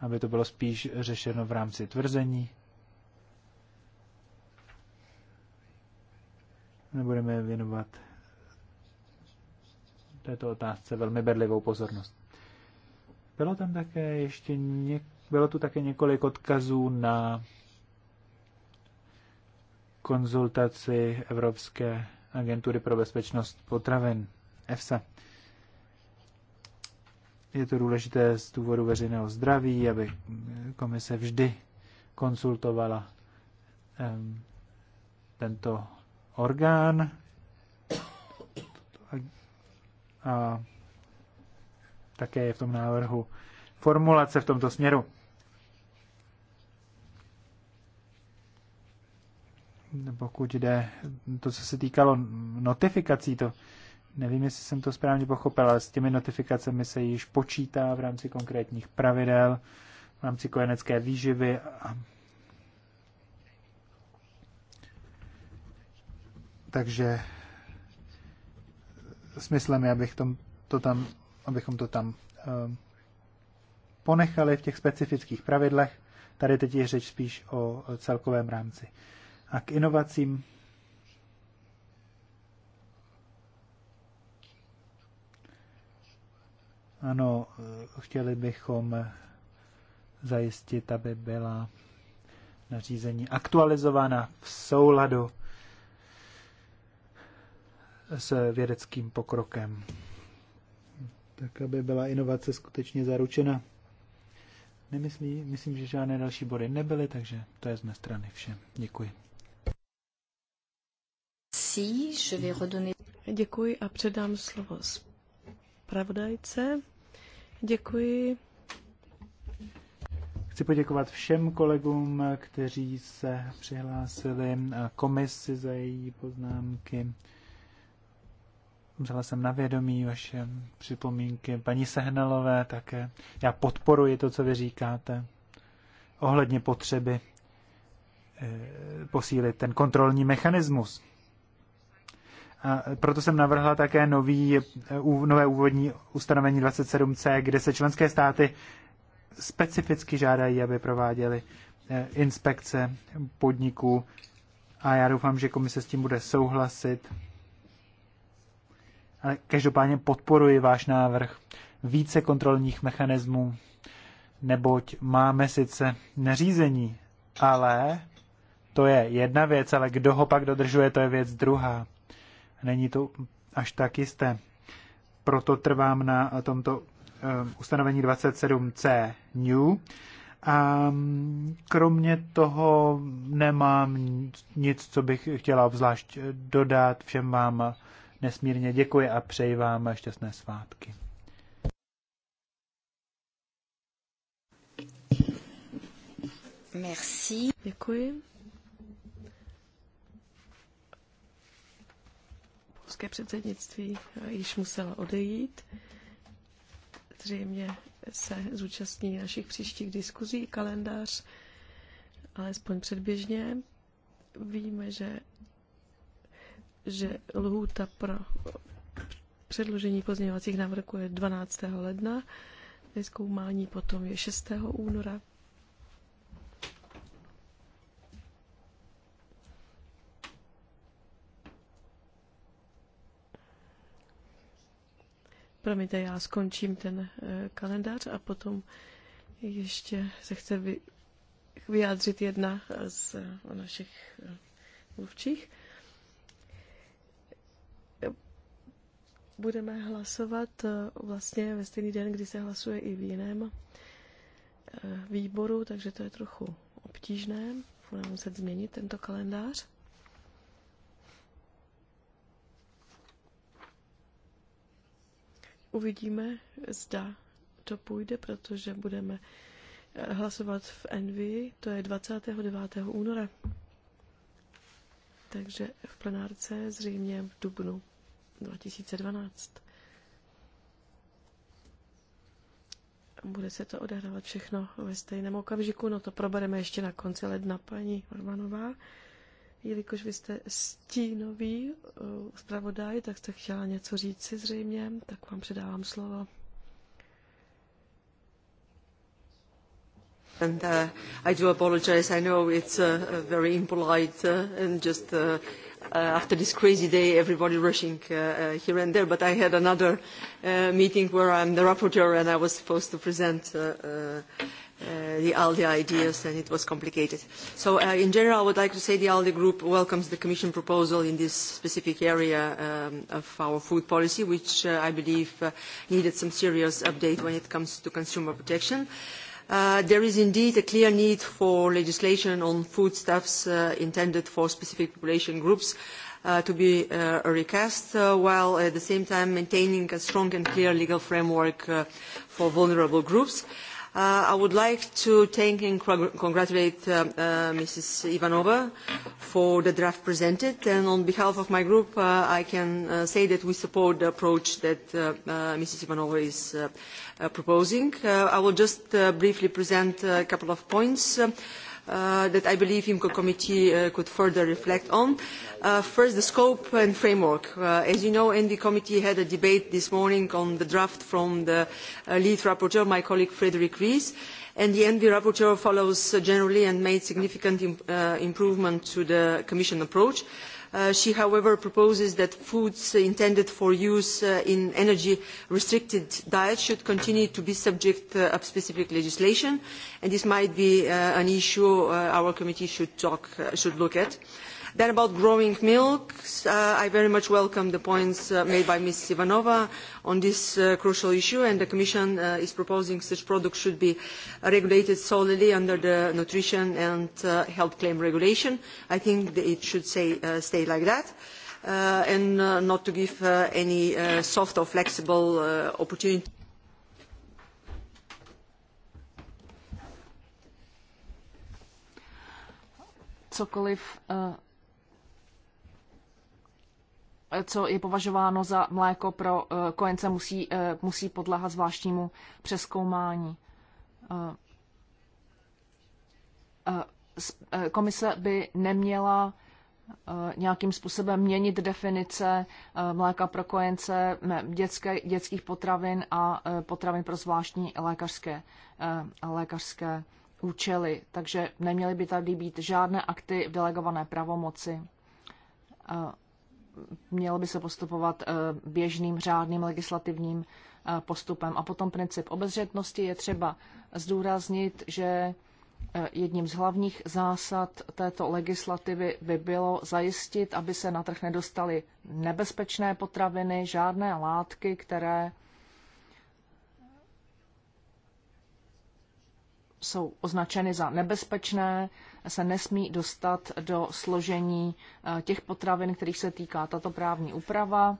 [SPEAKER 1] Aby to bylo spíš řešeno v rámci tvrzení. nebudeme věnovat této otázce velmi bedlivou pozornost. Bylo tam také ještě něk- bylo tu také několik odkazů na konzultaci Evropské agentury pro bezpečnost potravin EFSA. Je to důležité z důvodu veřejného zdraví, aby komise vždy konsultovala um, tento orgán a také je v tom návrhu formulace v tomto směru. Pokud jde to, co se týkalo notifikací, to nevím, jestli jsem to správně pochopil, ale s těmi notifikacemi se již počítá v rámci konkrétních pravidel, v rámci kojenecké výživy a Takže smyslem je, abych tom, to tam, abychom to tam ehm, ponechali v těch specifických pravidlech. Tady teď je řeč spíš o celkovém rámci. A k inovacím Ano, chtěli bychom zajistit, aby byla nařízení aktualizována v souladu s vědeckým pokrokem. Tak, aby byla inovace skutečně zaručena. Nemyslí, myslím, že žádné další body nebyly, takže to je z mé strany vše. Děkuji.
[SPEAKER 3] Děkuji a předám slovo zpravodajce. Děkuji.
[SPEAKER 1] Chci poděkovat všem kolegům, kteří se přihlásili komisi za její poznámky. Vzala jsem na vědomí vaše připomínky paní Sehnalové také. Já podporuji to, co vy říkáte ohledně potřeby eh, posílit ten kontrolní mechanismus. A proto jsem navrhla také nový, eh, nové úvodní ustanovení 27c, kde se členské státy specificky žádají, aby prováděly eh, inspekce podniků a já doufám, že komise s tím bude souhlasit ale každopádně podporuji váš návrh více kontrolních mechanismů, neboť máme sice nařízení, ale to je jedna věc, ale kdo ho pak dodržuje, to je věc druhá. Není to až tak jisté. Proto trvám na tomto ehm, ustanovení 27c new. A mm, kromě toho nemám nic, co bych chtěla obzvlášť dodat. Všem vám nesmírně děkuji a přeji vám šťastné svátky.
[SPEAKER 5] Merci.
[SPEAKER 3] Děkuji. Polské předsednictví již musela odejít. Zřejmě se zúčastní našich příštích diskuzí kalendář, alespoň předběžně. Víme, že že lhůta pro předložení pozměňovacích návrhů je 12. ledna, vyzkoumání potom je 6. února. Promiňte, já skončím ten eh, kalendář a potom ještě se chce vyjádřit jedna z eh, našich eh, mluvčích. budeme hlasovat eh, vlastně ve stejný den, kdy se hlasuje i v jiném eh, výboru, takže to je trochu obtížné. Budeme muset změnit tento kalendář. Uvidíme, zda to půjde, protože budeme eh, hlasovat v Envy, to je 29. února. Takže v plenárce zřejmě v Dubnu. 2012. Bude se to odehrávat všechno ve stejném okamžiku, no to probereme ještě na konci ledna, paní Ormanová. Jelikož vy jste stínový eh, zpravodaj, tak jste chtěla něco říct si zřejmě, tak vám předávám slovo.
[SPEAKER 5] And uh, I do apologize. I know it's uh, very impolite uh, and just uh, Uh, after this crazy day, everybody rushing uh, uh, here and there. But I had another uh, meeting where I'm the rapporteur and I was supposed to present uh, uh, the ALDE ideas and it was complicated. So in general, I would like to say the ALDE group welcomes the Commission proposal in this specific area um, of our food policy, which I believe needed some serious update when it comes to consumer protection. Uh, Uh, there is indeed a clear need for legislation on foodstuffs uh, intended for specific population groups uh, to be uh, recast, uh, while at the same time maintaining a strong and clear legal framework uh, for vulnerable groups. Uh, Uh, I would like to thank and congratulate uh, uh, Mrs. Ivanova for the draft presented. And on behalf of my group, uh, I can uh, say that we support the approach that uh, Mrs. Ivanova is proposing. I will just briefly present a couple of points. Uh, uh, that I believe IMCO committee uh, could further reflect on. Uh, first, the scope and framework. Uh, as you know, the committee had a debate this morning on the draft from the uh, lead rapporteur, my colleague Frederick Rees, and the envi rapporteur follows uh, generally and made significant imp uh, improvement to the commission approach. Uh, Uh, she, however, proposes that foods intended for use uh, in energy-restricted diets should continue to be subject to uh, specific legislation, and this might be an issue our committee should, look at. Then about growing milk, uh, I very much welcome the points uh, made by Ms. Ivanova on this uh, crucial issue, and the Commission uh, is proposing such products should be regulated solely under the Nutrition and uh, Health Claim Regulation. I think it should say, uh, stay like that. Uh, and uh, not to give uh, any uh, soft or flexible uh, opportunity.
[SPEAKER 2] cokoliv uh, co je považováno za mléko pro eh, kojence, musí, eh, musí podléhat zvláštnímu přeskoumání. Eh, komise by neměla nějakým způsobem měnit definice mléka pro kojence, dětské, dětských potravin a potravin pro zvláštní lékařské, lékařské účely. Takže neměly by tady být žádné akty v delegované pravomoci mělo by se postupovat eh, běžným řádným legislativním eh, postupem. A potom princip obezřetnosti je třeba zdůraznit, že eh, jedním z hlavních zásad této legislativy by bylo zajistit, aby se na trh nedostaly nebezpečné potraviny, žádné látky, které jsou označeny za nebezpečné, se nesmí dostat do složení eh, těch potravin, kterých se týká tato právní úprava.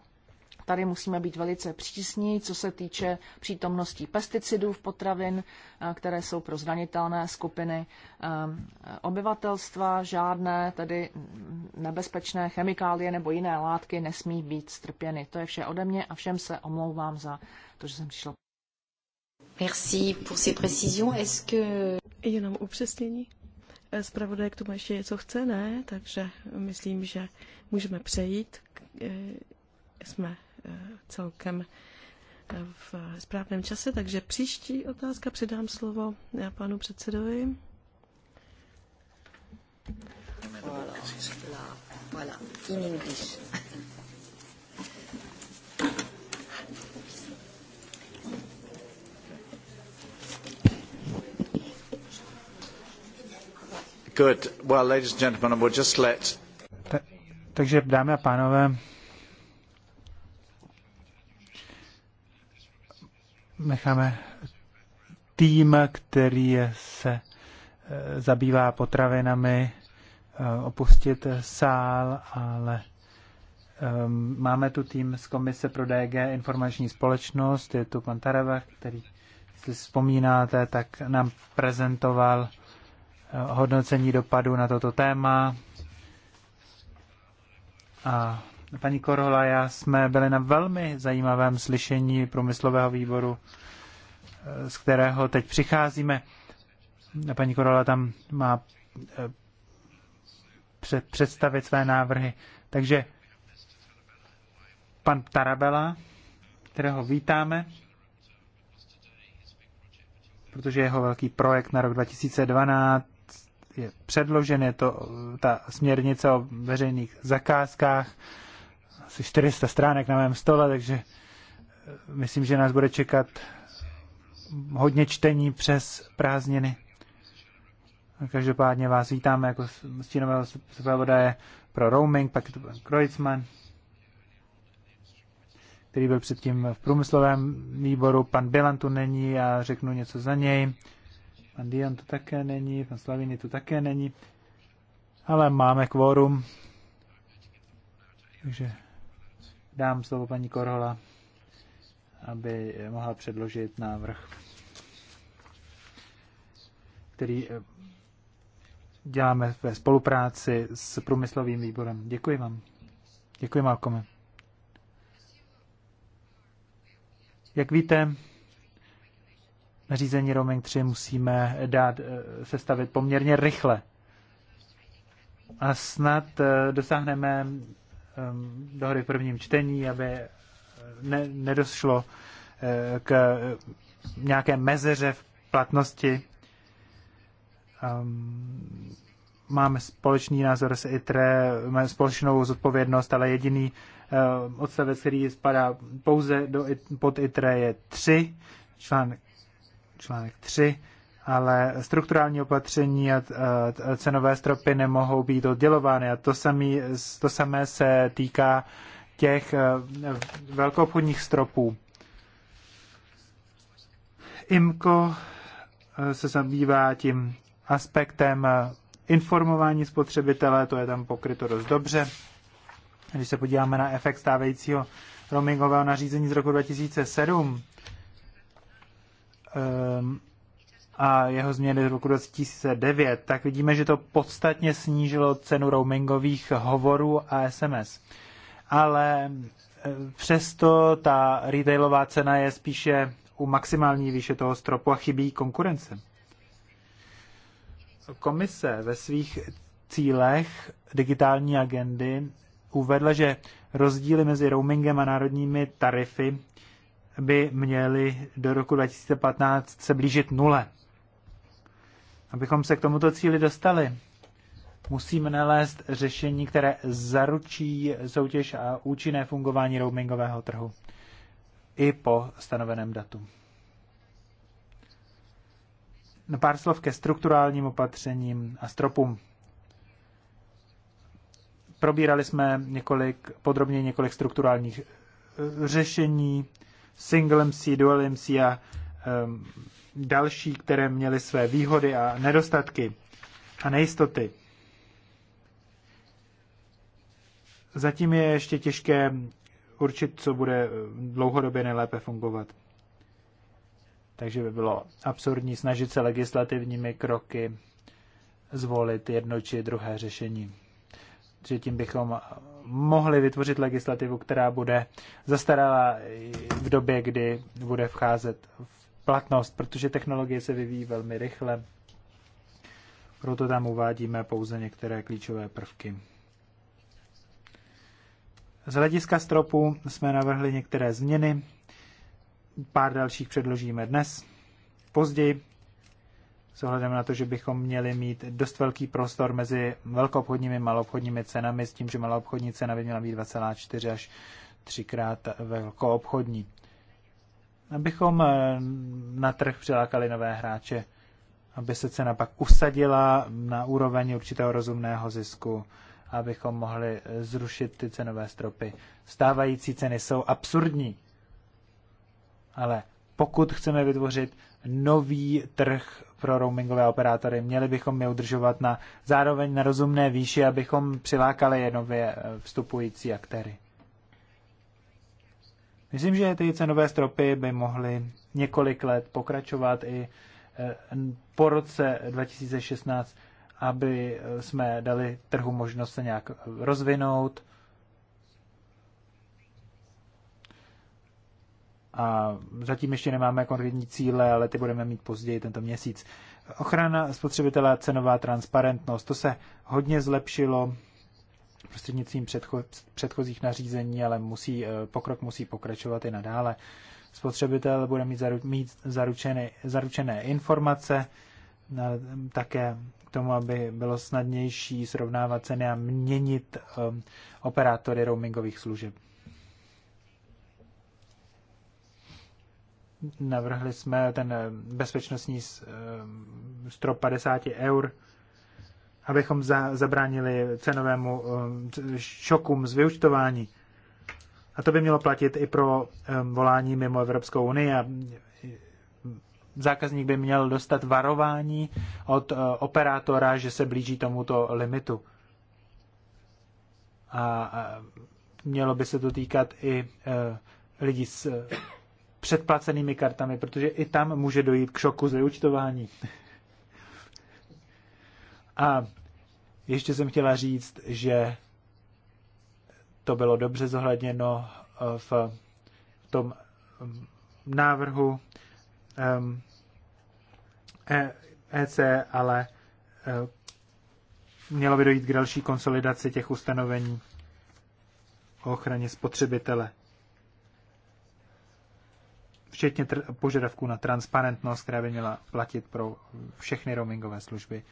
[SPEAKER 2] Tady musíme být velice přísní, co se týče přítomnosti pesticidů v potravin, eh, které jsou pro zranitelné skupiny eh, obyvatelstva. Žádné tedy nebezpečné chemikálie nebo jiné látky nesmí být strpěny. To je vše ode mě a všem se omlouvám za to, že jsem přišla. Merci pour
[SPEAKER 3] ces précisions. Est-ce que... Jenom upřesnění zpravodaj k tomu ještě něco chce, ne? Takže myslím, že můžeme přejít. Eh, jsme eh, celkem eh, v správném čase, takže příští otázka předám slovo já panu předsedovi.
[SPEAKER 2] Voilà, voilà, in English.
[SPEAKER 1] takže dámy a pánové, necháme tým, který se eh, zabývá potravinami, eh, opustit sál, ale ehm, máme tu tým z Komise pro DG Informační společnost, je tu pan Tareva, který, jestli vzpomínáte, tak nám prezentoval hodnocení dopadu na toto téma. A paní Korola já jsme byli na velmi zajímavém slyšení průmyslového výboru, eh, z kterého teď přicházíme. Paní Korola tam má eh, představit své návrhy. Takže pan Tarabela, kterého vítáme, protože jeho velký projekt na rok 2012 je předložen, je to eh, ta směrnice o veřejných zakázkách, asi 400 stránek na mém stole, takže eh, myslím, že nás bude čekat hodně čtení přes prázdniny. Každopádně vás vítáme jako stínového zpravodaje pro roaming, pak je to pan Kreuzmann, který byl předtím v průmyslovém výboru. Pan Bilan tu není, já řeknu něco za něj. Pan Dion tu také není, pan Slaviny tu také není, ale máme kvórum. Takže dám slovo paní Korhola, aby mohla předložit návrh, který eh, děláme ve spolupráci s průmyslovým výborem. Děkuji vám. Děkuji, Malkome. Jak víte, nařízení roaming 3 musíme dát eh, sestavit poměrně rychle. A snad eh, dosáhneme ehm, dohody v prvním čtení, aby eh, ne, nedošlo k nějaké mezeře v platnosti. Ehm, máme společný názor s ITRE, máme společnou zodpovědnost, ale jediný odstavec, který spadá pouze do, pod ITRE, je 3, článek článek 3, ale strukturální opatření a cenové stropy nemohou být oddělovány. A to, samý, to samé se týká těch e, velkoobchodních stropů. IMCO e, se zabývá tím aspektem e, informování spotřebitele, to je tam pokryto dost dobře. Když se podíváme na efekt stávajícího roamingového nařízení z roku 2007, Ehm, a jeho změny z roku 2009, tak vidíme, že to podstatně snížilo cenu roamingových hovorů a SMS. Ale ehm, přesto ta retailová cena je spíše u maximální výše toho stropu a chybí konkurence. Komise ve svých cílech digitální agendy uvedla, že rozdíly mezi roamingem a národními tarify by měly do roku 2015 se blížit nule. Abychom se k tomuto cíli dostali, musíme nalézt řešení, které zaručí soutěž a účinné fungování roamingového trhu i po stanoveném datu. Na no, pár slov ke strukturálním opatřením a stropům. Probírali jsme několik, podrobně několik strukturálních řešení, Single MC, Dual MC a um, další, které měly své výhody a nedostatky a nejistoty. Zatím je ještě těžké určit, co bude eh, dlouhodobě nejlépe fungovat. Takže by bylo absurdní snažit se legislativními kroky zvolit jedno či druhé řešení. Že tím bychom mohli vytvořit legislativu, která bude zastarala v době, kdy bude vcházet v platnost, protože technologie se vyvíjí velmi rychle. Proto tam uvádíme pouze některé klíčové prvky. Z hlediska stropu jsme navrhli některé změny, pár dalších předložíme dnes, později s ohledem na to, že bychom měli mít dost velký prostor mezi velkoobchodními a maloobchodními cenami, s tím, že maloobchodní cena by měla být 2,4 až 3 krát velkoobchodní. Abychom eh, na trh přilákali nové hráče, aby se cena pak usadila na úroveň určitého rozumného zisku, abychom mohli eh, zrušit ty cenové stropy. Stávající ceny jsou absurdní, ale pokud chceme vytvořit nový trh pro roamingové operátory. Měli bychom je udržovat na zároveň na rozumné výši, abychom přilákali je nově eh, vstupující aktéry. Myslím, že ty cenové stropy by mohly několik let pokračovat i eh, po roce 2016, aby eh, jsme dali trhu možnost se nějak rozvinout, a zatím ještě nemáme konkrétní cíle, ale ty budeme mít později tento měsíc. Ochrana spotřebitele, cenová transparentnost, to se hodně zlepšilo prostřednictvím předcho- předchozích nařízení, ale musí, eh, pokrok musí pokračovat i nadále. Spotřebitel bude mít, zaru- mít zaručeny, zaručené informace, eh, také k tomu, aby bylo snadnější srovnávat ceny a měnit um, operátory roamingových služeb. Navrhli jsme ten eh, bezpečnostní eh, strop 50 eur, abychom za, zabránili cenovému eh, šokům z vyučtování. A to by mělo platit i pro volání mimo Evropskou unii a zákazník by měl dostat varování od operátora, že se blíží tomuto limitu. A mělo by se to týkat i lidí s předplacenými kartami, protože i tam může dojít k šoku z vyučtování. A ještě jsem chtěla říct, že to bylo dobře zohledněno eh, v tom mm, návrhu EC, ehm, e, e ale eh, mělo by dojít k další konsolidaci těch ustanovení o ochraně spotřebitele včetně požadavků na transparentnost, která by měla platit pro všechny roamingové služby.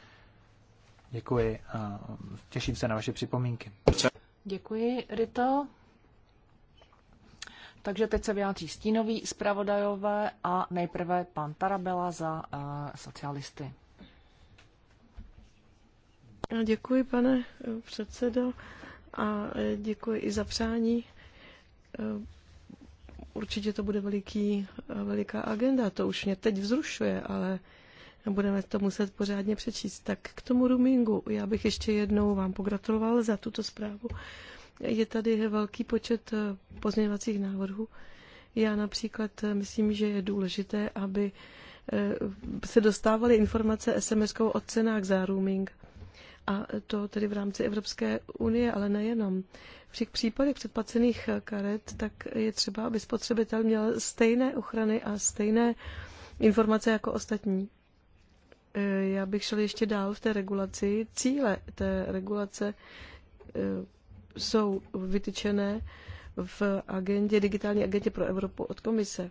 [SPEAKER 1] Děkuji a těším se na vaše připomínky.
[SPEAKER 2] Děkuji, Rito. Takže teď se vyjádří stínový zpravodajové a nejprve pan Tarabela za uh, socialisty.
[SPEAKER 3] Děkuji, pane eh, předsedo, a eh, děkuji i za přání určitě to bude veliký, veliká agenda, to už mě teď vzrušuje, ale budeme to muset pořádně přečíst. Tak k tomu roomingu, já bych ještě jednou vám pogratuloval za tuto zprávu. Je tady velký počet eh, pozměňovacích návrhů. Já například eh, myslím, že je důležité, aby eh, se dostávaly informace SMS-kou o cenách za roaming a to tedy v rámci Evropské unie, ale nejenom. V těch případech předplacených eh, karet tak je třeba, aby spotřebitel měl stejné ochrany a stejné informace jako ostatní. Eh, já bych šel ještě dál v té regulaci. Cíle té regulace eh, jsou vytyčené v agendě, digitální agendě pro Evropu od komise.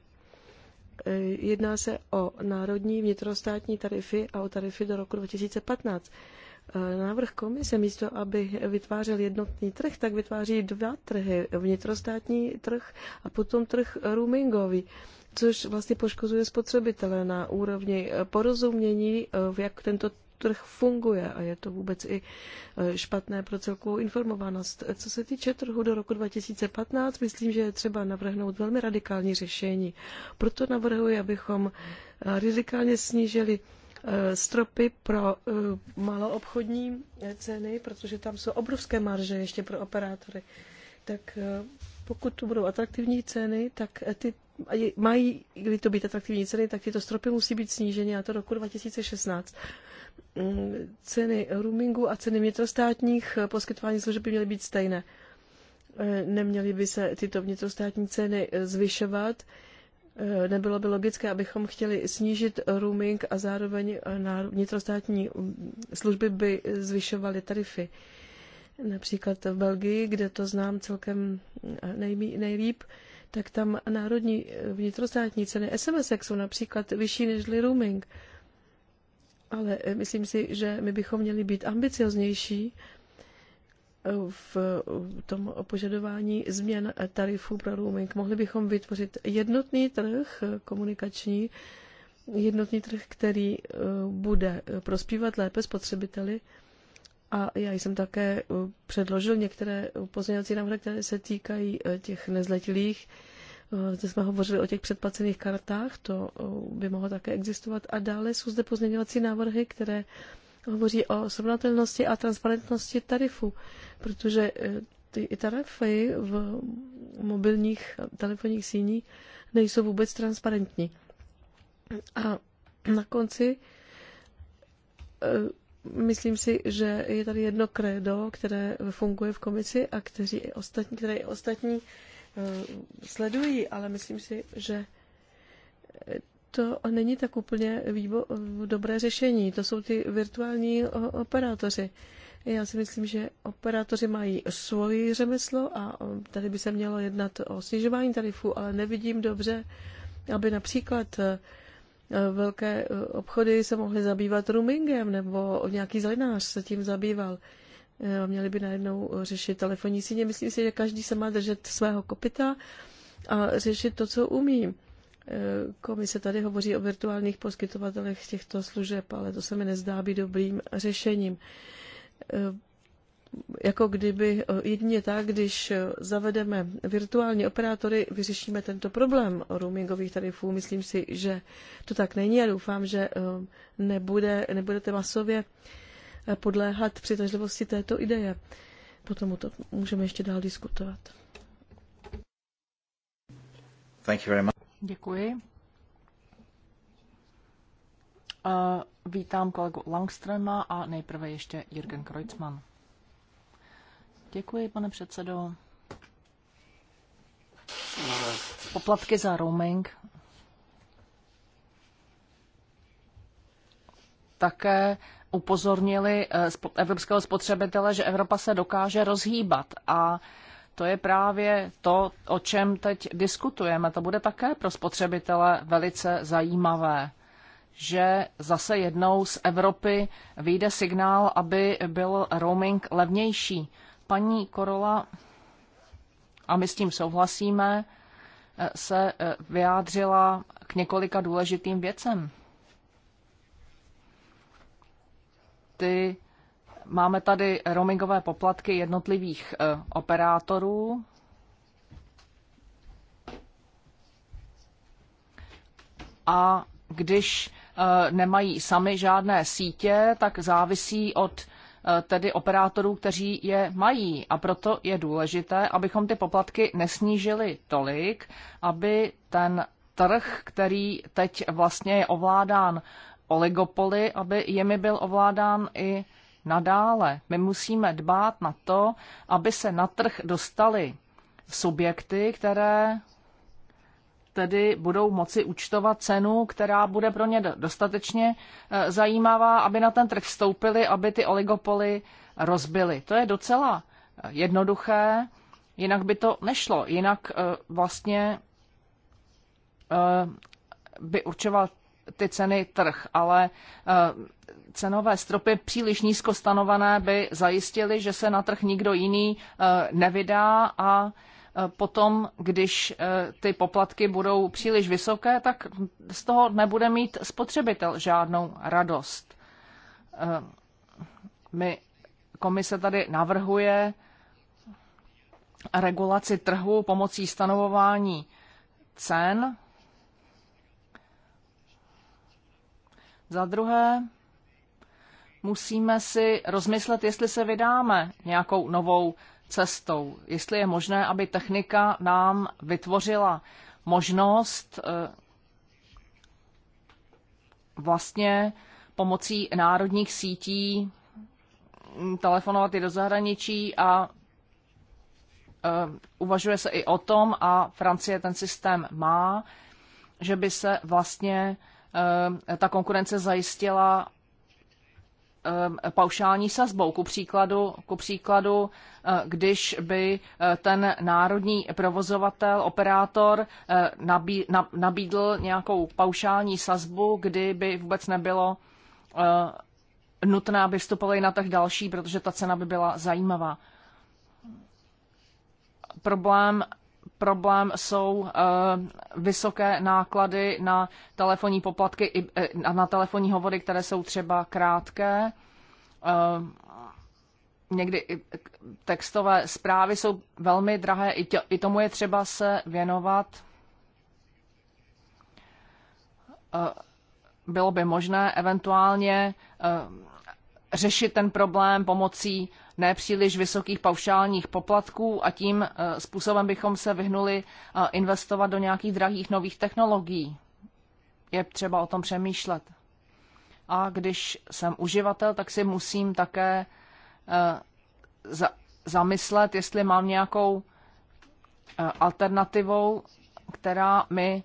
[SPEAKER 3] Jedná se o národní vnitrostátní tarify a o tarify do roku 2015. Návrh komise místo, aby vytvářel jednotný trh, tak vytváří dva trhy. Vnitrostátní trh a potom trh roamingový což vlastně poškozuje spotřebitele na úrovni porozumění, jak tento trh funguje a je to vůbec i e, špatné pro celkovou informovanost. Co se týče trhu do roku 2015, myslím, že je třeba navrhnout velmi radikální řešení. Proto navrhuji, abychom e, radikálně snížili Eh, stropy pro eh, maloobchodní ceny, protože tam jsou obrovské marže ještě pro operátory. Tak eh, pokud tu budou atraktivní ceny, tak ty mají, kdy to být atraktivní ceny, tak tyto stropy musí být sníženy a to roku 2016. Mm, ceny roamingu a ceny vnitrostátních poskytování služeb by měly být stejné. Neměly by se tyto vnitrostátní ceny zvyšovat, Eh, nebylo by logické, abychom chtěli snížit roaming a zároveň eh, na vnitrostátní mm, služby by zvyšovaly tarify. Například v Belgii, kde to znám celkem eh, nejlíp, tak tam národní vnitrostátní ceny SMS jsou například vyšší než roaming. Ale myslím si, že my bychom měli být ambicioznější v tom požadování změn tarifů pro roaming. Mohli bychom vytvořit jednotný trh komunikační, jednotný trh, který eh, bude prospívat lépe spotřebiteli. A já jsem také eh, předložil některé pozměňovací návrhy, které se týkají eh, těch nezletilých. Zde jsme hovořili o těch předplacených kartách, to by mohlo také existovat. A dále jsou zde pozměňovací návrhy, které hovoří o srovnatelnosti a transparentnosti tarifů, protože eh, ty tarify v mobilních telefonních síních nejsou vůbec transparentní. A na konci eh, myslím si, že je tady jedno kredo, které funguje v komisi a kteří i ostatní, které i ostatní eh, sledují, ale myslím si, že to není tak úplně výbo- dobré řešení. To jsou ty virtuální operátoři. Já si myslím, že operátoři mají svoji řemeslo a tady by se mělo jednat o snižování tarifů, ale nevidím dobře, aby například e, velké e, obchody se mohly zabývat roamingem nebo nějaký zelenář se tím zabýval. E, měli by najednou řešit telefonní síně. Myslím si, že každý se má držet svého kopita a řešit to, co umí. Komise tady hovoří o virtuálních poskytovatelech těchto služeb, ale to se mi nezdá být dobrým řešením. Jako kdyby jedině tak, když zavedeme virtuální operátory, vyřešíme tento problém roamingových tarifů. Myslím si, že to tak není a doufám, že um, nebude, nebudete masově podléhat přitažlivosti této ideje. Potom o to můžeme ještě dál diskutovat.
[SPEAKER 1] Thank you very much.
[SPEAKER 2] Děkuji. Vítám kolegu Langstrema a nejprve ještě Jürgen Kreutzmann. Děkuji, pane předsedo. Poplatky za roaming také upozornili eh, evropského spotřebitele, že Evropa se dokáže rozhýbat a to je právě to, o čem teď diskutujeme. To bude také pro spotřebitele velice zajímavé, že zase jednou z Evropy vyjde signál, aby byl roaming levnější. Paní Korola, a my s tím souhlasíme, se vyjádřila k několika důležitým věcem. Ty Máme tady roamingové poplatky jednotlivých e, operátorů. A když e, nemají sami žádné sítě, tak závisí od e, tedy operátorů, kteří je mají. A proto je důležité, abychom ty poplatky nesnížili tolik, aby ten trh, který teď vlastně je ovládán oligopoly, aby jimi byl ovládán i nadále. My musíme dbát na to, aby se na trh dostaly subjekty, které tedy budou moci účtovat cenu, která bude pro ně dostatečně eh, zajímavá, aby na ten trh vstoupili, aby ty oligopoly rozbili. To je docela eh, jednoduché, jinak by to nešlo. Jinak eh, vlastně by určoval ty ceny trh, ale eh, cenové stropy příliš nízko stanovené by zajistily, že se na trh nikdo jiný eh, nevydá a eh, potom, když ty poplatky budou příliš vysoké, tak z toho nebude mít spotřebitel žádnou radost. My komise tady navrhuje regulaci trhu pomocí stanovování cen Za druhé, musíme si rozmyslet, jestli se vydáme nějakou novou cestou, jestli je možné, aby technika nám vytvořila možnost eh, vlastně pomocí národních sítí telefonovat i do zahraničí a eh, uvažuje se i o tom, a Francie ten systém má, že by se vlastně Eh, ta konkurence zajistila eh, paušální sazbou. Ku příkladu, ku příkladu, eh, když by ten národní provozovatel, operátor nabídl nějakou paušální sazbu, kdy by vůbec nebylo nutné, aby vstupovali na tak další, protože ta cena by byla zajímavá. Problém problém jsou eh, vysoké náklady na telefonní poplatky a eh, na telefonní hovory, které jsou třeba krátké. Eh, někdy textové zprávy jsou velmi drahé, i tomu je třeba se věnovat. Bylo by možné eventuálně řešit ten problém pomocí nepříliš vysokých paušálních poplatků a tím eh, způsobem bychom se vyhnuli eh, investovat do nějakých drahých nových technologií. Je třeba o tom přemýšlet. A když jsem uživatel, tak si musím také eh, zamyslet, jestli mám nějakou alternativou, která mi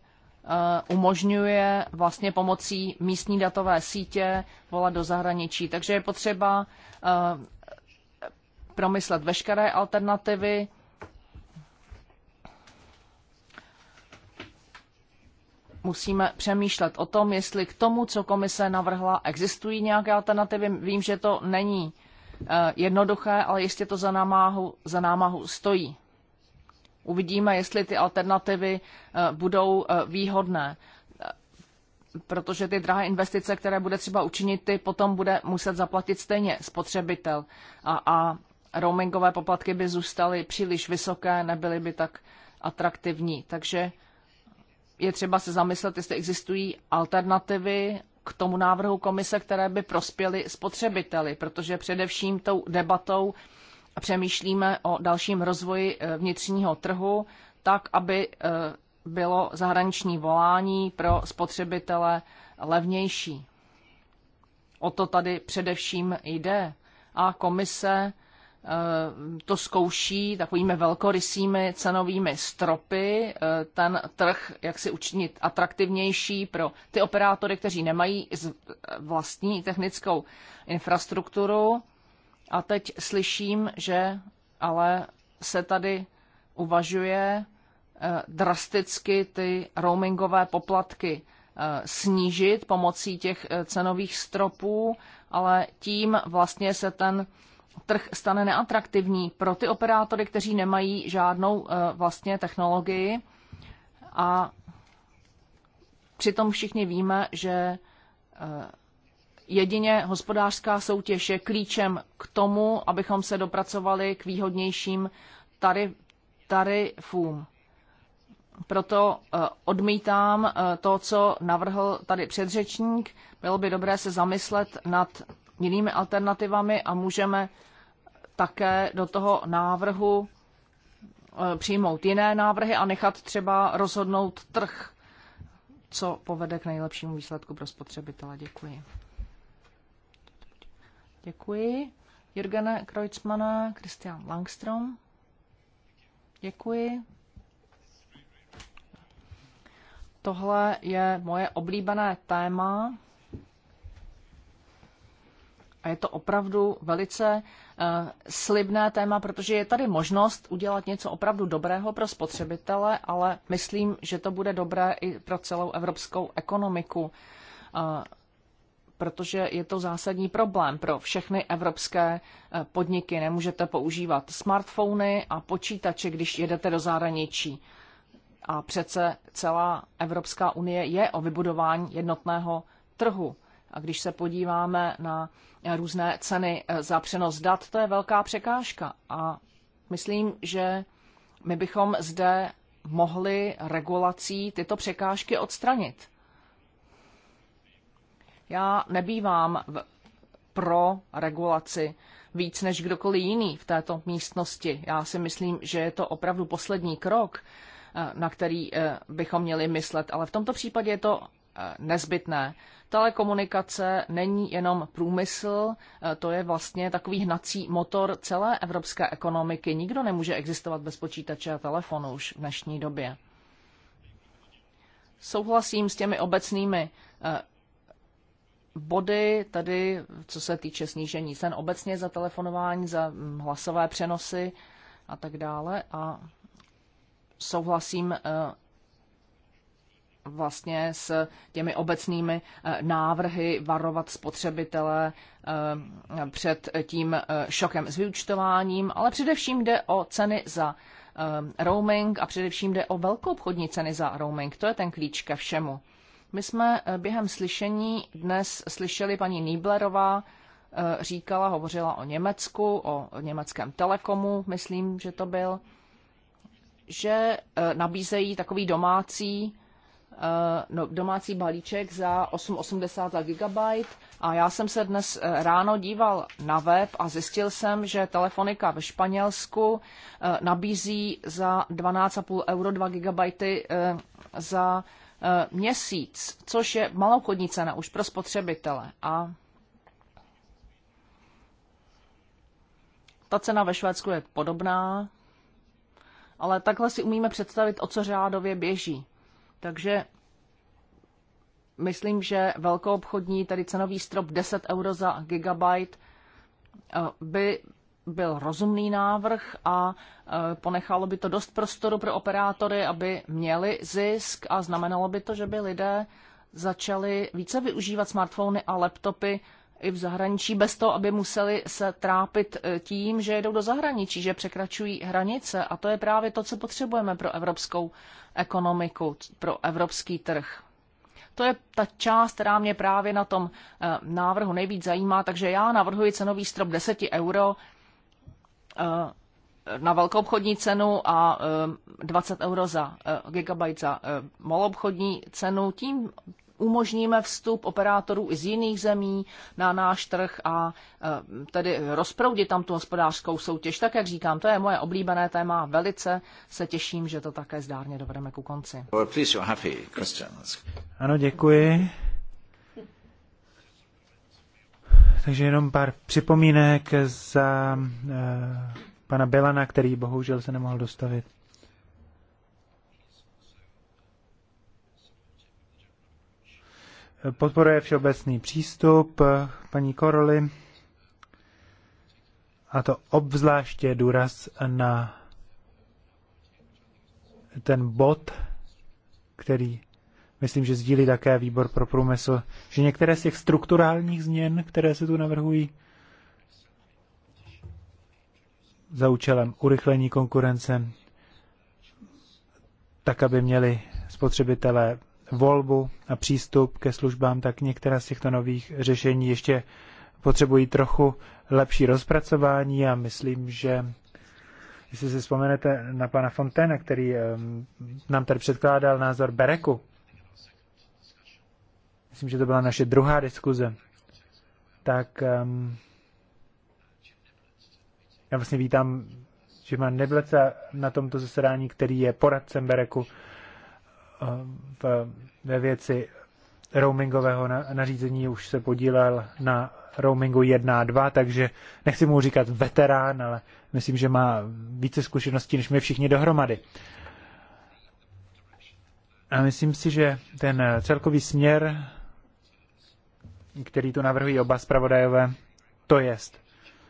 [SPEAKER 2] Eh, umožňuje vlastně pomocí místní datové sítě volat do zahraničí. Takže je potřeba eh, promyslet veškeré alternativy. Musíme přemýšlet o tom, jestli k tomu, co komise navrhla, existují nějaké alternativy. Vím, že to není eh, jednoduché, ale jistě to za námahu, za námahu stojí. Uvidíme, jestli ty alternativy eh, budou eh, výhodné, eh, protože ty drahé investice, které bude třeba učinit, ty potom bude muset zaplatit stejně spotřebitel. A, a roamingové poplatky by zůstaly příliš vysoké, nebyly by tak atraktivní. Takže je třeba se zamyslet, jestli existují alternativy k tomu návrhu komise, které by prospěly spotřebiteli, protože především tou debatou přemýšlíme o dalším rozvoji eh, vnitřního trhu, tak aby eh, bylo zahraniční volání pro spotřebitele levnější. O to tady především jde. A komise eh, to zkouší takovými velkorysými cenovými stropy ten trh, jak si učinit atraktivnější pro ty operátory, kteří nemají vlastní technickou infrastrukturu a teď slyším, že ale se tady uvažuje eh, drasticky ty roamingové poplatky eh, snížit pomocí těch eh, cenových stropů, ale tím vlastně se ten trh stane neatraktivní pro ty operátory, kteří nemají žádnou vlastně technologii. A přitom všichni víme, že Jedině hospodářská soutěž je klíčem k tomu, abychom se dopracovali k výhodnějším tarifům. Proto eh, odmítám eh, to, co navrhl tady předřečník. Bylo by dobré se zamyslet nad jinými alternativami a můžeme také do toho návrhu eh, přijmout jiné návrhy a nechat třeba rozhodnout trh, co povede k nejlepšímu výsledku pro spotřebitele. Děkuji. Děkuji. Jürgena Kreutzmana, Christian Langstrom. Děkuji. Tohle je moje oblíbené téma a je to opravdu velice uh, slibné téma, protože je tady možnost udělat něco opravdu dobrého pro spotřebitele, ale myslím, že to bude dobré i pro celou evropskou ekonomiku. Uh, protože je to zásadní problém pro všechny evropské eh, podniky. Nemůžete používat smartfony a počítače, když jedete do zahraničí. A přece celá Evropská unie je o vybudování jednotného trhu. A když se podíváme na různé ceny eh, za přenos dat, to je velká překážka. A myslím, že my bychom zde mohli regulací tyto překážky odstranit. Já nebývám v, pro regulaci víc než kdokoliv jiný v této místnosti. Já si myslím, že je to opravdu poslední krok, eh, na který eh, bychom měli myslet, ale v tomto případě je to eh, nezbytné. Telekomunikace není jenom průmysl, to je vlastně takový hnací motor celé evropské ekonomiky. Nikdo nemůže existovat bez počítače a telefonu už v dnešní době. Souhlasím s těmi obecnými body, tedy co se týče snížení cen obecně za telefonování, za mm, hlasové přenosy a tak dále. A souhlasím eh, vlastně s těmi obecnými eh, návrhy varovat spotřebitele eh, před tím šokem s vyučtováním, ale především jde o ceny za roaming a především jde o velkou obchodní ceny za roaming. To je ten klíč ke všemu. My jsme eh, během slyšení dnes slyšeli paní Nýblerová, eh, říkala, hovořila o Německu, o německém telekomu, myslím, že to byl, že eh, nabízejí takový domácí no, domácí balíček za 8,80 za gigabyte a já jsem se dnes ráno díval na web a zjistil jsem, že telefonika ve Španělsku nabízí za 12,5 euro 2 gigabajty za E, měsíc, což je malokodní cena už pro spotřebitele. A ta cena ve Švédsku je podobná, ale takhle si umíme představit, o co řádově běží. Takže myslím, že obchodní tedy cenový strop 10 euro za gigabyte, e, by byl rozumný návrh a e, ponechalo by to dost prostoru pro operátory, aby měli zisk a znamenalo by to, že by lidé začali více využívat smartfony a laptopy i v zahraničí bez toho, aby museli se trápit e, tím, že jedou do zahraničí, že překračují hranice. A to je právě to, co potřebujeme pro evropskou ekonomiku, pro evropský trh. To je ta část, která mě právě na tom e, návrhu nejvíc zajímá, takže já navrhuji cenový strop 10 euro Eh, na velkou obchodní cenu a 20 eh, euro za eh, gigabyte za obchodní cenu. Tím umožníme vstup operátorů i z jiných zemí na náš trh a tedy rozproudit tam tu hospodářskou soutěž. Tak, jak říkám, to je moje oblíbené téma. Velice se těším, že to také zdárně dovedeme ku konci.
[SPEAKER 1] Ano, děkuji. Takže jenom pár připomínek za e, pana Belana, který bohužel se nemohl dostavit. Podporuje všeobecný přístup paní Koroly a to obzvláště důraz na ten bod, který myslím, že sdílí také výbor pro průmysl, že některé z těch strukturálních změn, které se tu navrhují za účelem urychlení konkurence, tak, aby měli spotřebitelé volbu a přístup ke službám, tak některá z těchto nových řešení ještě potřebují trochu lepší rozpracování a myslím, že jestli si vzpomenete na pana Fontena, který nám tady předkládal názor Bereku, myslím, že to byla naše druhá diskuze, tak um, já vlastně vítám má Nebleca na tomto zasedání, který je poradcem Bereku uh, v, ve věci roamingového nařízení, už se podílel na roamingu 1 a 2, takže nechci mu říkat veterán, ale myslím, že má více zkušeností než my všichni dohromady. A myslím si, že ten celkový směr který tu navrhují oba zpravodajové, to jest,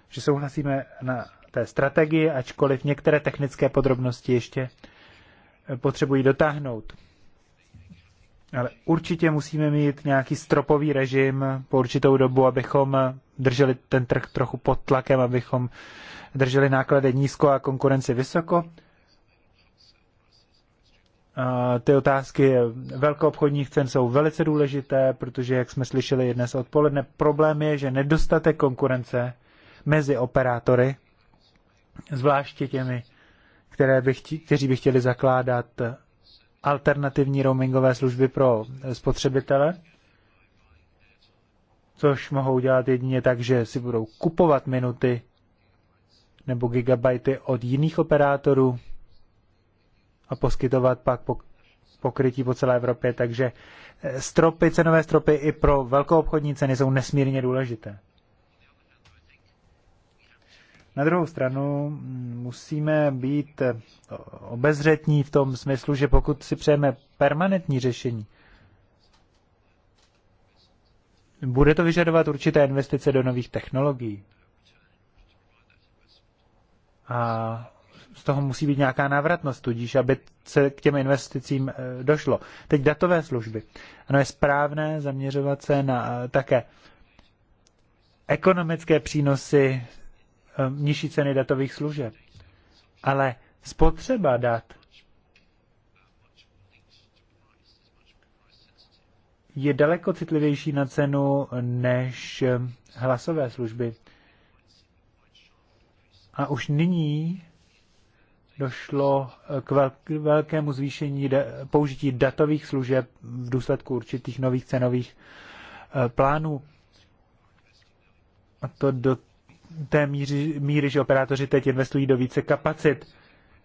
[SPEAKER 1] že souhlasíme na té strategii, ačkoliv některé technické podrobnosti ještě eh, potřebují dotáhnout. Ale určitě musíme mít nějaký stropový režim po určitou dobu, abychom drželi ten trh trochu pod tlakem, abychom drželi náklady nízko a konkurenci vysoko ty otázky velkoobchodních cen jsou velice důležité, protože, jak jsme slyšeli dnes odpoledne, problém je, že nedostatek konkurence mezi operátory, zvláště těmi, které by chtě, kteří by chtěli zakládat alternativní roamingové služby pro spotřebitele, což mohou dělat jedině tak, že si budou kupovat minuty nebo gigabajty od jiných operátorů, a poskytovat pak pokrytí po celé Evropě, takže eh, stropy, cenové stropy i pro velkou obchodní ceny jsou nesmírně důležité. Na druhou stranu mm, musíme být eh, obezřetní v tom smyslu, že pokud si přejeme permanentní řešení, bude to vyžadovat určité investice do nových technologií. A z toho musí být nějaká návratnost, tudíž aby se k těm investicím eh, došlo. Teď datové služby. Ano, je správné zaměřovat se na eh, také ekonomické přínosy eh, nižší ceny datových služeb. Ale spotřeba dat je daleko citlivější na cenu než hlasové služby. A už nyní došlo eh, k velkému zvýšení použití datových služeb v důsledku určitých nových cenových eh, plánů. A to do té míry, míry, že operátoři teď investují do více kapacit.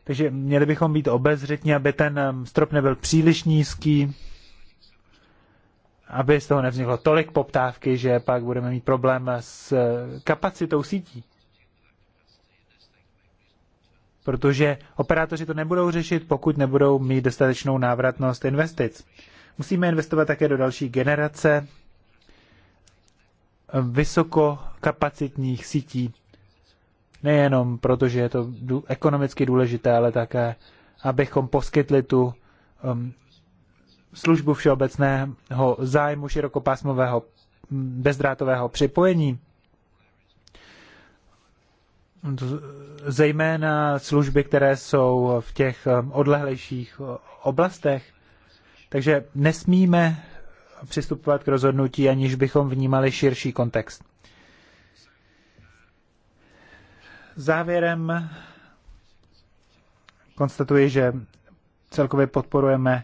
[SPEAKER 1] Takže měli bychom být obezřetní, aby ten eh, strop nebyl příliš nízký, aby z toho nevzniklo tolik poptávky, že pak budeme mít problém s kapacitou sítí protože operátoři to nebudou řešit, pokud nebudou mít dostatečnou návratnost investic. Musíme investovat také do další generace vysokokapacitních sítí, nejenom protože je to ekonomicky důležité, ale také, abychom poskytli tu um, službu všeobecného zájmu širokopásmového bezdrátového připojení zejména služby, které jsou v těch um, odlehlejších oblastech. Takže nesmíme přistupovat k rozhodnutí, aniž bychom vnímali širší kontext. Závěrem konstatuji, že celkově podporujeme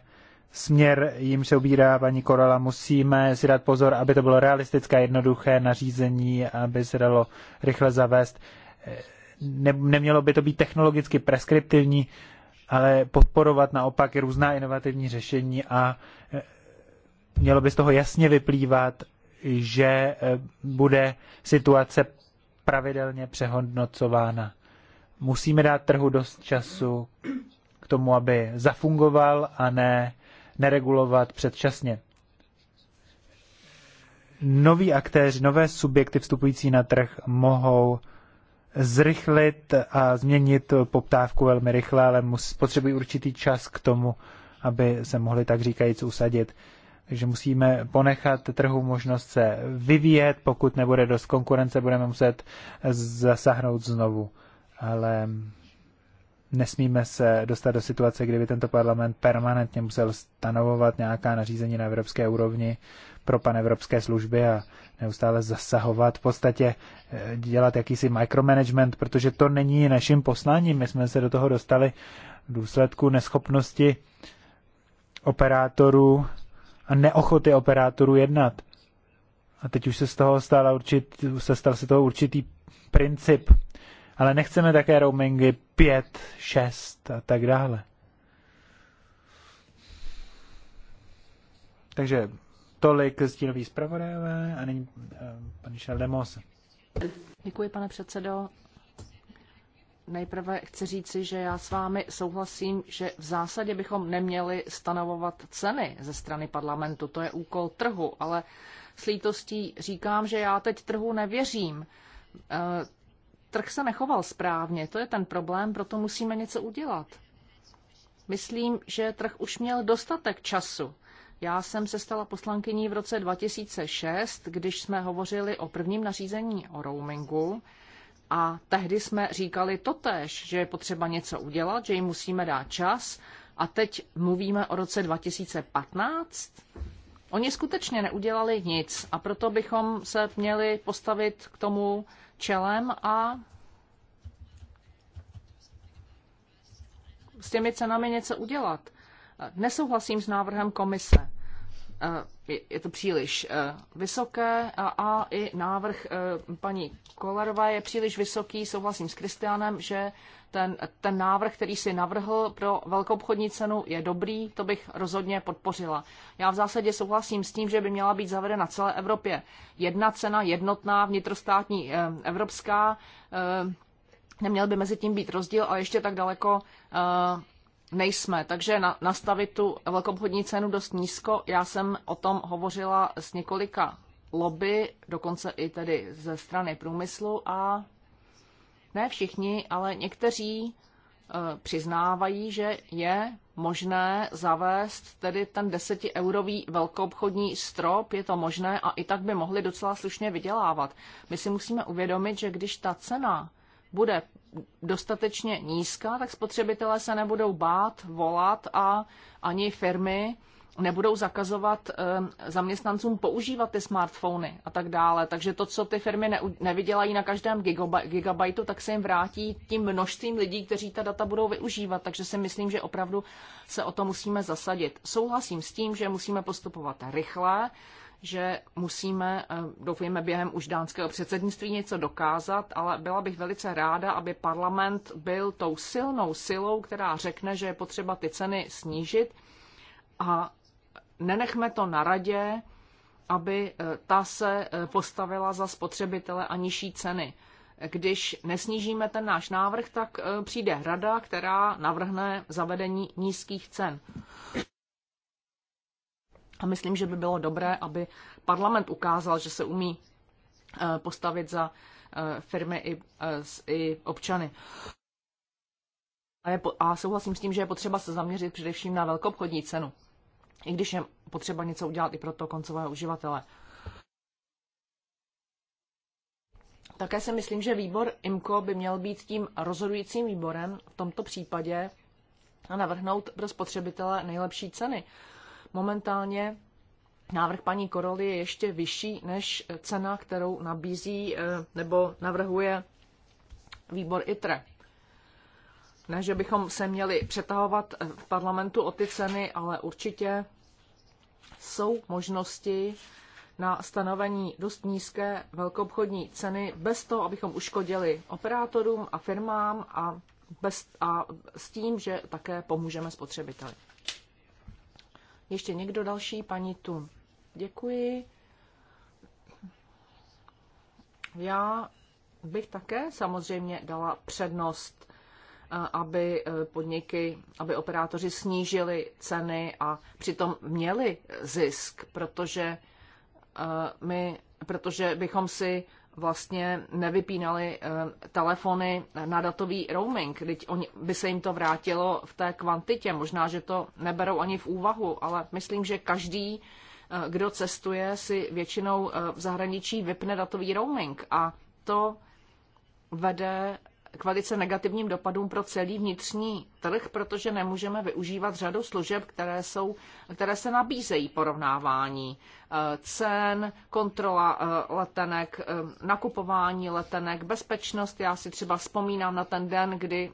[SPEAKER 1] směr, jim se ubírá paní Korala. Musíme si dát pozor, aby to bylo realistické, jednoduché nařízení, aby se dalo rychle zavést ne, nemělo by to být technologicky preskriptivní, ale podporovat naopak různá inovativní řešení a e, mělo by z toho jasně vyplývat, že e, bude situace pravidelně přehodnocována. Musíme dát trhu dost času k tomu, aby zafungoval a ne neregulovat předčasně. Noví aktéři, nové subjekty vstupující na trh mohou zrychlit a změnit poptávku velmi rychle, ale musí potřebují určitý čas k tomu, aby se mohli tak říkajíc usadit. Takže musíme ponechat trhu možnost se vyvíjet, pokud nebude dost konkurence, budeme muset zasáhnout znovu. Ale nesmíme se dostat do situace, kdyby tento parlament permanentně musel stanovovat nějaká nařízení na evropské úrovni pro panevropské služby a neustále zasahovat, v podstatě eh, dělat jakýsi micromanagement, protože to není naším posláním. My jsme se do toho dostali v důsledku neschopnosti operátorů a neochoty operátorů jednat. A teď už se z toho stala určit, se stal se toho určitý princip. Ale nechceme také roamingy 5, 6 a tak dále. Takže Tolik stínový zpravodajové a nyní eh, paní Demos.
[SPEAKER 2] Děkuji, pane předsedo. Nejprve chci říci, že já s vámi souhlasím, že v zásadě bychom neměli stanovovat ceny ze strany parlamentu. To je úkol trhu, ale s lítostí říkám, že já teď trhu nevěřím. Eh, trh se nechoval správně, to je ten problém, proto musíme něco udělat. Myslím, že trh už měl dostatek času já jsem se stala poslankyní v roce 2006, když jsme hovořili o prvním nařízení o roamingu. A tehdy jsme říkali totéž, že je potřeba něco udělat, že jim musíme dát čas. A teď mluvíme o roce 2015. Oni skutečně neudělali nic a proto bychom se měli postavit k tomu čelem a s těmi cenami něco udělat. Nesouhlasím s návrhem komise. Eh, je to příliš eh, vysoké a, a i návrh eh, paní Kolarové je příliš vysoký. Souhlasím s Kristianem, že ten, ten návrh, který si navrhl pro velkou obchodní cenu, je dobrý, to bych rozhodně podpořila. Já v zásadě souhlasím s tím, že by měla být zavedena celé Evropě jedna cena, jednotná, vnitrostátní, evropská. Neměl by mezi tím být rozdíl a ještě tak daleko nejsme. Takže na, nastavit tu velkoobchodní cenu dost nízko, já jsem o tom hovořila s několika lobby, dokonce i tedy ze strany průmyslu a ne všichni, ale někteří e, přiznávají, že je možné zavést tedy ten desetieurový velkoobchodní strop, je to možné a i tak by mohli docela slušně vydělávat. My si musíme uvědomit, že když ta cena bude dostatečně nízká, tak spotřebitelé se nebudou bát, volat a ani firmy nebudou zakazovat ehm, zaměstnancům používat ty smartfony a tak dále. Takže to, co ty firmy nevydělají na každém gigabajtu, tak se jim vrátí tím množstvím lidí, kteří ta data budou využívat. Takže si myslím, že opravdu se o to musíme zasadit. Souhlasím s tím, že musíme postupovat rychle, že musíme, eh, doufujeme, během už dánského předsednictví něco dokázat, ale byla bych velice ráda, aby parlament byl tou silnou silou, která řekne, že je potřeba ty ceny snížit a nenechme to na radě, aby eh, ta se eh, postavila za spotřebitele a nižší ceny. Když nesnížíme ten náš návrh, tak přijde rada, která navrhne zavedení nízkých cen. A myslím, že by bylo dobré, aby parlament ukázal, že se umí eh, postavit za eh, firmy i, eh, i občany. A, je, a souhlasím s tím, že je potřeba se zaměřit především na velkoobchodní cenu, i když je potřeba něco udělat i pro to koncového uživatele. Také si myslím, že výbor IMCO by měl být tím rozhodujícím výborem v tomto případě a navrhnout pro spotřebitele nejlepší ceny. Momentálně návrh paní Koroly je ještě vyšší než cena, kterou nabízí eh, nebo navrhuje výbor ITRE. Ne, že bychom se měli přetahovat eh, v parlamentu o ty ceny, ale určitě jsou možnosti na stanovení dost nízké velkoobchodní ceny bez toho, abychom uškodili operátorům a firmám a, bez, a s tím, že také pomůžeme spotřebiteli. Ještě někdo další? Paní tu, Děkuji. Já bych také samozřejmě dala přednost, eh, aby eh, podniky, aby operátoři snížili ceny a přitom měli zisk, protože eh, my, protože bychom si vlastně nevypínali eh, telefony na datový roaming. Teď oni, by se jim to vrátilo v té kvantitě. Možná, že to neberou ani v úvahu, ale myslím, že každý, eh, kdo cestuje, si většinou eh, v zahraničí vypne datový roaming a to vede k velice negativním dopadům pro celý vnitřní trh, protože nemůžeme využívat řadu služeb, které, jsou, které se nabízejí porovnávání eh, cen, kontrola eh, letenek, eh, nakupování letenek, bezpečnost. Já si třeba vzpomínám na ten den, kdy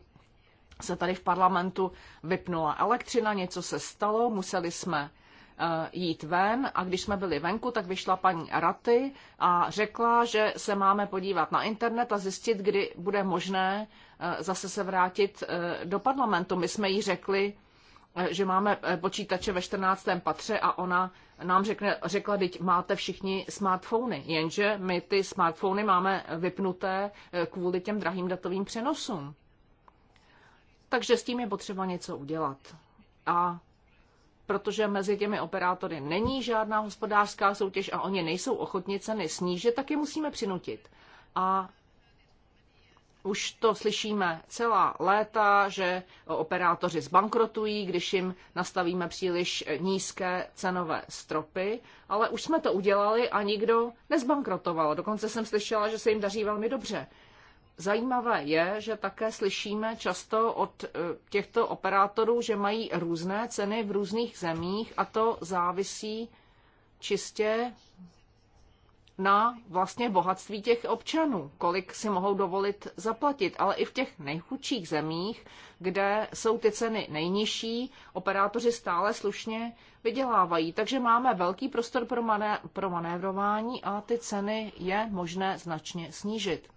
[SPEAKER 2] se tady v parlamentu vypnula elektřina, něco se stalo, museli jsme Eh, jít ven a když jsme byli venku, tak vyšla paní Raty a řekla, že se máme podívat na internet a zjistit, kdy bude možné eh, zase se vrátit eh, do parlamentu. My jsme jí řekli, že máme počítače ve 14. patře a ona nám řekne, řekla, teď máte všichni smartfony, jenže my ty smartfony máme vypnuté kvůli těm drahým datovým přenosům. Takže s tím je potřeba něco udělat. A protože mezi těmi operátory není žádná hospodářská soutěž a oni nejsou ochotni ceny snížit, tak je musíme přinutit. A už to slyšíme celá léta, že operátoři zbankrotují, když jim nastavíme příliš nízké cenové stropy, ale už jsme to udělali a nikdo nezbankrotoval. Dokonce jsem slyšela, že se jim daří velmi dobře. Zajímavé je, že také slyšíme často od e, těchto operátorů, že mají různé ceny v různých zemích a to závisí čistě na vlastně bohatství těch občanů, kolik si mohou dovolit zaplatit. Ale i v těch nejchudších zemích, kde jsou ty ceny nejnižší, operátoři stále slušně vydělávají. Takže máme velký prostor pro, mané, pro manévrování a ty ceny je možné značně snížit.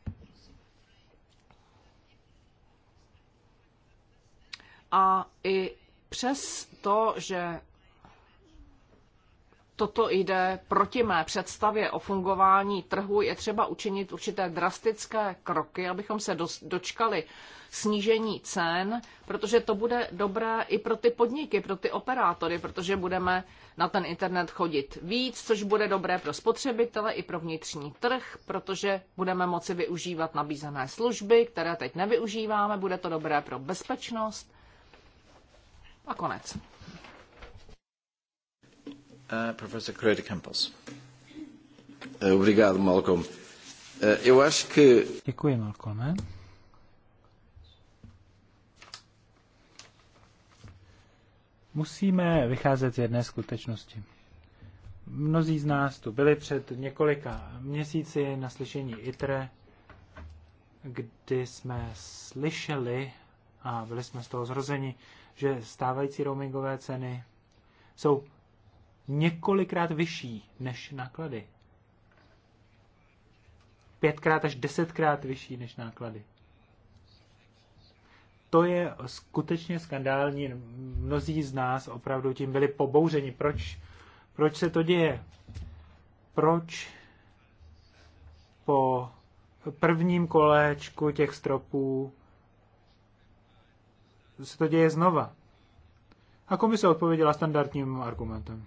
[SPEAKER 2] A i přes to, že toto jde proti mé představě o fungování trhu, je třeba učinit určité drastické kroky, abychom se dočkali snížení cen, protože to bude dobré i pro ty podniky, pro ty operátory, protože budeme na ten internet chodit víc, což bude dobré pro spotřebitele i pro vnitřní trh, protože budeme moci využívat nabízené služby, které teď nevyužíváme, bude to dobré pro bezpečnost a konec.
[SPEAKER 1] Uh, eh, professor Campos. Uh,
[SPEAKER 3] obrigado, Malcolm. Uh, eu acho que...
[SPEAKER 1] Děkuji, Musíme vycházet z jedné skutečnosti. Mnozí z nás tu byli před několika měsíci na slyšení ITRE, kdy jsme slyšeli a byli jsme z toho zrozeni, že stávající roamingové ceny jsou několikrát vyšší než náklady. Pětkrát až desetkrát vyšší než náklady. To je skutečně skandální. Mnozí z nás opravdu tím byli pobouřeni. Proč, proč se to děje? Proč po prvním kolečku těch stropů se to děje znova. A komise odpověděla standardním argumentem.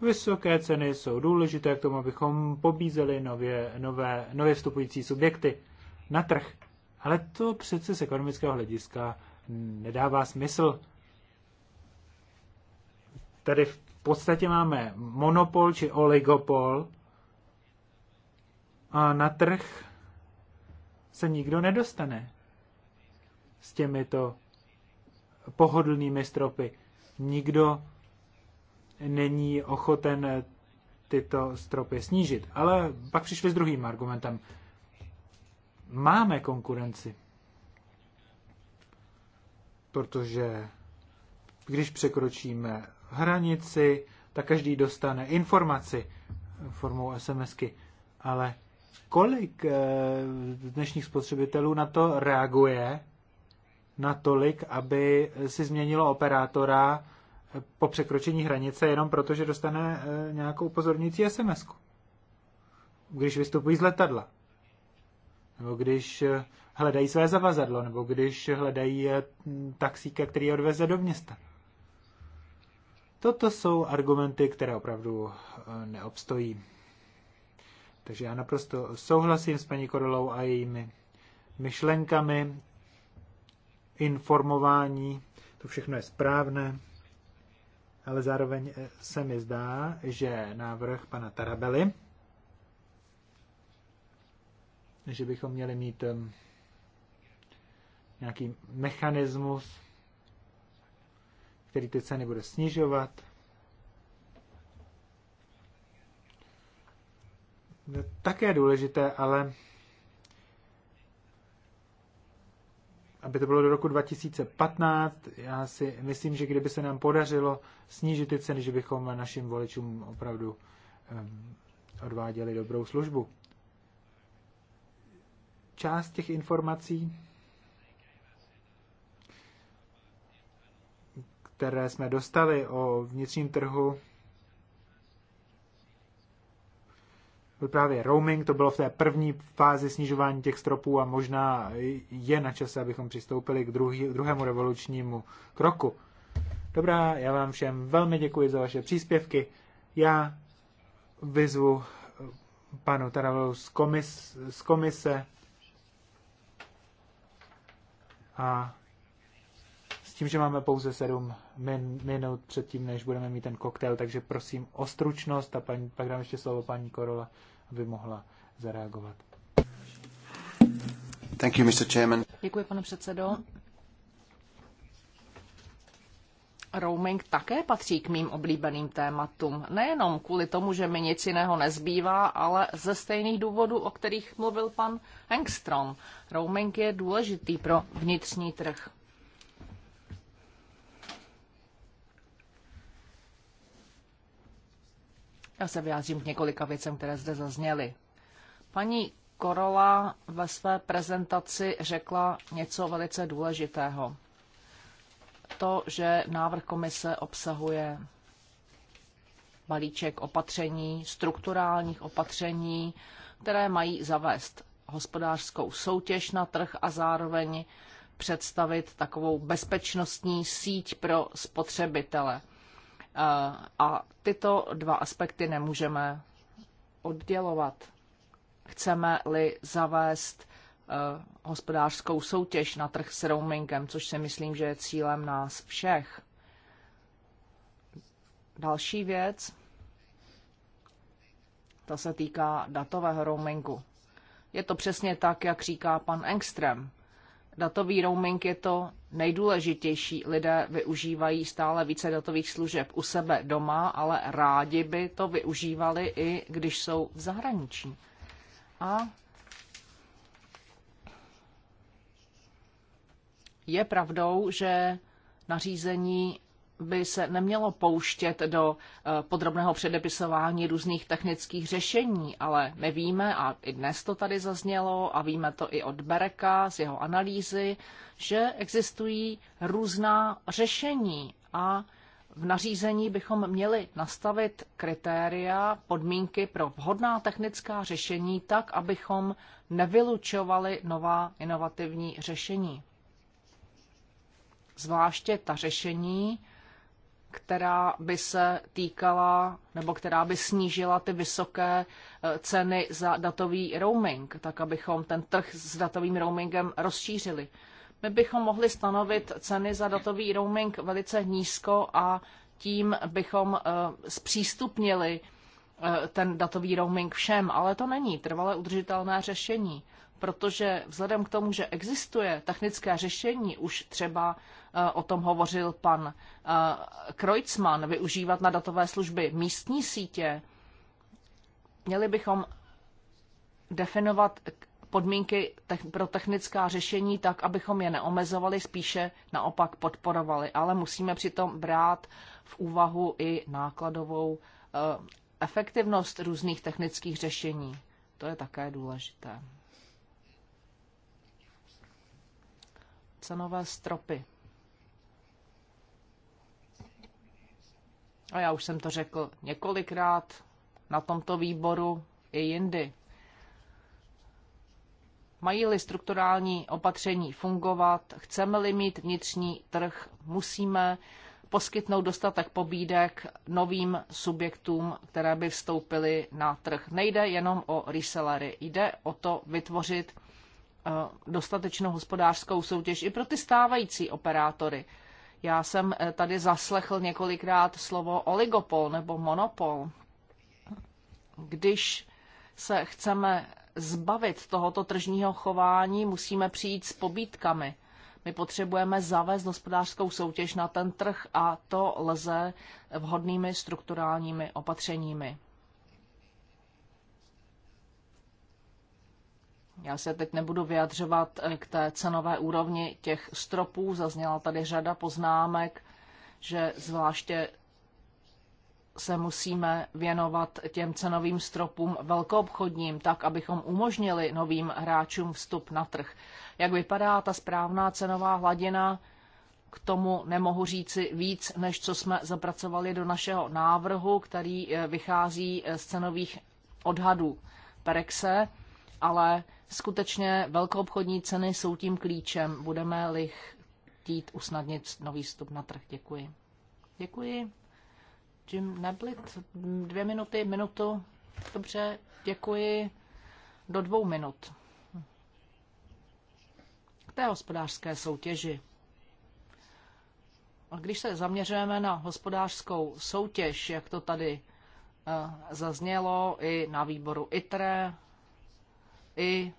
[SPEAKER 1] Vysoké ceny jsou důležité k tomu, abychom pobízeli nově, nové, nově vstupující subjekty na trh. Ale to přece z ekonomického hlediska nedává smysl. Tady v podstatě máme monopol či oligopol a na trh se nikdo nedostane s těmito pohodlnými stropy. Nikdo není ochoten tyto stropy snížit. Ale pak přišli s druhým argumentem. Máme konkurenci. Protože když překročíme hranici, tak každý dostane informaci formou SMSky. Ale kolik eh, dnešních spotřebitelů na to reaguje natolik, aby si změnilo operátora po překročení hranice jenom proto, že dostane eh, nějakou upozorňující sms -ku. Když vystupují z letadla. Nebo když eh, hledají své zavazadlo, nebo když hledají eh, taxíka, který je odveze do města. Toto jsou argumenty, které opravdu neobstojí. Takže já naprosto souhlasím s paní Korolou a jejími myšlenkami informování, to všechno je správné, ale zároveň eh, se mi zdá, že návrh pana Tarabely, že bychom měli mít nějaký mechanismus, který ty ceny bude snižovat. Také důležité, ale aby to bylo do roku 2015. Já si myslím, že kdyby se nám podařilo snížit ty ceny, že bychom našim voličům opravdu odváděli dobrou službu. Část těch informací, které jsme dostali o vnitřním trhu, byl právě roaming, to bylo v té první fázi snižování těch stropů a možná je na čase, abychom přistoupili k druhý, druhému revolučnímu kroku. Dobrá, já vám všem velmi děkuji za vaše příspěvky. Já vyzvu panu Taravelu z, komis, z komise a s tím, že máme pouze sedm min, minut předtím, než budeme mít ten koktejl, takže prosím o stručnost a paní, pak dám ještě slovo paní Korola aby mohla zareagovat.
[SPEAKER 2] Thank you, Mr. Chairman. Děkuji, pane předsedo. Roaming také patří k mým oblíbeným tématům. Nejenom kvůli tomu, že mi nic jiného nezbývá, ale ze stejných důvodů, o kterých mluvil pan Engstrom. Roaming je důležitý pro vnitřní trh. Já se vyjádřím k několika věcem, které zde zazněly. Paní Korola ve své prezentaci řekla něco velice důležitého. To, že návrh komise obsahuje balíček opatření, strukturálních opatření, které mají zavést hospodářskou soutěž na trh a zároveň představit takovou bezpečnostní síť pro spotřebitele. Eh, a tyto dva aspekty nemůžeme oddělovat. Chceme-li zavést eh, hospodářskou soutěž na trh s roamingem, což si myslím, že je cílem nás všech. Další věc, ta se týká datového roamingu. Je to přesně tak, jak říká pan Engström. Datový roaming je to nejdůležitější. Lidé využívají stále více datových služeb u sebe doma, ale rádi by to využívali i když jsou v zahraničí. A je pravdou, že nařízení by se nemělo pouštět do eh, podrobného předepisování různých technických řešení, ale my víme, a i dnes to tady zaznělo, a víme to i od Bereka z jeho analýzy, že existují různá řešení a v nařízení bychom měli nastavit kritéria, podmínky pro vhodná technická řešení tak, abychom nevylučovali nová inovativní řešení. Zvláště ta řešení, která by se týkala nebo která by snížila ty vysoké eh, ceny za datový roaming, tak abychom ten trh s datovým roamingem rozšířili. My bychom mohli stanovit ceny za datový roaming velice nízko a tím bychom eh, zpřístupnili eh, ten datový roaming všem, ale to není trvale udržitelné řešení, protože vzhledem k tomu, že existuje technické řešení už třeba Eh, o tom hovořil pan eh, Kreutzmann, využívat na datové služby místní sítě, měli bychom definovat podmínky pro technická řešení tak, abychom je neomezovali, spíše naopak podporovali. Ale musíme přitom brát v úvahu i nákladovou eh, efektivnost různých technických řešení. To je také důležité. Cenové stropy. a já už jsem to řekl několikrát na tomto výboru i jindy. Mají-li strukturální opatření fungovat, chceme-li mít vnitřní trh, musíme poskytnout dostatek pobídek novým subjektům, které by vstoupily na trh. Nejde jenom o resellery, jde o to vytvořit eh, dostatečnou hospodářskou soutěž i pro ty stávající operátory. Já jsem eh, tady zaslechl několikrát slovo oligopol nebo monopol. Když se chceme zbavit tohoto tržního chování, musíme přijít s pobítkami. My potřebujeme zavést hospodářskou soutěž na ten trh a to lze vhodnými strukturálními opatřeními. Já se teď nebudu vyjadřovat eh, k té cenové úrovni těch stropů. Zazněla tady řada poznámek, že zvláště se musíme věnovat těm cenovým stropům velkoobchodním, tak abychom umožnili novým hráčům vstup na trh. Jak vypadá ta správná cenová hladina? K tomu nemohu říci víc, než co jsme zapracovali do našeho návrhu, který eh, vychází eh, z cenových odhadů Perexe ale skutečně velkoobchodní ceny jsou tím klíčem. Budeme-li chtít usnadnit nový vstup na trh. Děkuji. Děkuji. Jim Neblit, dvě minuty, minutu. Dobře, děkuji. Do dvou minut. K té hospodářské soutěži. A když se zaměřujeme na hospodářskou soutěž, jak to tady eh, zaznělo i na výboru ITRE, i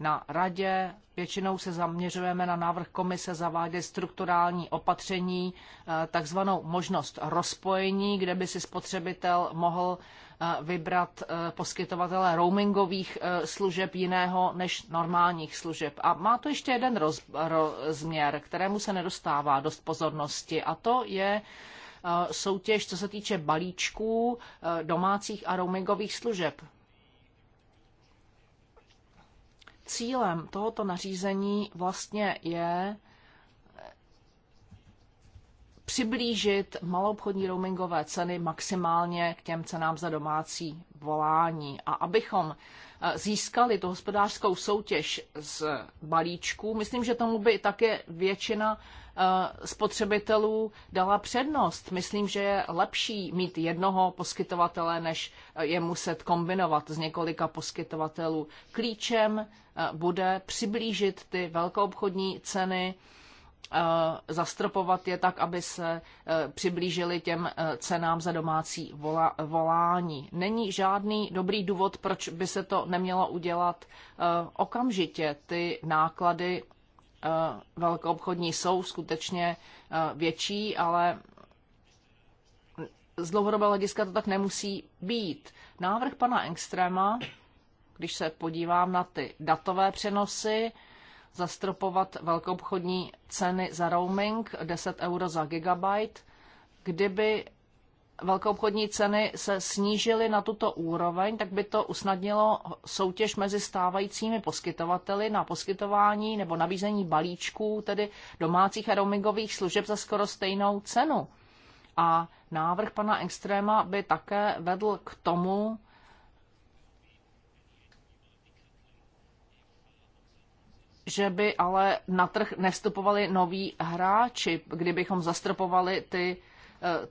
[SPEAKER 2] na radě. Většinou se zaměřujeme na návrh komise zavádět strukturální opatření, eh, takzvanou možnost rozpojení, kde by si spotřebitel mohl eh, vybrat eh, poskytovatele roamingových služeb jiného než normálních služeb. A má to ještě jeden rozměr, kterému se nedostává dost pozornosti, a to je soutěž, co se týče balíčků domácích a roamingových služeb cílem tohoto nařízení vlastně je přiblížit maloobchodní roamingové ceny maximálně k těm cenám za domácí volání. A abychom eh, získali tu hospodářskou soutěž z balíčků, myslím, že tomu by také většina Eh, spotřebitelů dala přednost. Myslím, že je lepší mít jednoho poskytovatele, než je muset kombinovat z několika poskytovatelů. Klíčem eh, bude přiblížit ty velkoobchodní ceny, eh, zastropovat je tak, aby se přiblížili těm cenám za domácí volání. Není žádný dobrý důvod, proč by se to nemělo udělat okamžitě. Ty náklady Eh, obchodní jsou skutečně eh, větší, ale z dlouhodobého hlediska to tak nemusí být. Návrh pana Engstrema, když se podívám na ty datové přenosy, zastropovat velkoobchodní ceny za roaming 10 euro za gigabyte, kdyby velkoobchodní ceny se snížily na tuto úroveň, tak by to usnadnilo soutěž mezi stávajícími poskytovateli na poskytování nebo nabízení balíčků, tedy domácích a roamingových služeb za skoro stejnou cenu. A návrh pana Extréma by také vedl k tomu, že by ale na trh nevstupovali noví hráči, kdybychom zastropovali ty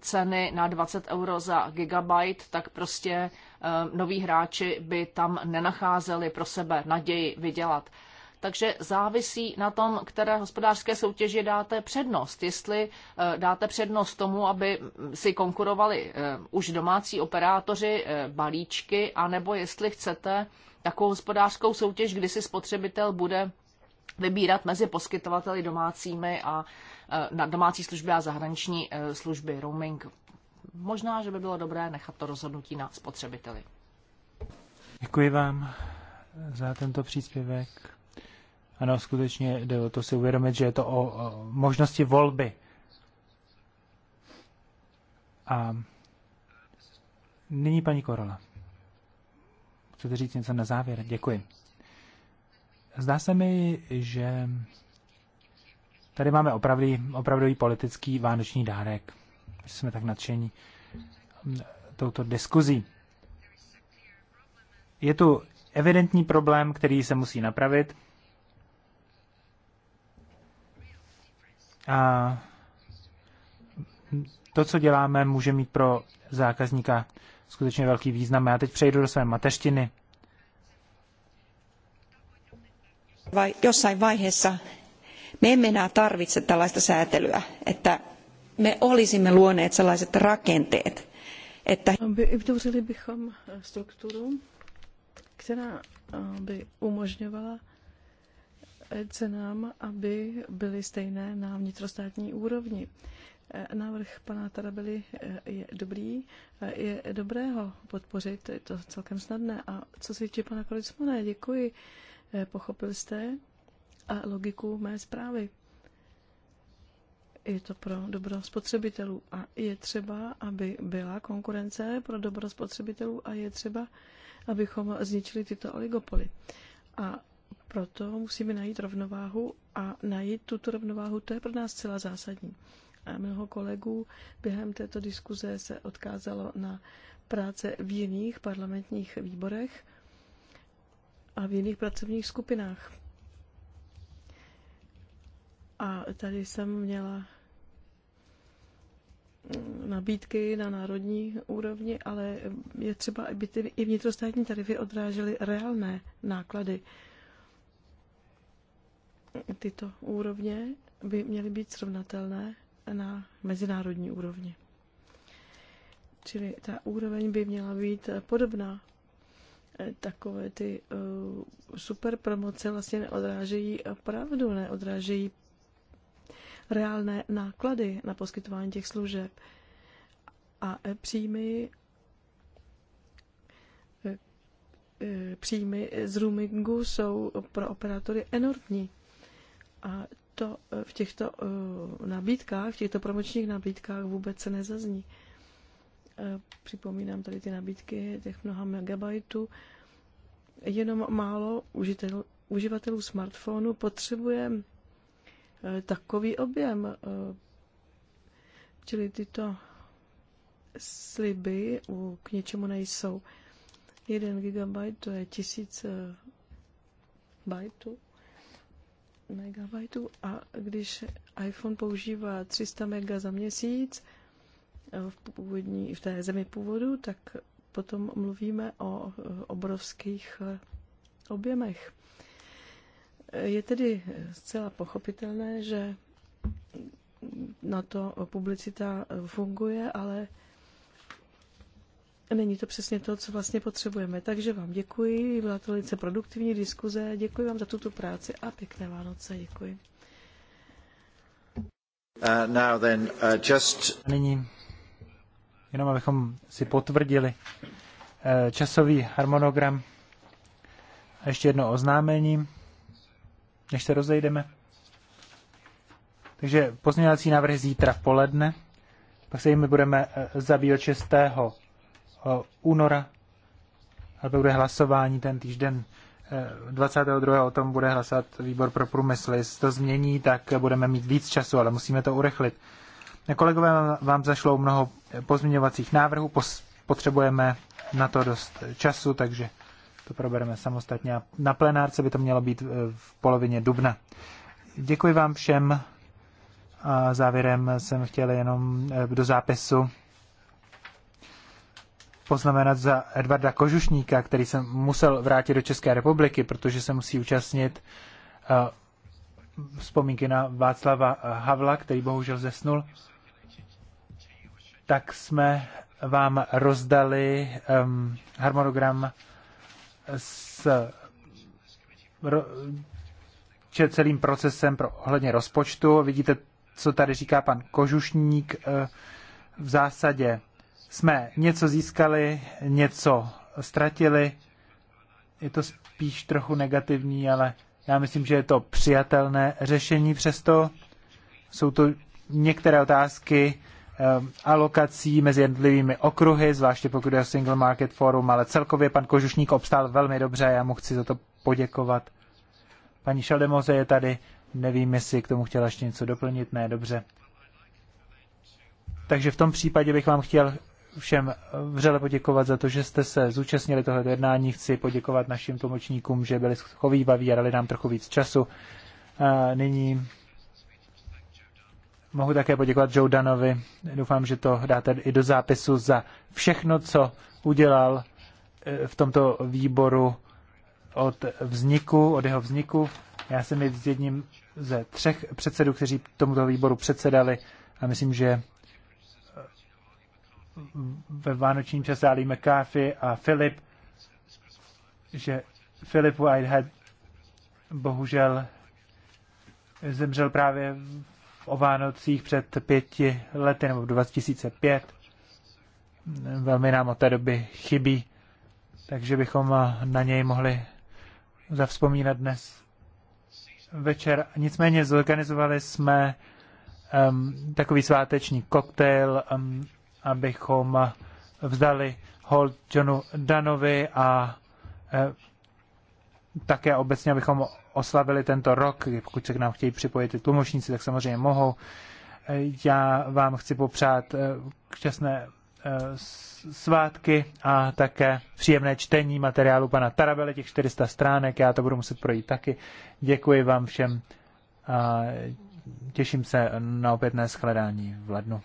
[SPEAKER 2] ceny na 20 euro za gigabyte, tak prostě eh, noví hráči by tam nenacházeli pro sebe naději vydělat. Takže závisí na tom, které hospodářské soutěži dáte přednost. Jestli eh, dáte přednost tomu, aby si konkurovali eh, už domácí operátoři balíčky, anebo jestli chcete takovou hospodářskou soutěž, kdy si spotřebitel bude vybírat mezi poskytovateli domácími a eh, na domácí služby a zahraniční eh, služby roaming. Možná, že by bylo dobré nechat to rozhodnutí na spotřebiteli.
[SPEAKER 1] Děkuji vám za tento příspěvek. Ano, skutečně jde o to si uvědomit, že je to o, o možnosti volby. A nyní paní Korola. Chcete říct něco na závěr? Děkuji. Zdá se mi, že tady máme opravdu opravdový politický vánoční dárek. Jsme tak nadšení touto diskuzí. Je tu evidentní problém, který se musí napravit. A to, co děláme, může mít pro zákazníka skutečně velký význam. Já teď přejdu do své mateřtiny.
[SPEAKER 4] vai jossain vaiheessa me emme enää tarvitse tällaista säätelyä, että me olisimme luoneet sellaiset rakenteet, että...
[SPEAKER 3] Vytvořili bychom eh, strukturu, která eh, by umožňovala eh, cenám, aby byly stejné na vnitrostátní úrovni. Návrh pana Tarabely je dobrý, je dobré ho podpořit, je to celkem snadné. A co se týče pana Kolicmana, děkuji Eh, pochopil jste a logiku mé zprávy. Je to pro dobro spotřebitelů a je třeba, aby byla konkurence pro dobro spotřebitelů a je třeba, abychom zničili tyto oligopoly. A proto musíme najít rovnováhu a najít tuto rovnováhu, to je pro nás celá zásadní. A mnoho kolegů během této diskuze se odkázalo na práce v jiných parlamentních výborech, a v jiných pracovních skupinách. A tady jsem měla nabídky na národní úrovni, ale je třeba, aby ty i vnitrostátní tarify odrážely reálné náklady. Tyto úrovně by měly být srovnatelné na mezinárodní úrovni. Čili ta úroveň by měla být podobná takové ty eh, super promoce vlastně neodrážejí eh, pravdu, neodrážejí reálné náklady na poskytování těch služeb. A eh, příjmy příjmy z roamingu jsou pro operátory enormní. A to v těchto nabídkách, v těchto promočních nabídkách vůbec se nezazní. Připomínám tady ty nabídky těch mnoha megabajtů. Jenom málo užitel, uživatelů smartphonu potřebuje e, takový objem. E, čili tyto sliby u k něčemu nejsou. 1 GB to je 1000 e, bajtů, megabajtů a když iPhone používá 300 mega za měsíc, v, původní, v té zemi původu, tak potom mluvíme o obrovských e, objemech. E, je tedy zcela pochopitelné, že na to publicita funguje, ale není to přesně to, co vlastně potřebujeme. Takže vám děkuji, byla to velice produktivní diskuze, děkuji vám za tuto práci a pěkné Vánoce, děkuji.
[SPEAKER 1] Uh, now then, uh, just... Nyní jenom abychom si potvrdili eh, časový harmonogram. A ještě jedno oznámení, než se rozejdeme. Takže pozměňovací návrhy zítra v poledne, pak se jimi budeme eh, zabývat 6. Eh, února, ale bude hlasování ten týden 22. o tom bude hlasovat výbor pro průmysl. Jestli to změní, tak budeme mít víc času, ale musíme to urychlit. Kolegové vám zašlou mnoho pozměňovacích návrhů, potřebujeme na to dost času, takže to probereme samostatně. A na plenárce by to mělo být e, v polovině dubna. Děkuji vám všem. A závěrem jsem chtěl jenom e, do zápisu poznamenat za Edvarda Kožušníka, který se musel vrátit do České republiky, protože se musí účastnit e, vzpomínky na Václava Havla, který bohužel zesnul tak jsme vám rozdali um, harmonogram s ro, celým procesem pro ohledně rozpočtu. Vidíte, co tady říká pan Kožušník. E, v zásadě jsme něco získali, něco ztratili. Je to spíš trochu negativní, ale já myslím, že je to přijatelné řešení. Přesto jsou to některé otázky, Ehm, alokací mezi jednotlivými okruhy, zvláště pokud je o Single Market Forum, ale celkově pan Kožušník obstál velmi dobře a já mu chci za to poděkovat. Paní Šaldemoze je tady, nevím, jestli k tomu chtěla ještě něco doplnit, ne, dobře. Takže v tom případě bych vám chtěl všem vřele poděkovat za to, že jste se zúčastnili tohoto jednání. Chci poděkovat našim tlumočníkům, že byli schovývaví a dali nám trochu víc času. nyní Mohu také poděkovat Joe Danovi. Doufám, že to dáte i do zápisu za všechno, co udělal eh, v tomto výboru od vzniku, od jeho vzniku. Já jsem je jedním ze třech předsedů, kteří tomuto výboru předsedali a myslím, že eh, ve vánočním čase Ali McCarthy a Filip, že Filip Whitehead bohužel zemřel právě o Vánocích před pěti lety nebo 2005. Velmi nám od té doby chybí, takže bychom na něj mohli zavzpomínat dnes večer. Nicméně zorganizovali jsme um, takový sváteční koktejl, um, abychom vzdali hold Johnu Danovi a um, také obecně, abychom oslavili tento rok, pokud se k nám chtějí připojit i tlumočníci, tak samozřejmě mohou. Já vám chci popřát eh, šťastné eh, svátky a také příjemné čtení materiálu pana Tarabele, těch 400 stránek, já to budu muset projít taky. Děkuji vám všem a
[SPEAKER 5] těším se na opětné shledání v lednu.